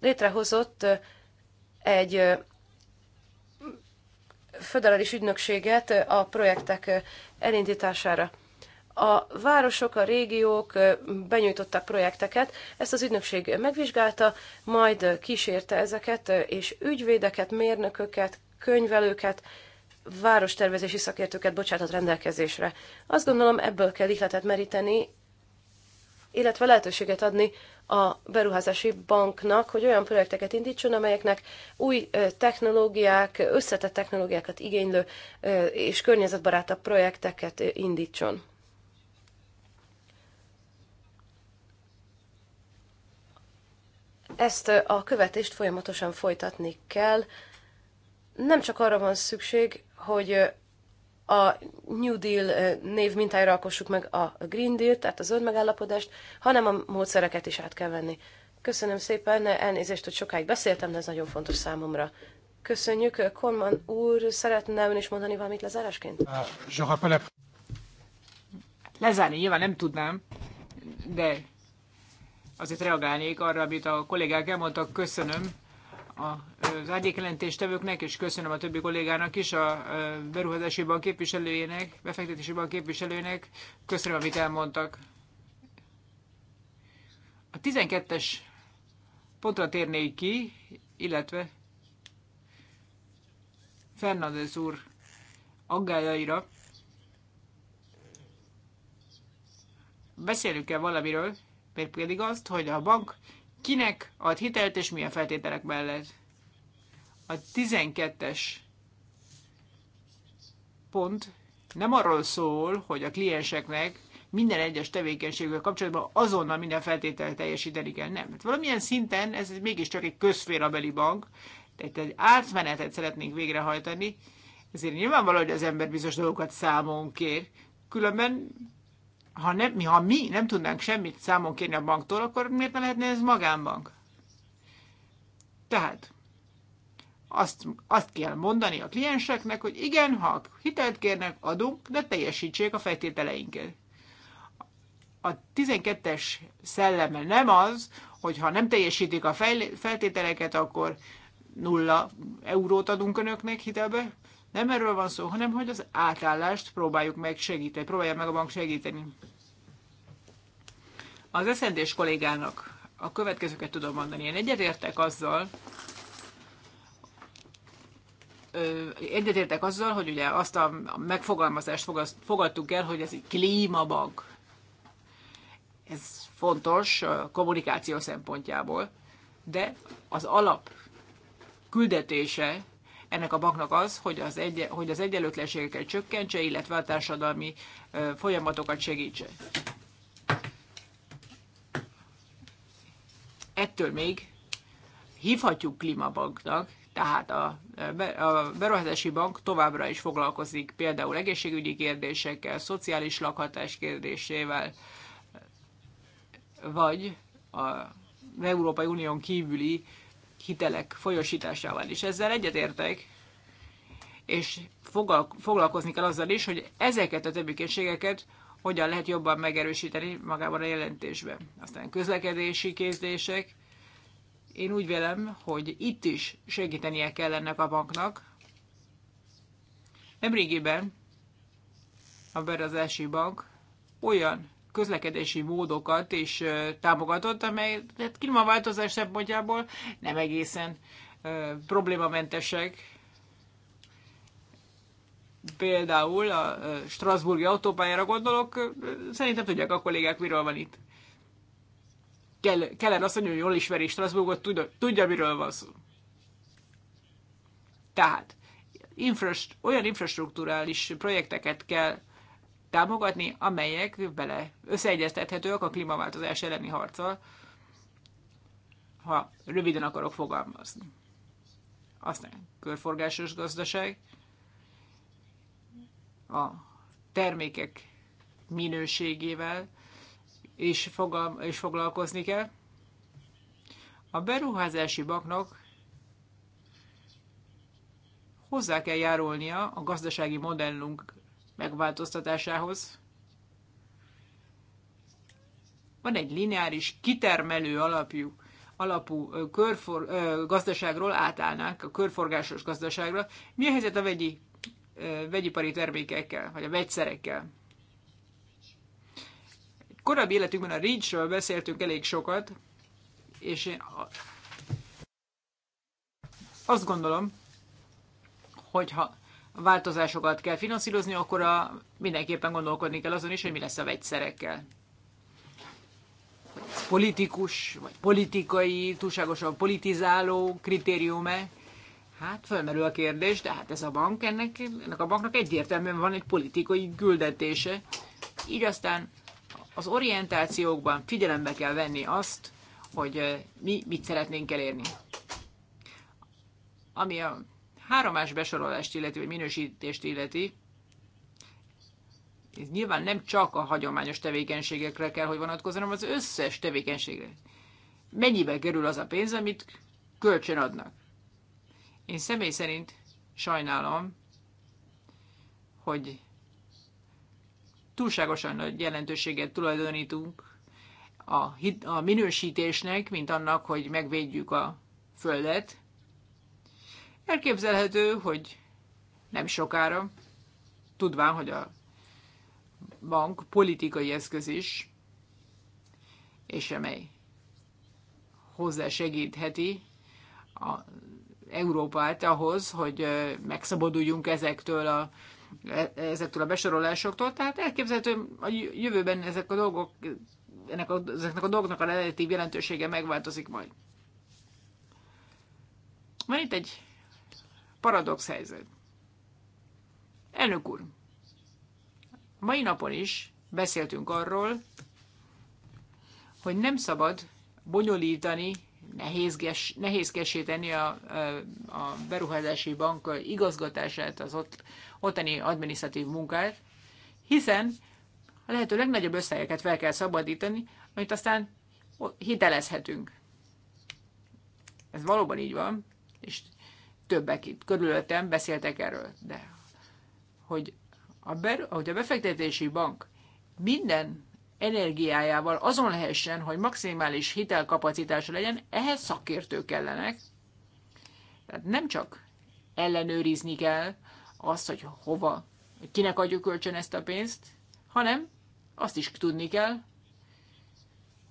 létrehozott egy föderális ügynökséget a projektek elindítására. A városok, a régiók benyújtottak projekteket, ezt az ügynökség megvizsgálta, majd kísérte ezeket, és ügyvédeket, mérnököket, könyvelőket, várostervezési szakértőket bocsátott rendelkezésre. Azt gondolom, ebből kell ihletet meríteni, illetve lehetőséget adni a beruházási banknak, hogy olyan projekteket indítson, amelyeknek új technológiák, összetett technológiákat igénylő és környezetbarátabb projekteket indítson. Ezt a követést folyamatosan folytatni kell. Nem csak arra van szükség, hogy a New Deal eh, név mintájára alkossuk meg a Green Deal, tehát a zöld megállapodást, hanem a módszereket is át kell venni. Köszönöm szépen, elnézést, hogy sokáig beszéltem, de ez nagyon fontos számomra. Köszönjük. Korman úr, szeretne ön is mondani valamit lezárásként? Ah, Lezárni nyilván nem tudnám, de azért reagálnék arra, amit a kollégák elmondtak. Köszönöm a az árnyékjelentéstevőknek, és köszönöm a többi kollégának is, a beruházási bank képviselőjének, befektetési bank képviselőjének. Köszönöm, amit elmondtak. A 12-es pontra térnék ki, illetve Fernández úr aggájaira. Beszélünk kell valamiről, mert pedig azt, hogy a bank kinek ad hitelt és milyen feltételek mellett. A 12-es pont nem arról szól, hogy a klienseknek minden egyes tevékenységgel kapcsolatban azonnal minden feltétel teljesíteni kell. Nem. Hát valamilyen szinten ez mégiscsak egy közférabeli bank, tehát egy átmenetet szeretnénk végrehajtani, ezért nyilvánvaló, hogy az ember bizonyos dolgokat számon kér. Különben, ha, nem, mi, ha mi nem tudnánk semmit számon kérni a banktól, akkor miért ne lehetne ez magánbank? Tehát, azt, azt kell mondani a klienseknek, hogy igen, ha hitelt kérnek, adunk, de teljesítsék a feltételeinket. A 12-es szelleme nem az, hogy ha nem teljesítik a feltételeket, akkor nulla eurót adunk önöknek hitelbe. Nem erről van szó, hanem hogy az átállást próbáljuk meg segíteni, próbálja meg a bank segíteni. Az eszendés kollégának a következőket tudom mondani. Én egyetértek azzal, egyetértek azzal, hogy ugye azt a megfogalmazást fogadtuk el, hogy ez egy klímabank. Ez fontos kommunikáció szempontjából, de az alap küldetése ennek a banknak az, hogy az, egy, hogy az egyenlőtlenségeket csökkentse, illetve a társadalmi folyamatokat segítse. Ettől még hívhatjuk klímabanknak, tehát a, a Beruházási Bank továbbra is foglalkozik például egészségügyi kérdésekkel, szociális lakhatás kérdésével, vagy a Európai Unión kívüli hitelek folyosításával is. Ezzel egyetértek, és foglalkozni kell azzal is, hogy ezeket a tevékenységeket hogyan lehet jobban megerősíteni magában a jelentésben. Aztán közlekedési kérdések, én úgy vélem, hogy itt is segítenie kell ennek a banknak. Nemrégiben a Berazási Bank olyan közlekedési módokat is támogatott, amelyet változás szempontjából nem egészen problémamentesek. Például a Strasburgi autópályára gondolok, szerintem tudják a kollégák, miről van itt. Keller azt nagyon jól ismeri Strasbourgot, tudja, tudja miről van szó. Tehát infrast- olyan infrastruktúrális projekteket kell támogatni, amelyek bele összeegyeztethetőek a klímaváltozás elleni harccal, ha röviden akarok fogalmazni. Aztán körforgásos gazdaság, a termékek minőségével és fogal, és foglalkozni kell. A beruházási banknak hozzá kell járulnia a gazdasági modellünk megváltoztatásához. Van egy lineáris, kitermelő alapjuk alapú körfor, ö, gazdaságról átállnánk a körforgásos gazdaságra. Mi a helyzet a vegyi, ö, vegyipari termékekkel, vagy a vegyszerekkel? korábbi életünkben a ridge Ridge-ről beszéltünk elég sokat, és én azt gondolom, hogy ha változásokat kell finanszírozni, akkor a, mindenképpen gondolkodni kell azon is, hogy mi lesz a vegyszerekkel. Ez politikus, vagy politikai, túlságosan politizáló kritériume. Hát fölmerül a kérdés, de hát ez a bank, ennek, ennek a banknak egyértelműen van egy politikai küldetése. Így aztán az orientációkban figyelembe kell venni azt, hogy mi mit szeretnénk elérni. Ami a háromás besorolást illeti, vagy minősítést illeti, ez nyilván nem csak a hagyományos tevékenységekre kell, hogy vonatkozzon, hanem az összes tevékenységre. Mennyibe kerül az a pénz, amit kölcsön adnak? Én személy szerint sajnálom, hogy túlságosan nagy jelentőséget tulajdonítunk a, hit, a minősítésnek, mint annak, hogy megvédjük a Földet. Elképzelhető, hogy nem sokára, tudván, hogy a bank politikai eszköz is, és amely hozzásegítheti a Európát ahhoz, hogy megszabaduljunk ezektől a E, ezektől a besorolásoktól, tehát elképzelhető a jövőben ezek a dolgok, ennek a, ezeknek a dolgoknak a relatív jelentősége megváltozik majd. Van itt egy paradox helyzet. Elnök úr, mai napon is beszéltünk arról, hogy nem szabad bonyolítani nehézkes, nehézkessé tenni a, a beruházási bank igazgatását, az ott, ottani adminisztratív munkát, hiszen a lehető legnagyobb összegeket fel kell szabadítani, amit aztán hitelezhetünk. Ez valóban így van, és többek itt körülöttem beszéltek erről, de hogy a, ber, hogy a befektetési bank minden energiájával azon lehessen, hogy maximális hitelkapacitása legyen, ehhez szakértők kellenek. Tehát nem csak ellenőrizni kell azt, hogy hova, kinek adjuk kölcsön ezt a pénzt, hanem azt is tudni kell,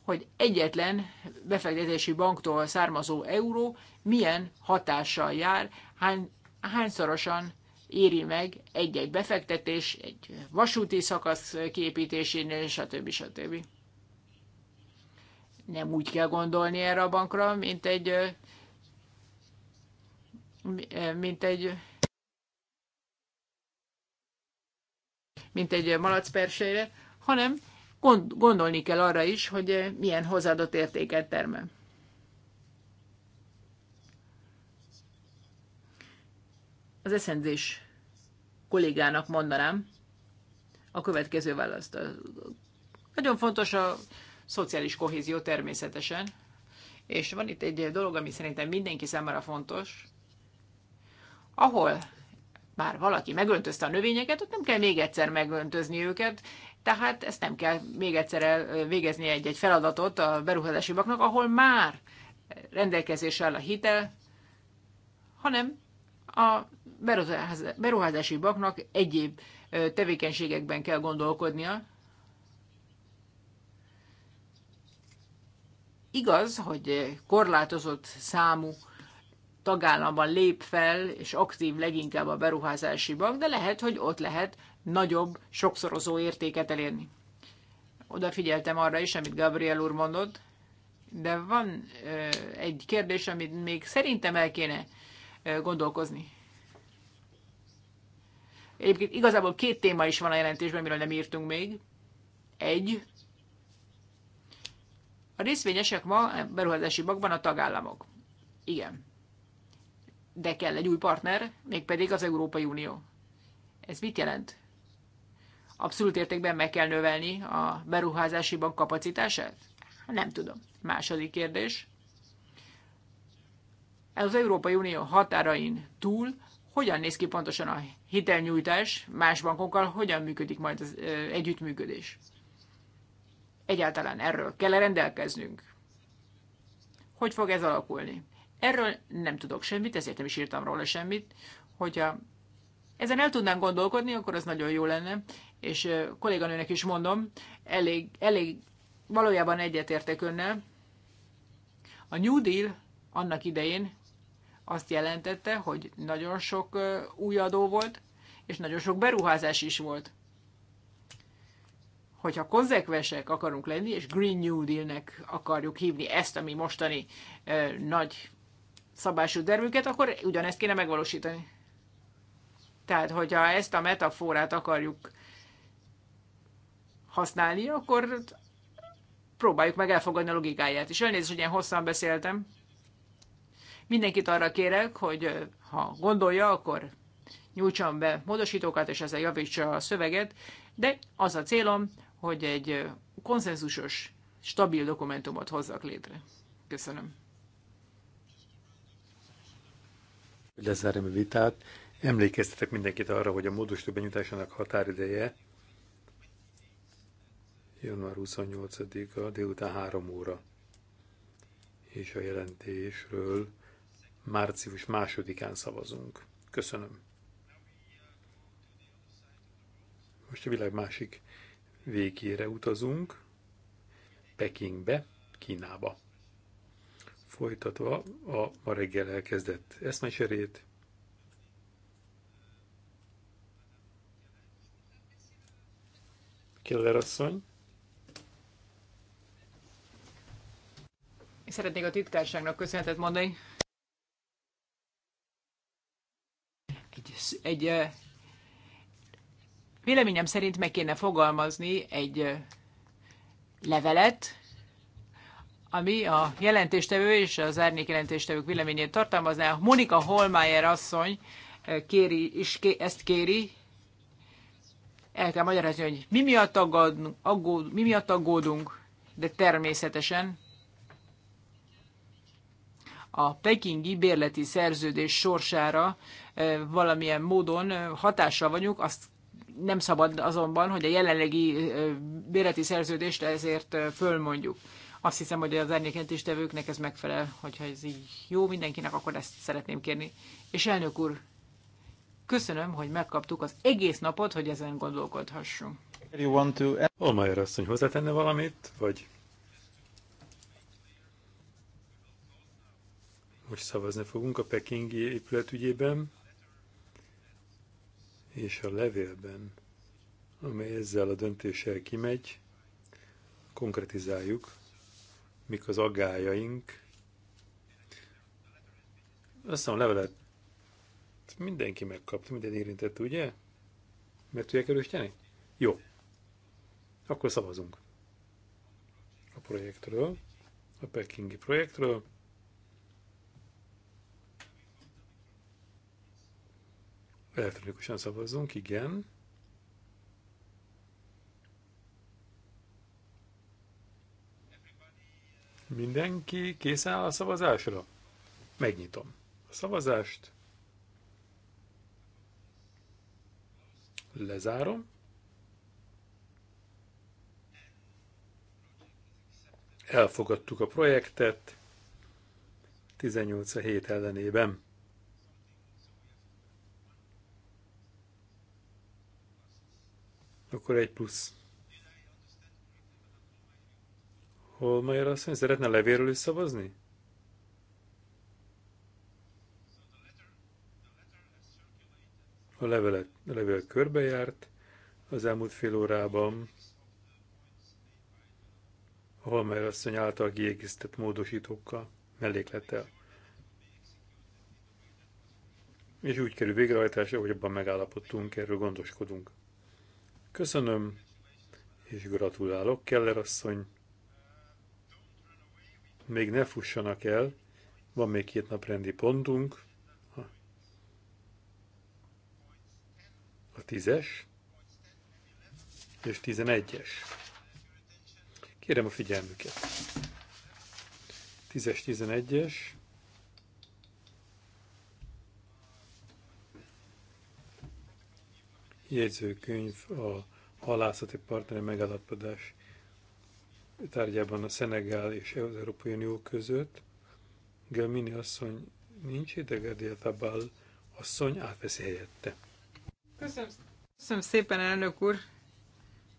hogy egyetlen befektetési banktól származó euró milyen hatással jár, hány, hányszorosan éri meg egy-egy befektetés, egy vasúti szakasz kiépítésénél, stb. stb. Nem úgy kell gondolni erre a bankra, mint egy mint egy mint egy malacpersére, hanem gondolni kell arra is, hogy milyen hozzáadott értéket termel. Az eszendés kollégának mondanám a következő választ. Nagyon fontos a szociális kohézió természetesen, és van itt egy dolog, ami szerintem mindenki számára fontos. Ahol már valaki megöntözte a növényeket, ott nem kell még egyszer megöntözni őket, tehát ezt nem kell még egyszer végezni egy-egy feladatot a beruházási baknak, ahol már rendelkezésre a hitel, hanem a beruházási banknak egyéb tevékenységekben kell gondolkodnia. Igaz, hogy korlátozott számú tagállamban lép fel, és aktív leginkább a beruházási bank, de lehet, hogy ott lehet nagyobb, sokszorozó értéket elérni. Odafigyeltem arra is, amit Gabriel úr mondott, de van ö, egy kérdés, amit még szerintem el kéne gondolkozni. Egyébként igazából két téma is van a jelentésben, amiről nem írtunk még. Egy, a részvényesek ma beruházási bakban a tagállamok. Igen. De kell egy új partner, mégpedig az Európai Unió. Ez mit jelent? Abszolút értékben meg kell növelni a beruházási bank kapacitását? Nem tudom. Második kérdés az Európai Unió határain túl hogyan néz ki pontosan a hitelnyújtás, más bankokkal hogyan működik majd az együttműködés. Egyáltalán erről kell -e rendelkeznünk. Hogy fog ez alakulni? Erről nem tudok semmit, ezért nem is írtam róla semmit, hogyha ezen el tudnánk gondolkodni, akkor az nagyon jó lenne, és kolléganőnek is mondom, elég, elég valójában egyetértek önnel. A New Deal annak idején azt jelentette, hogy nagyon sok új adó volt, és nagyon sok beruházás is volt. Hogyha konzekvensek akarunk lenni, és Green New Deal-nek akarjuk hívni ezt, ami mostani ö, nagy szabású dervünket, akkor ugyanezt kéne megvalósítani. Tehát, hogyha ezt a metaforát akarjuk használni, akkor próbáljuk meg elfogadni a logikáját. És elnézést, hogy ilyen hosszan beszéltem. Mindenkit arra kérek, hogy ha gondolja, akkor nyújtson be módosítókat, és ezzel javítsa a szöveget, de az a célom, hogy egy konszenzusos, stabil dokumentumot hozzak létre. Köszönöm. Lezárom a vitát, emlékeztetek mindenkit arra, hogy a módosító benyújtásának határideje január 28-a délután 3 óra. És a jelentésről március másodikán szavazunk. Köszönöm. Most a világ másik végére utazunk, Pekingbe, Kínába. Folytatva a ma reggel elkezdett eszmeserét, Keller asszony. Szeretnék a titkárságnak köszönetet mondani, egy véleményem szerint meg kéne fogalmazni egy levelet, ami a jelentéstevő és az árnyék jelentéstevők véleményét tartalmazná. Monika Holmeyer asszony kéri, is ké, ezt kéri, el kell magyarázni, hogy mi miatt, aggódunk, aggód, mi miatt aggódunk, de természetesen a pekingi bérleti szerződés sorsára valamilyen módon hatással vagyunk, azt nem szabad azonban, hogy a jelenlegi bérleti szerződést ezért fölmondjuk. Azt hiszem, hogy az tevőknek ez megfelel, hogyha ez így jó mindenkinek, akkor ezt szeretném kérni. És elnök úr, köszönöm, hogy megkaptuk az egész napot, hogy ezen gondolkodhassunk. Olmajer asszony hozzátenne valamit, vagy Most szavazni fogunk a pekingi épület ügyében és a levélben, amely ezzel a döntéssel kimegy, konkretizáljuk, mik az aggájaink. Aztán a levelet mindenki megkapta, minden érintett, ugye? Meg tudják erősíteni? Jó. Akkor szavazunk. A projektről, a pekingi projektről. Elektronikusan szavazzunk, igen. Mindenki készen áll a szavazásra? Megnyitom a szavazást. Lezárom. Elfogadtuk a projektet 18 a hét ellenében. akkor egy plusz. Holmeyer azt mondja, szeretne levéről is szavazni? A levelet, a levél körbejárt az elmúlt fél órában. A Holmeyer asszony által kiegészített módosítókkal, melléklettel. És úgy kerül végrehajtásra, hogy abban megállapodtunk, erről gondoskodunk. Köszönöm, és gratulálok, Keller asszony. Még ne fussanak el, van még két nap rendi pontunk. A tízes és tizenegyes. Kérem a figyelmüket. Tízes, tizenegyes. jegyzőkönyv a halászati partneri megállapodás tárgyában a Szenegál és az Európai Unió között. Gelmini asszony nincs idegedia Tabal asszony átveszi helyette. Köszönöm, köszönöm szépen, elnök úr!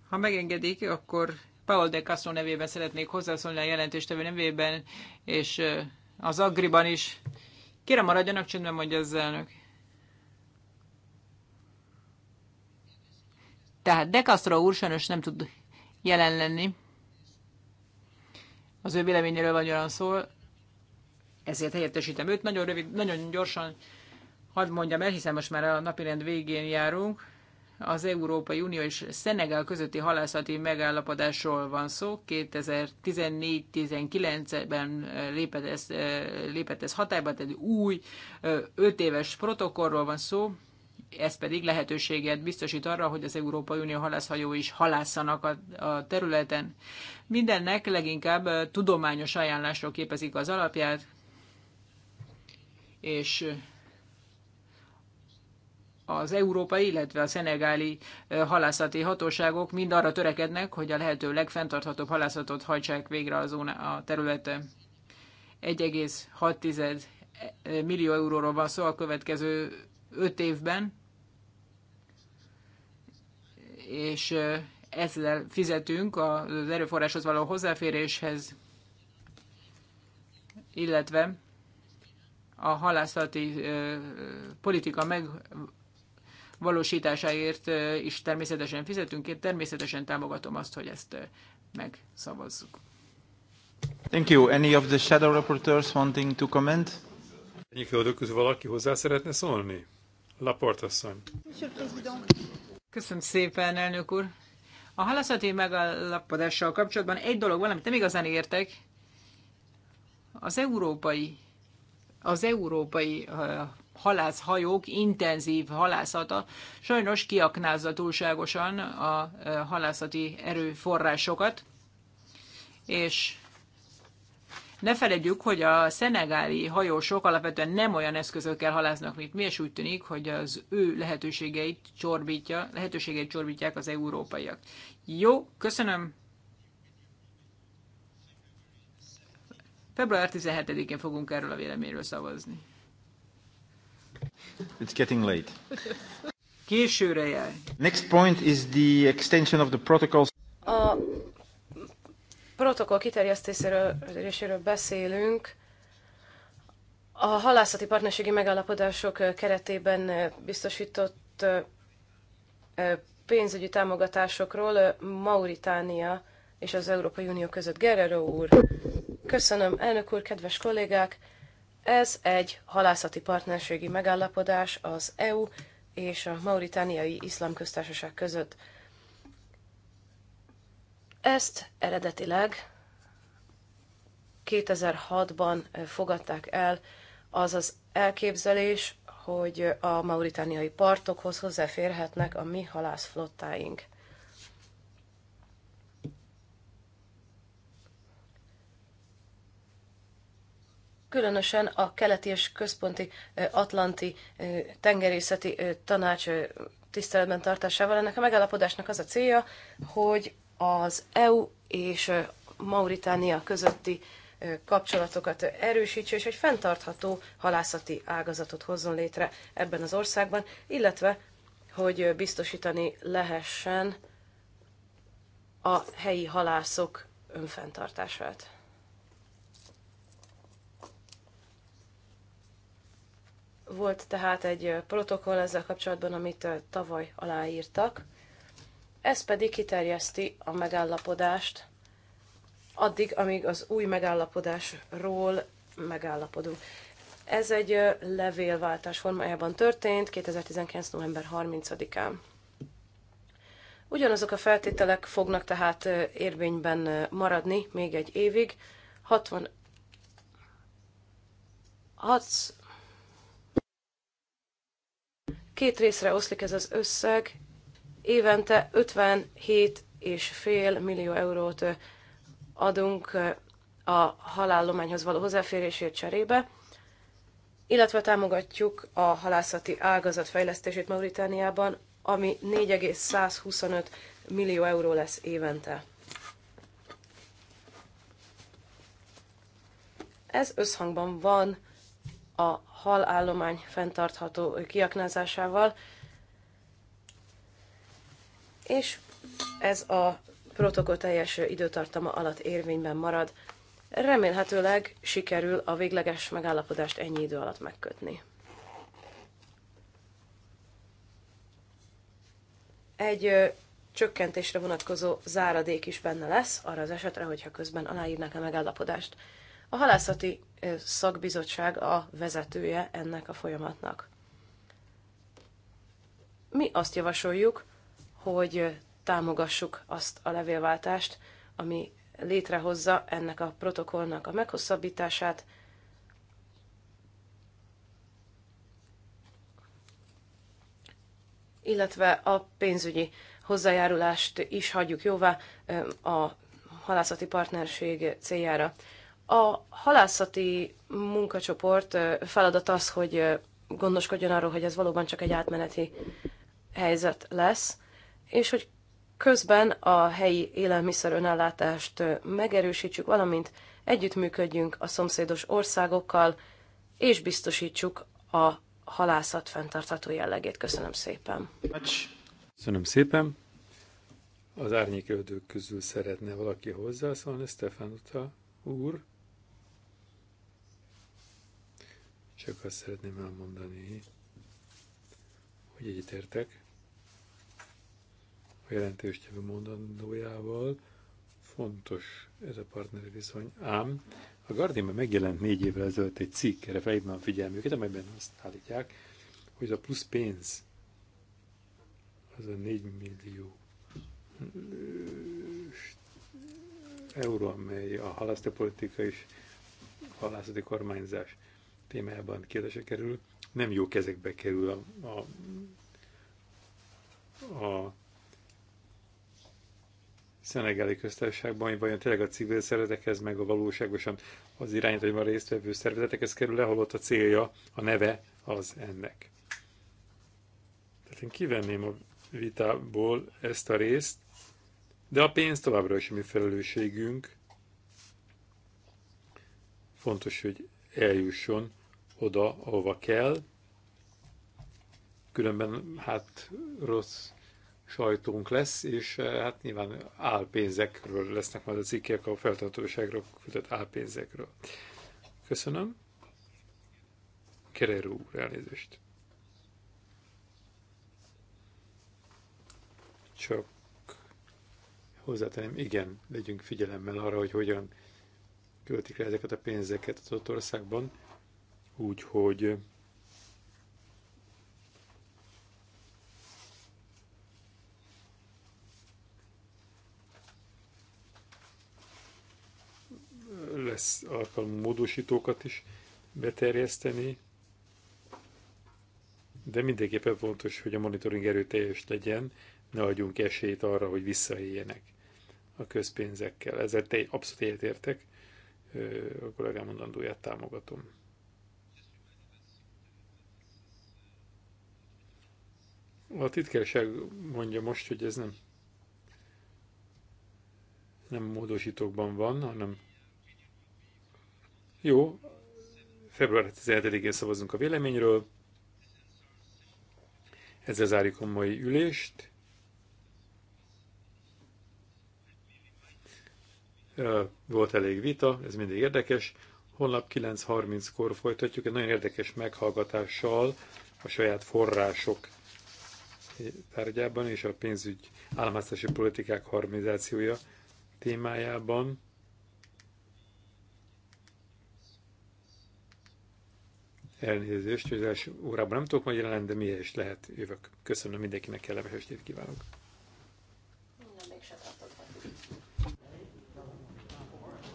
Ha megengedik, akkor Paul de Castro nevében szeretnék hozzászólni a jelentéstevő nevében, és az Agriban is. Kérem maradjanak csöndben, mondja az elnök. Tehát De Castro úr sajnos nem tud jelen lenni. Az ő véleményéről van olyan szó, ezért helyettesítem őt. Nagyon rövid, nagyon gyorsan hadd mondjam el, hiszen most már a napirend végén járunk. Az Európai Unió és Szenegál közötti halászati megállapodásról van szó. 2014-19-ben lépett ez, lépett ez hatályba, tehát új öt éves protokollról van szó ez pedig lehetőséget biztosít arra, hogy az Európai Unió halászhajó is halászanak a, a területen. Mindennek leginkább tudományos ajánlások képezik az alapját, és az európai, illetve a szenegáli halászati hatóságok mind arra törekednek, hogy a lehető legfenntarthatóbb halászatot hajtsák végre a, zóna, a területen. 1,6 millió euróról van szó a következő öt évben, és ezzel fizetünk az erőforráshoz való hozzáféréshez, illetve a halászati politika megvalósításáért is természetesen fizetünk. Én természetesen támogatom azt, hogy ezt megszavazzuk. Thank you. Any of the shadow reporters wanting to comment? Egyik közül valaki hozzá szeretne szólni? Köszönöm szépen, elnök úr. A halászati megállapodással kapcsolatban egy dolog van, amit nem igazán értek. Az európai, az európai halászhajók intenzív halászata sajnos kiaknázza túlságosan a halászati erőforrásokat, és ne felejtjük, hogy a szenegáli hajósok alapvetően nem olyan eszközökkel halásznak, mint mi, és úgy tűnik, hogy az ő lehetőségeit, csorbítja, lehetőségeit csorbítják az európaiak. Jó, köszönöm. Február 17-én fogunk erről a véleményről szavazni. It's getting late. Későre jár. Next point is the extension of the protocols. A protokoll kiterjesztéséről beszélünk, a halászati partnerségi megállapodások keretében biztosított pénzügyi támogatásokról Mauritánia és az Európai Unió között. Guerrero úr, köszönöm, elnök úr, kedves kollégák! Ez egy halászati partnerségi megállapodás az EU és a Mauritániai Iszlám Köztársaság között. Ezt eredetileg 2006-ban fogadták el, az az elképzelés, hogy a mauritániai partokhoz hozzáférhetnek a mi halászflottáink. Különösen a keleti és központi atlanti tengerészeti tanács tiszteletben tartásával ennek a megállapodásnak az a célja, hogy az EU és Mauritánia közötti kapcsolatokat erősítse, és egy fenntartható halászati ágazatot hozzon létre ebben az országban, illetve hogy biztosítani lehessen a helyi halászok önfenntartását. Volt tehát egy protokoll ezzel kapcsolatban, amit tavaly aláírtak ez pedig kiterjeszti a megállapodást addig, amíg az új megállapodásról megállapodunk. Ez egy levélváltás formájában történt 2019. november 30-án. Ugyanazok a feltételek fognak tehát érvényben maradni még egy évig. 60 6, Két részre oszlik ez az összeg, évente 57,5 millió eurót adunk a halállományhoz való hozzáférését cserébe, illetve támogatjuk a halászati ágazat fejlesztését Mauritániában, ami 4,125 millió euró lesz évente. Ez összhangban van a halállomány fenntartható kiaknázásával, és ez a protokoll teljes időtartama alatt érvényben marad. Remélhetőleg sikerül a végleges megállapodást ennyi idő alatt megkötni. Egy csökkentésre vonatkozó záradék is benne lesz, arra az esetre, hogyha közben aláírnak a megállapodást. A halászati szakbizottság a vezetője ennek a folyamatnak. Mi azt javasoljuk, hogy támogassuk azt a levélváltást, ami létrehozza ennek a protokollnak a meghosszabbítását, illetve a pénzügyi hozzájárulást is hagyjuk jóvá a halászati partnerség céljára. A halászati munkacsoport feladat az, hogy gondoskodjon arról, hogy ez valóban csak egy átmeneti helyzet lesz, és hogy közben a helyi élelmiszer önállátást megerősítsük, valamint együttműködjünk a szomszédos országokkal, és biztosítsuk a halászat fenntartható jellegét. Köszönöm szépen. Köszönöm szépen. Az árnyéköltők közül szeretne valaki hozzászólni, Stefan Uta úr. Csak azt szeretném elmondani, hogy egyetértek a jelentéstevő mondandójával. Fontos ez a partneri viszony. Ám a Guardianben megjelent négy évvel ezelőtt egy cikk, erre felhívna a figyelmüket, amelyben azt állítják, hogy a plusz pénz az a 4 millió euró, amely a halásztapolitika és halászati kormányzás témájában kérdése kerül, nem jó kezekbe kerül a, a, a szenegeli köztársaságban, vajon tényleg a civil szervezetekhez, meg a valóságosan az irányítóban résztvevő szervezetekhez kerül, holott a célja, a neve az ennek. Tehát én kivenném a vitából ezt a részt, de a pénz továbbra is a mi felelősségünk. Fontos, hogy eljusson oda, ahova kell. Különben hát rossz sajtónk lesz, és eh, hát nyilván álpénzekről lesznek majd a cikkek a feltartóságról küldött álpénzekről. Köszönöm. Kererő úr, elnézést. Csak hozzátenem, igen, legyünk figyelemmel arra, hogy hogyan költik le ezeket a pénzeket az ott országban, úgyhogy hogy lesz alkalom módosítókat is beterjeszteni, de mindenképpen fontos, hogy a monitoring erőteljes legyen, ne adjunk esélyt arra, hogy visszaéljenek a közpénzekkel. Ezzel te abszolút egyetértek, a kollégám mondandóját támogatom. A titkárság mondja most, hogy ez nem, nem módosítókban van, hanem jó, február 17-én szavazunk a véleményről. Ezzel zárjuk a mai ülést. Volt elég vita, ez mindig érdekes. Holnap 9.30-kor folytatjuk egy nagyon érdekes meghallgatással a saját források tárgyában és a pénzügy államháztási politikák harmonizációja témájában. Elnézést, hogy az első órában nem tudok majd jelen lenni, de miért is lehet jövök. Köszönöm mindenkinek, kellemes estét kívánok!